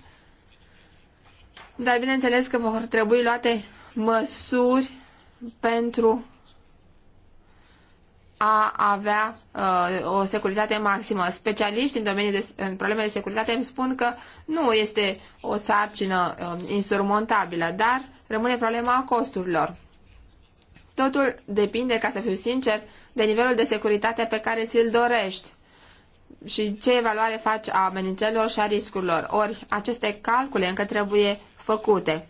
S1: Dar bineînțeles că vor trebui luate măsuri pentru a avea uh, o securitate maximă. Specialiști în domeniul de, în probleme de securitate îmi spun că nu este o sarcină uh, insurmontabilă, dar rămâne problema costurilor. Totul depinde, ca să fiu sincer, de nivelul de securitate pe care ți-l dorești și ce evaluare faci a amenințelor și a riscurilor. Ori aceste calcule încă trebuie făcute.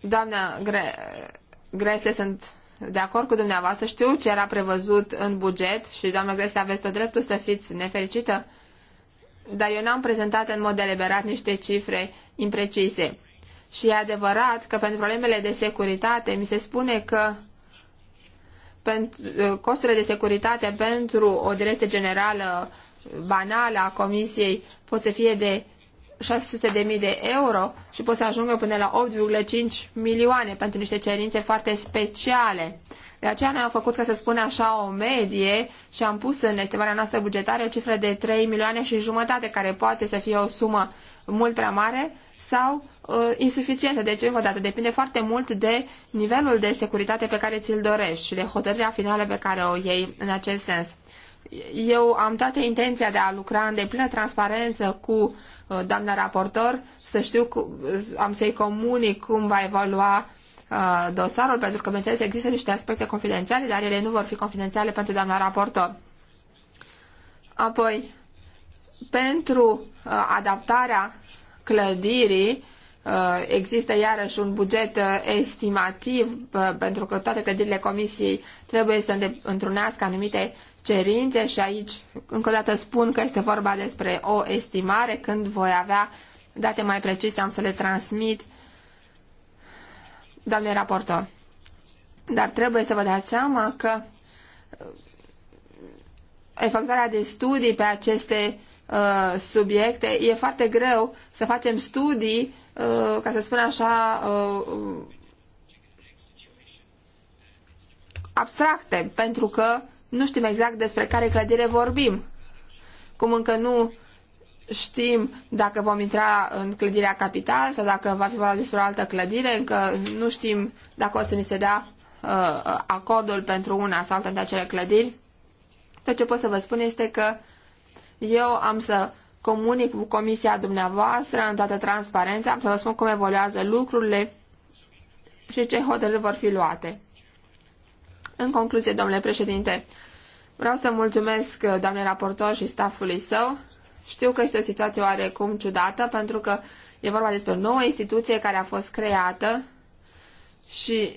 S1: Doamna Gre Gresle, sunt de acord cu dumneavoastră, știu ce era prevăzut în buget și, doamna Gresle, aveți tot dreptul să fiți nefericită, dar eu n-am prezentat în mod deliberat niște cifre imprecise. Și e adevărat că pentru problemele de securitate mi se spune că Uh, costurile de securitate pentru o direcție generală banală a comisiei pot să fie de 600.000 de euro și pot să ajungă până la 8,5 milioane pentru niște cerințe foarte speciale. De aceea noi am făcut, ca să spun așa, o medie și am pus în estimarea noastră bugetară o cifră de 3 milioane și jumătate, care poate să fie o sumă mult prea mare sau uh, insuficiente. Deci, încă o dată, depinde foarte mult de nivelul de securitate pe care ți-l dorești și de hotărârea finală pe care o iei în acest sens. Eu am toată intenția de a lucra în deplină transparență cu uh, doamna raportor, să știu, cu, uh, am să-i comunic cum va evolua uh, dosarul, pentru că, bineînțeles, există niște aspecte confidențiale, dar ele nu vor fi confidențiale pentru doamna raportor. Apoi, pentru uh, adaptarea clădirii, Uh, există iarăși un buget uh, estimativ uh, pentru că toate clădirile comisiei trebuie să întrunească anumite cerințe și aici încă o dată spun că este vorba despre o estimare. Când voi avea date mai precise am să le transmit doamnei raportor. Dar trebuie să vă dați seama că efectuarea de studii pe aceste uh, subiecte e foarte greu să facem studii Uh, ca să spun așa, uh, abstracte, pentru că nu știm exact despre care clădire vorbim. Cum încă nu știm dacă vom intra în clădirea capital sau dacă va fi vorba despre o altă clădire, încă nu știm dacă o să ni se dea uh, acordul pentru una sau alta dintre acele clădiri. Tot ce pot să vă spun este că eu am să comunic cu comisia dumneavoastră în toată transparența, să vă spun cum evoluează lucrurile și ce hotărâri vor fi luate. În concluzie, domnule președinte, vreau să mulțumesc uh, doamnei raportor și staffului său. Știu că este o situație oarecum ciudată, pentru că e vorba despre o nouă instituție care a fost creată și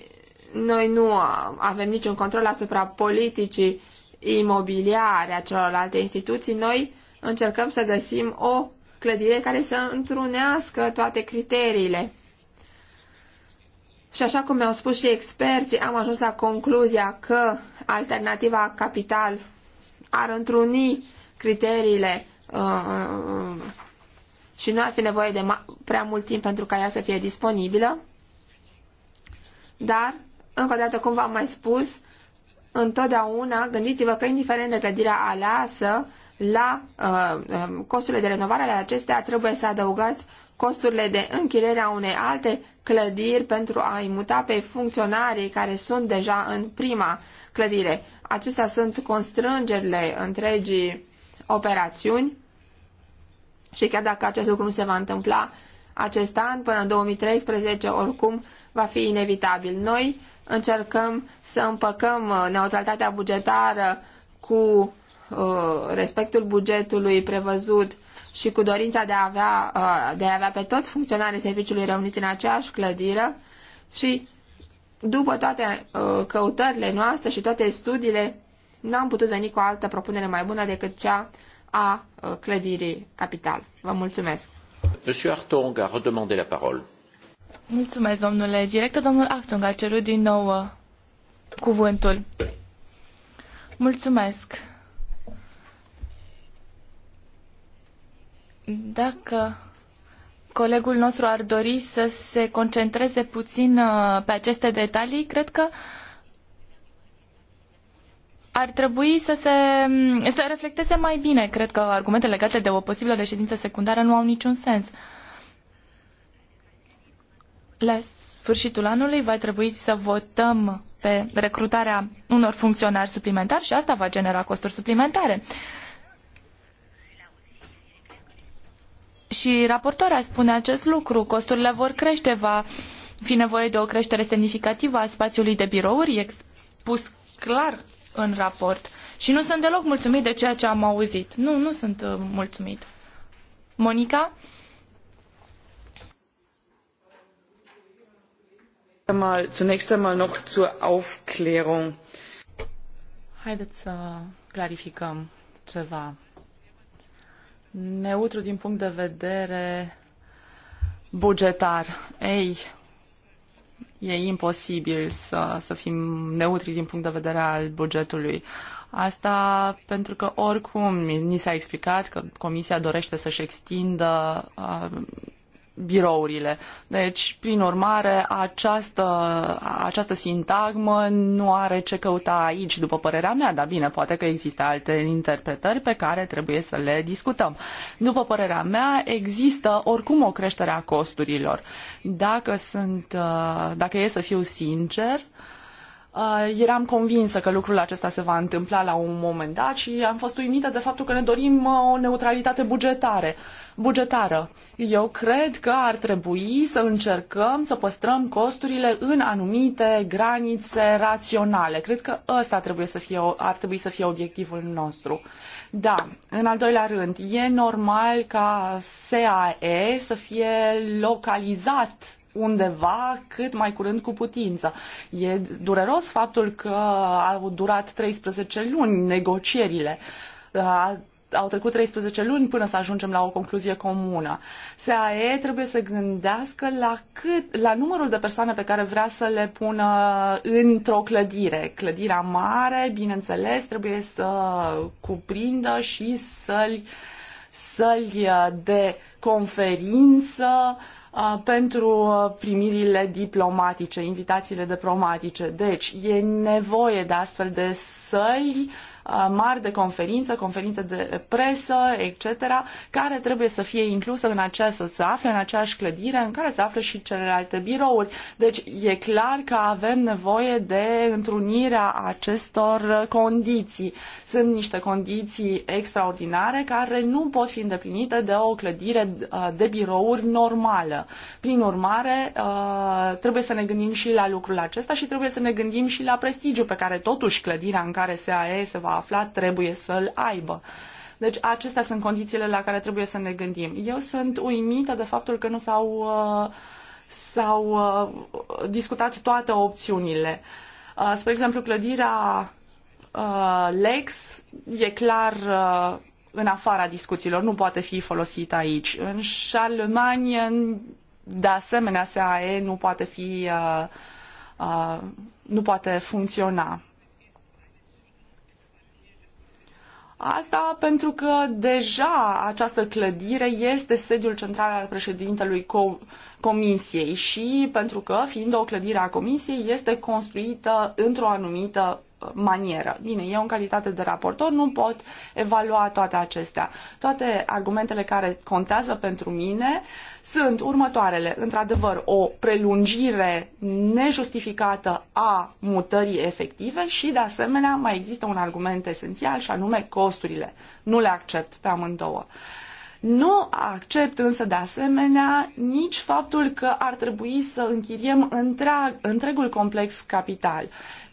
S1: noi nu avem niciun control asupra politicii imobiliare a celorlalte instituții. Noi încercăm să găsim o clădire care să întrunească toate criteriile. Și așa cum mi-au spus și experții, am ajuns la concluzia că alternativa capital ar întruni criteriile uh, uh și nu ar fi nevoie de prea mult timp pentru ca ea să fie disponibilă. Dar, încă o dată, cum v-am mai spus, întotdeauna gândiți-vă că, indiferent de clădirea aleasă, la uh, um, costurile de renovare ale acestea trebuie să adăugați costurile de închiriere a unei alte clădiri pentru a-i muta pe funcționarii care sunt deja în prima clădire. Acestea sunt constrângerile întregii operațiuni și chiar dacă acest lucru nu se va întâmpla acest an, până în 2013, oricum va fi inevitabil. Noi încercăm să împăcăm uh, neutralitatea bugetară cu Uh, respectul bugetului prevăzut și cu dorința de a avea, uh, de a avea pe toți funcționarii serviciului reuniți în aceeași clădire și după toate uh, căutările noastre și toate studiile, n-am putut veni cu o altă propunere mai bună decât cea a clădirii capital. Vă mulțumesc.
S2: Monsieur Artong a la parole.
S1: Mulțumesc, domnule director. Domnul Artong a cerut
S3: din nou cuvântul. Mulțumesc. Dacă colegul nostru ar dori să se concentreze puțin uh, pe aceste detalii, cred că ar trebui să se mm, să reflecteze mai bine. Cred că argumentele legate de o posibilă reședință secundară nu au niciun sens. La sfârșitul anului va trebui să votăm pe recrutarea unor funcționari suplimentari și asta va genera costuri suplimentare. Uh, și raportoarea spune acest lucru, costurile vor crește, va fi nevoie de o creștere semnificativă a spațiului de birouri, e spus clar în raport. Și nu sunt deloc mulțumit de ceea ce am auzit. Nu, nu sunt uh, mulțumit. Monica?
S2: Mal, zunächst einmal noch zur Aufklärung. Haideți să clarificăm ceva neutru din punct de vedere bugetar. Ei, e imposibil să, să fim neutri din punct de vedere al bugetului. Asta pentru că oricum ni s-a explicat că Comisia dorește să-și extindă uh, birourile. Deci, prin urmare, această, această sintagmă nu are ce căuta aici, după părerea mea, dar bine, poate că există alte interpretări pe care trebuie să le discutăm. După părerea mea, există oricum o creștere a costurilor. Dacă sunt, uh, dacă e să fiu sincer, Uh, eram convinsă că lucrul acesta se va întâmpla la un moment dat și am fost uimită de faptul că ne dorim uh, o neutralitate bugetare, bugetară. Eu cred că ar trebui să încercăm să păstrăm costurile în anumite granițe raționale. Cred că ăsta trebuie să fie, ar trebui să fie obiectivul nostru. Da, în al doilea rând, e normal ca SAE să fie localizat undeva cât mai curând cu putință. E dureros faptul că au durat 13 luni negocierile. Au trecut 13 luni până să ajungem la o concluzie comună. SAE trebuie să gândească la, cât, la numărul de persoane pe care vrea să le pună într-o clădire. Clădirea mare, bineînțeles, trebuie să cuprindă și săli, săli de conferință, uh, Uh, pentru uh, primirile diplomatice, invitațiile diplomatice. Deci, e nevoie de astfel de săli uh, Uh, mari de conferință, conferințe de presă, etc., care trebuie să fie inclusă în această, să se afle în aceeași clădire în care se află și celelalte birouri. Deci e clar că avem nevoie de întrunirea acestor condiții. Sunt niște condiții extraordinare care nu pot fi îndeplinite de o clădire uh, de birouri normală. Prin urmare, uh, trebuie să ne gândim și la lucrul acesta și trebuie să ne gândim și la prestigiu pe care totuși clădirea în care SAE se va afla, trebuie să-l aibă. Deci acestea sunt condițiile la care trebuie să ne gândim. Eu sunt uimită de faptul că nu s-au, uh, s-au uh, discutat toate opțiunile. Uh, spre exemplu, clădirea Lex e clar în afara discuțiilor, nu poate fi folosită aici. În Charlemagne, de asemenea, SAE nu poate fi, nu poate funcționa. Asta pentru că deja această clădire este sediul central al președintelui Co- Comisiei și pentru că, fiind o clădire a Comisiei, este construită într-o anumită manieră. Bine, eu în calitate de raportor nu pot evalua toate acestea. Toate argumentele care contează pentru mine sunt următoarele. Într-adevăr, o prelungire nejustificată a mutării efective și, de asemenea, mai există un argument esențial și anume costurile. Nu le accept pe amândouă. Uh, nu accept însă de asemenea nici faptul că ar trebui să închiriem întreag, întregul complex capital.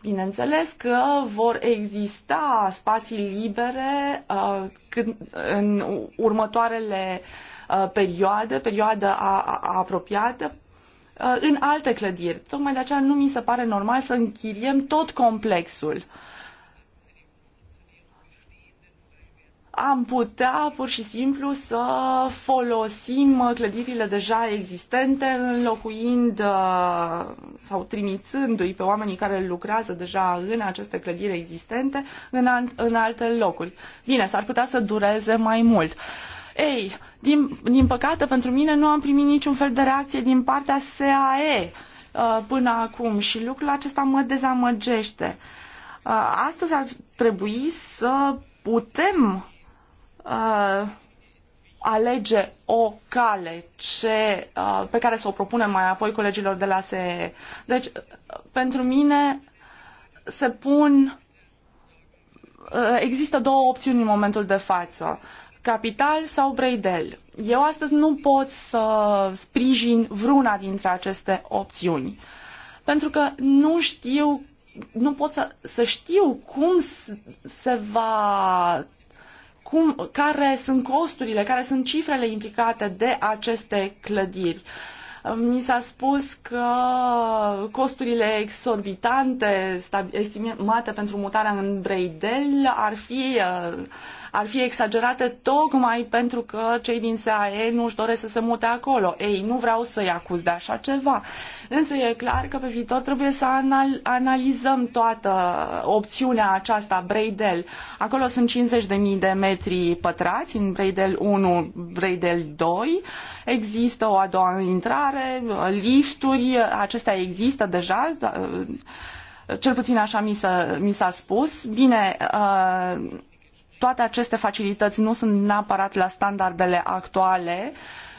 S2: Bineînțeles că vor exista spații libere uh, când, în următoarele uh, perioade, perioadă a, a, apropiată, uh, în alte clădiri. Tocmai de aceea nu mi se pare normal să închiriem tot complexul. Uh, am putea pur și simplu să folosim clădirile deja existente, înlocuind uh, sau trimițându-i pe oamenii care lucrează deja în aceste clădiri existente în, în alte locuri. Bine, s-ar putea să dureze mai mult. Ei, din, din păcate pentru mine nu am primit niciun fel de reacție din partea SAE uh, până acum și lucrul acesta mă dezamăgește. Uh, astăzi ar trebui să putem Uh, alege o cale ce, uh, pe care să o propunem mai apoi colegilor de la SE. Deci, uh, pentru mine se pun uh, există două opțiuni în momentul de față. Capital sau Breidel. Eu astăzi nu pot să sprijin vreuna dintre aceste opțiuni. Pentru că nu știu nu pot să, să știu cum se va cum, care sunt costurile, care sunt cifrele implicate de aceste clădiri. Mi s-a spus că costurile exorbitante estimate pentru mutarea în Breidel ar fi uh, ar fi exagerate tocmai pentru că cei din SAE nu își doresc să se mute acolo. Ei, nu vreau să-i acuz de așa ceva. Însă e clar că pe viitor trebuie să anal- analizăm toată opțiunea aceasta, Braidel. Acolo sunt 50.000 de metri pătrați, în Braidel 1, Braidel 2. Există o a doua intrare, lifturi, acestea există deja, da, cel puțin așa mi s-a, mi s-a spus. Bine, uh, toate aceste facilități nu sunt neapărat la standardele actuale,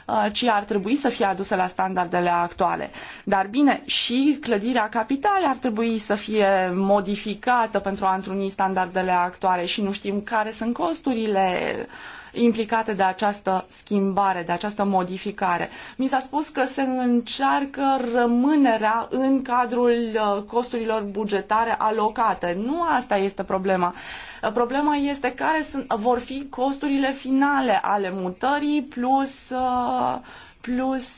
S2: uh, ci ar trebui să fie aduse la standardele actuale. Dar bine, și clădirea capitală ar trebui să fie modificată pentru a întruni standardele actuale și nu știm care sunt costurile uh, implicate de această schimbare, de această modificare. Mi s-a spus că se încearcă rămânerea în cadrul uh, costurilor bugetare alocate. Nu asta este problema. Uh, problema este care sunt, vor fi costurile finale ale mutării plus, uh, plus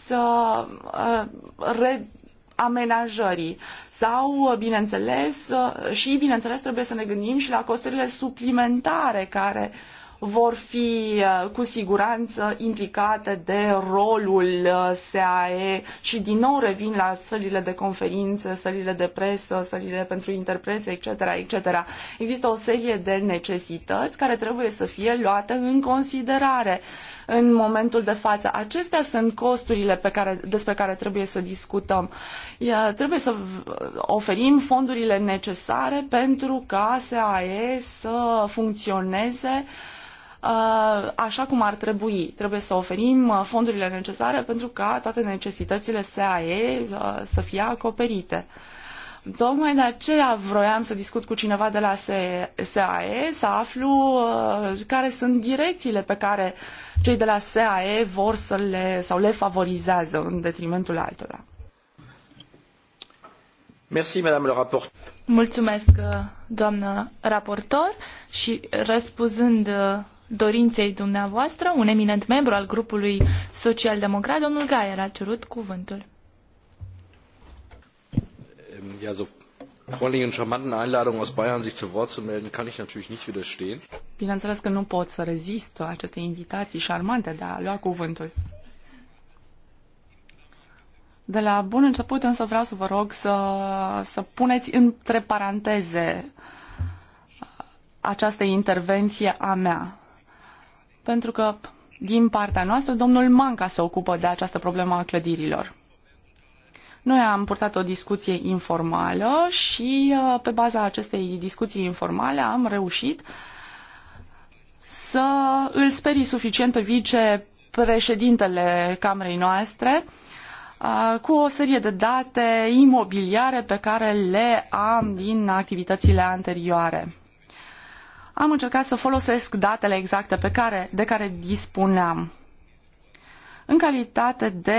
S2: re, amenajării sau, bineînțeles, și, bineînțeles, trebuie să ne gândim și la costurile suplimentare care uh, vor fi uh, cu siguranță implicate de rolul uh, SAE și din nou revin la sălile de conferințe, sălile de presă, sălile pentru interpreți, etc., etc. Există o serie de necesități care trebuie să fie luate în considerare în momentul de față. Acestea sunt costurile pe care, despre care trebuie să discutăm. Ia, trebuie să uh, oferim fondurile necesare pentru ca SAE să funcționeze uh, Uh, așa cum ar trebui. Trebuie să oferim uh, fondurile necesare pentru ca toate necesitățile SAE uh, să fie acoperite. Tocmai de aceea vroiam să discut cu cineva de la SAE, să aflu care sunt direcțiile pe care cei de la SAE vor să le sau le favorizează în detrimentul altora.
S1: Merci, madame le rapport.
S3: Mulțumesc, doamnă raportor, și răspunzând dorinței dumneavoastră, un eminent membru al grupului social-democrat, domnul Gaier, a cerut cuvântul.
S1: Ja, so
S2: freundlichen, charmanten Einladung aus Bayern, sich zu Wort zu melden, kann ich natürlich nicht widerstehen. Bineînțeles că nu pot să rezist aceste invitații șarmante de a lua cuvântul. De la bun început însă vreau să vă rog să, să puneți între paranteze această intervenție a mea pentru că din partea noastră domnul Manca se ocupă de această problemă a clădirilor. Noi am purtat o discuție informală și uh, pe baza acestei discuții informale am reușit să îl sperii suficient pe vicepreședintele Camerei noastre uh, cu o serie de date imobiliare pe care le am din activitățile anterioare am încercat să folosesc datele exacte pe care, de care dispuneam. În calitate de,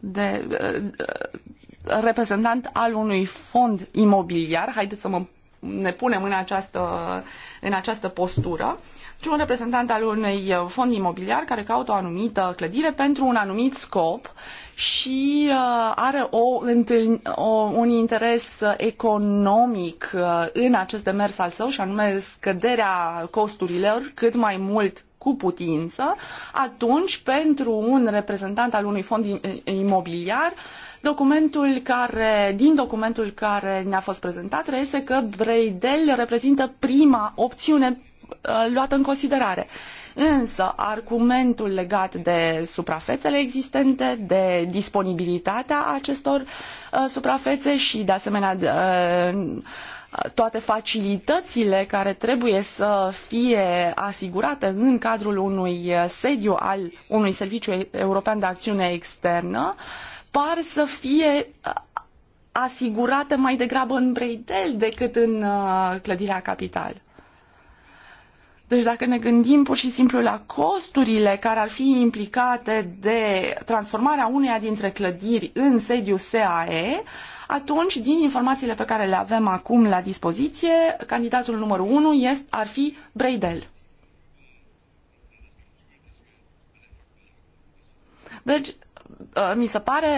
S2: de, de uh, reprezentant al unui fond imobiliar, haideți să mă, ne punem în această, în această postură, uh, ci un reprezentant al unui uh, fond imobiliar care caută o anumită clădire pentru un anumit scop și uh, are o, o, un interes uh, economic în acest demers al său și anume scăderea costurilor cât mai mult cu putință, atunci pentru un reprezentant al unui fond imobiliar, documentul care, din documentul care ne-a fost prezentat reiese că Breidel reprezintă prima opțiune Uh, luat în considerare. Însă, argumentul legat de suprafețele existente, de disponibilitatea acestor uh, suprafețe și, de asemenea, uh, toate facilitățile care trebuie să fie asigurate în cadrul unui sediu al unui serviciu european de acțiune externă, par să fie asigurate mai degrabă în Breidel decât în clădirea capital. Deci dacă ne gândim pur și simplu la costurile care ar fi implicate de transformarea uneia dintre clădiri în sediu SAE, atunci, din informațiile pe care le avem acum la dispoziție, candidatul numărul 1 este, ar fi Braidel. Deci, uh, mi se pare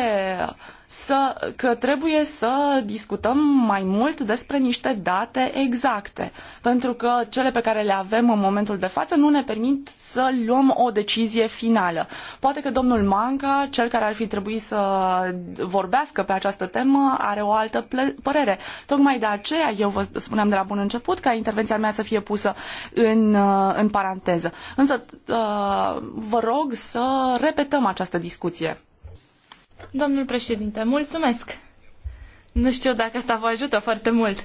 S2: să, că trebuie să discutăm mai mult despre niște date exacte, pentru că cele pe care le avem în momentul de față nu ne permit să luăm o decizie finală. Poate că domnul Manca, cel care ar fi trebuit să vorbească pe această temă, are o altă părere. Tocmai de aceea eu vă spuneam de la bun început ca intervenția mea să fie pusă în, uh, în paranteză. Însă uh, vă rog să repetăm această discuție. Domnul președinte, mulțumesc. Nu știu
S3: dacă asta vă ajută foarte mult.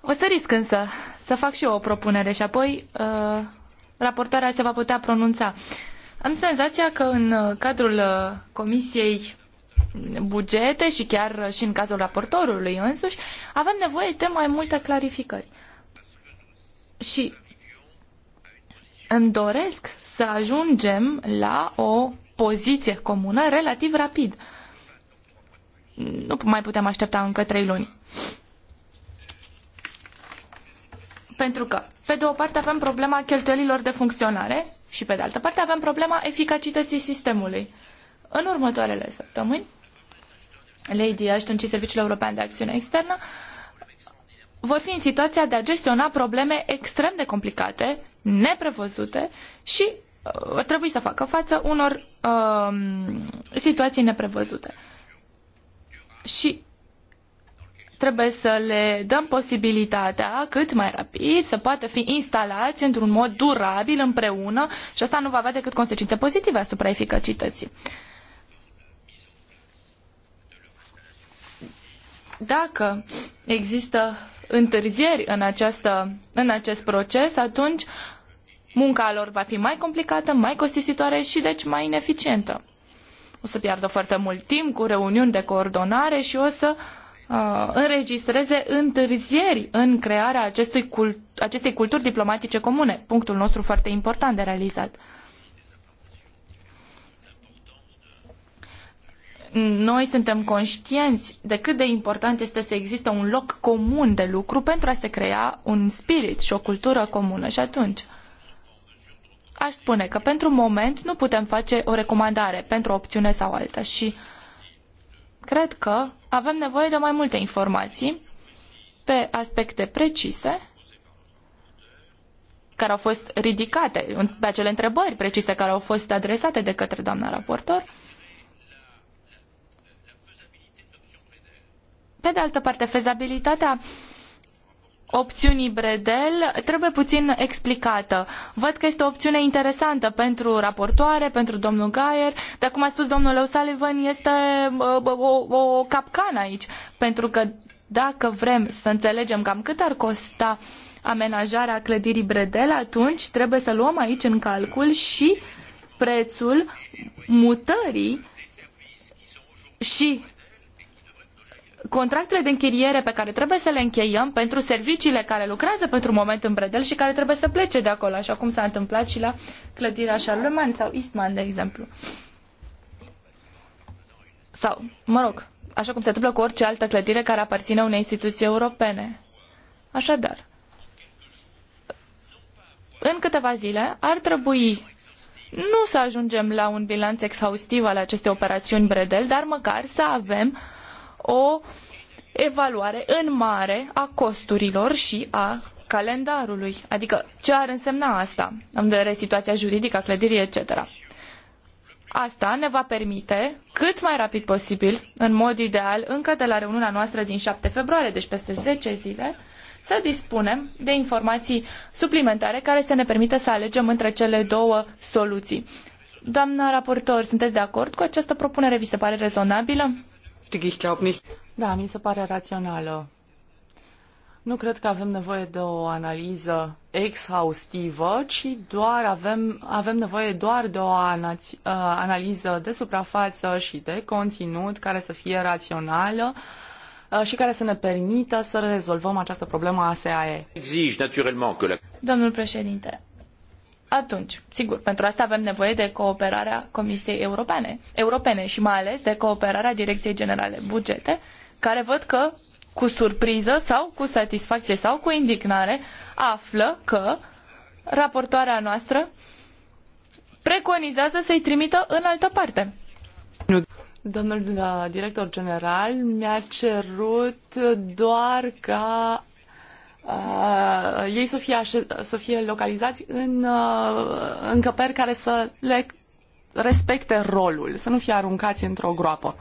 S3: O să risc însă să fac și eu o propunere și apoi uh, raportoarea se va putea pronunța. Am senzația că în uh, cadrul uh, Comisiei bugete și chiar uh, și în cazul raportorului însuși, avem nevoie de mai multe clarificări. Și îmi doresc să ajungem
S2: la o
S3: poziție comună relativ rapid. Nu mai putem aștepta încă trei luni. Pentru că, pe de o parte, avem problema cheltuielilor de funcționare și, pe de altă parte, avem problema eficacității sistemului. În următoarele săptămâni, Lady Ashton și Serviciul European de Acțiune Externă vor fi în situația de a gestiona probleme extrem de complicate, neprevăzute și Uh, trebuie trebui să facă față unor uh, situații neprevăzute. Și trebuie să le dăm posibilitatea cât mai rapid să poată fi instalați într-un mod durabil împreună și asta nu va avea decât consecințe pozitive asupra eficacității. Dacă există întârzieri în, această, în acest proces, atunci munca lor va fi mai complicată, mai costisitoare și deci mai ineficientă. O să piardă foarte mult timp cu reuniuni de coordonare și o să uh, înregistreze întârzieri în crearea acestui cult, acestei culturi diplomatice comune, punctul nostru foarte important de realizat. Noi suntem conștienți de cât de important este să existe un loc comun de lucru pentru a se crea un spirit și o cultură comună. Și atunci, aș spune că pentru moment nu putem face o recomandare pentru o opțiune sau alta și cred că avem nevoie de mai multe informații pe aspecte precise care au fost ridicate, pe acele întrebări precise care au fost adresate de către doamna raportor. Pe de altă parte, fezabilitatea opțiunii Bredel trebuie puțin explicată. Văd că este o opțiune interesantă pentru raportoare, pentru domnul Gaier, dar cum a spus domnul O'Sullivan, este uh, uh, o, o capcană aici, pentru că dacă vrem să înțelegem cam cât ar costa amenajarea clădirii Bredel, atunci trebuie să luăm aici în calcul și prețul mutării și contractele de închiriere pe care trebuie să le încheiem pentru serviciile care lucrează pentru moment în Bredel și care trebuie să plece de acolo, așa cum s-a întâmplat și la clădirea Charlemagne sau Eastman, de exemplu. Sau, mă rog, așa cum se întâmplă cu orice altă clădire care aparține unei instituții europene. Așadar, în câteva zile ar trebui nu să ajungem la un bilanț exhaustiv al acestei operațiuni Bredel, dar măcar să avem uh, o evaluare în mare a costurilor și a calendarului. Adică ce ar însemna asta? În vedere situația juridică a clădirii, etc. Asta ne va permite, cât mai rapid posibil, în mod ideal, încă de la reuniunea noastră din 7 februarie, deci peste zece zile, să dispunem de informații suplimentare care să ne permită să alegem între cele două soluții. Doamna raportor, sunteți de acord cu această propunere? Vi se pare rezonabilă? ich glaube nicht. Da, mi se pare
S2: rațională. Nu cred că avem nevoie de o analiză exhaustivă, ci doar avem, avem nevoie doar de o anați, uh, analiză de suprafață și de conținut care să fie rațională uh, și care să ne permită să rezolvăm această problemă a SAE.
S3: Domnul președinte, atunci, sigur, pentru asta avem nevoie de cooperarea Comisiei Europene, Europene și mai ales de cooperarea Direcției Generale Bugete, care văd că cu surpriză sau cu satisfacție sau cu indignare află că raportoarea noastră preconizează să-i trimită în
S2: altă parte. Domnul uh, director general mi-a cerut doar ca uh, ei să fie, așe- să fie localizați în uh, încăperi care să le respecte rolul, să nu fie aruncați într-o groapă.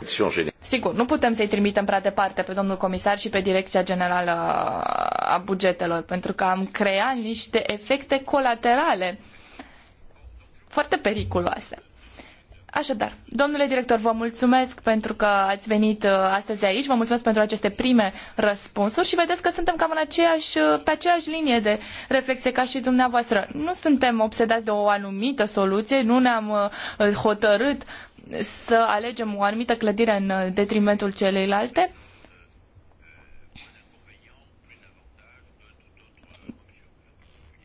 S2: Sigur, nu putem să-i trimitem prea departe pe domnul
S3: comisar și pe Direcția Generală a Bugetelor, pentru că am creat niște efecte colaterale foarte periculoase. Așadar, domnule director, vă mulțumesc pentru că ați venit uh, astăzi aici, vă mulțumesc pentru aceste prime răspunsuri și vedeți că suntem cam în aceeași, uh, pe aceeași linie de reflexie ca și dumneavoastră. Nu suntem obsedați de o anumită soluție, nu ne-am uh, hotărât să alegem o anumită clădire în detrimentul celeilalte.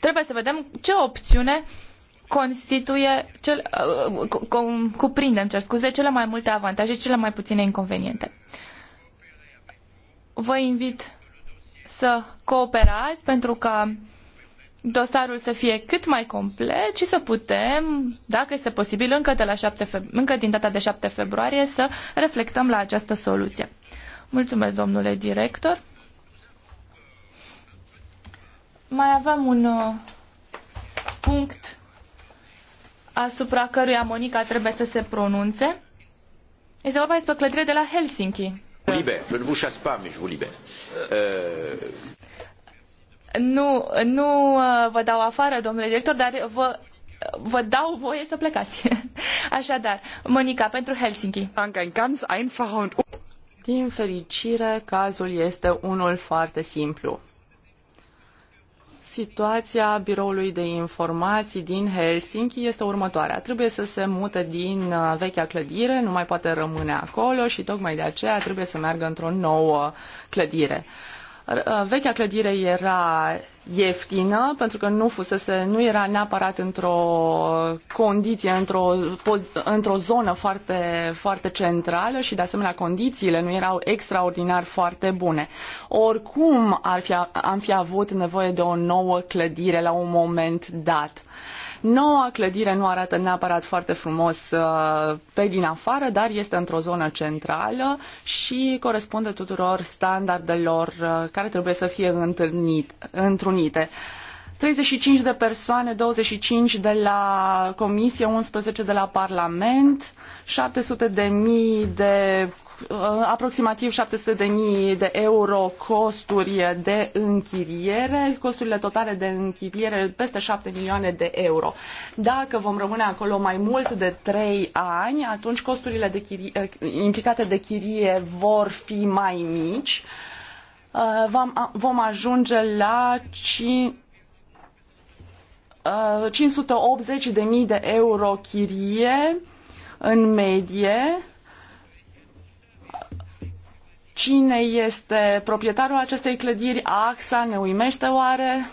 S3: Trebuie să vedem ce opțiune uh, constituie cel, uh, cuprinde, îmi cer scuze, cele mai multe avantaje și cele mai puține inconveniente. Vă invit să cooperați pentru ca dosarul să fie cât mai complet și să putem, dacă este posibil, încă, de la 7 încă din data de 7 februarie să reflectăm la această soluție. Mulțumesc, domnule director. Mai avem un uh, punct asupra căruia Monica trebuie să se pronunțe. Este vorba despre clădirea de la Helsinki.
S2: Liber, uh,
S3: Nu, nu uh, vă dau afară, domnule director, dar vă uh, vă dau voie să plecați. Așadar,
S2: Monica, pentru Helsinki. Din fericire, cazul este unul foarte simplu. Situația biroului de informații din Helsinki este următoarea. Trebuie să se mute din uh, vechea clădire, nu mai poate rămâne acolo și tocmai de aceea trebuie să meargă într-o nouă clădire. Uh, Uh, vechea clădire era ieftină pentru că nu fusese, nu era neapărat într-o condiție, într-o, într-o zonă foarte, foarte centrală și de asemenea condițiile nu erau extraordinar foarte bune. Oricum ar fi, am fi avut nevoie de o nouă clădire la un moment dat. Noua clădire nu arată neapărat foarte frumos uh, pe din afară, dar este într-o zonă centrală și corespunde tuturor standardelor uh, care trebuie să fie întrunite. 35 de persoane, 25 de la Comisie, 11 de la Parlament, 700 de mii de Uh, aproximativ 700.000 de euro costuri de închiriere, costurile totale de închiriere peste 7 milioane de euro. Dacă vom rămâne acolo mai mult de 3 ani, atunci costurile de chirie, uh, implicate de chirie vor fi mai mici. Uh, vom ajunge la 5 580.000 de euro chirie în medie, Cine este proprietarul acestei clădiri? AXA ne uimește oare?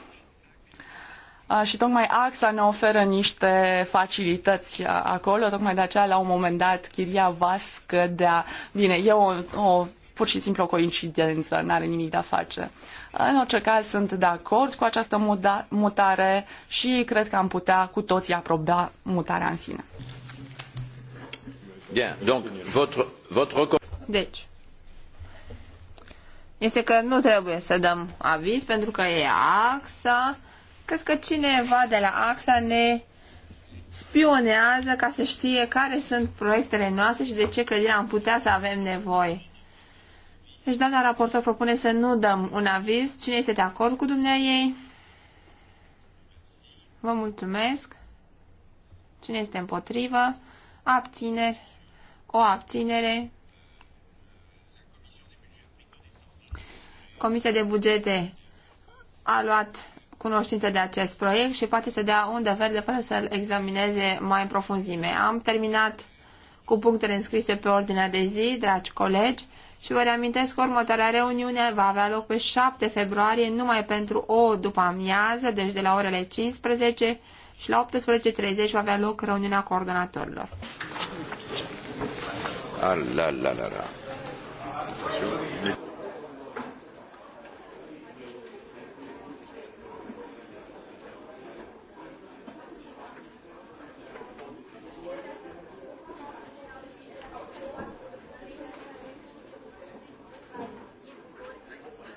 S2: și tocmai AXA ne oferă niște facilități acolo, tocmai de aceea la un moment dat chiria va scădea. Bine, e o, o pur și simplu o coincidență, nu are nimic de a face. În orice caz sunt de acord cu această muda, mutare și cred că am putea cu toții aproba mutarea în sine.
S1: Bien, donc votre, votre... Deci, este că nu trebuie să dăm aviz pentru că e AXA. Cred că cineva de la AXA ne spionează ca să știe care sunt proiectele noastre și de ce clădirea am putea să avem nevoie. Deci doamna raportor propune să nu dăm un aviz. Cine este de acord cu dumnea ei? Vă mulțumesc. Cine este împotrivă? Abțineri. O abținere. Comisia de Bugete a luat cunoștință de acest proiect și poate să dea undă verde fără să-l examineze mai în profunzime. Am terminat cu punctele înscrise pe ordinea de zi, dragi colegi, și vă reamintesc că următoarea reuniune va avea loc pe 7 februarie, numai pentru o după amiază, deci de la orele 15 și la 18.30 va avea loc reuniunea coordonatorilor.
S3: Ah, la, la, la, la.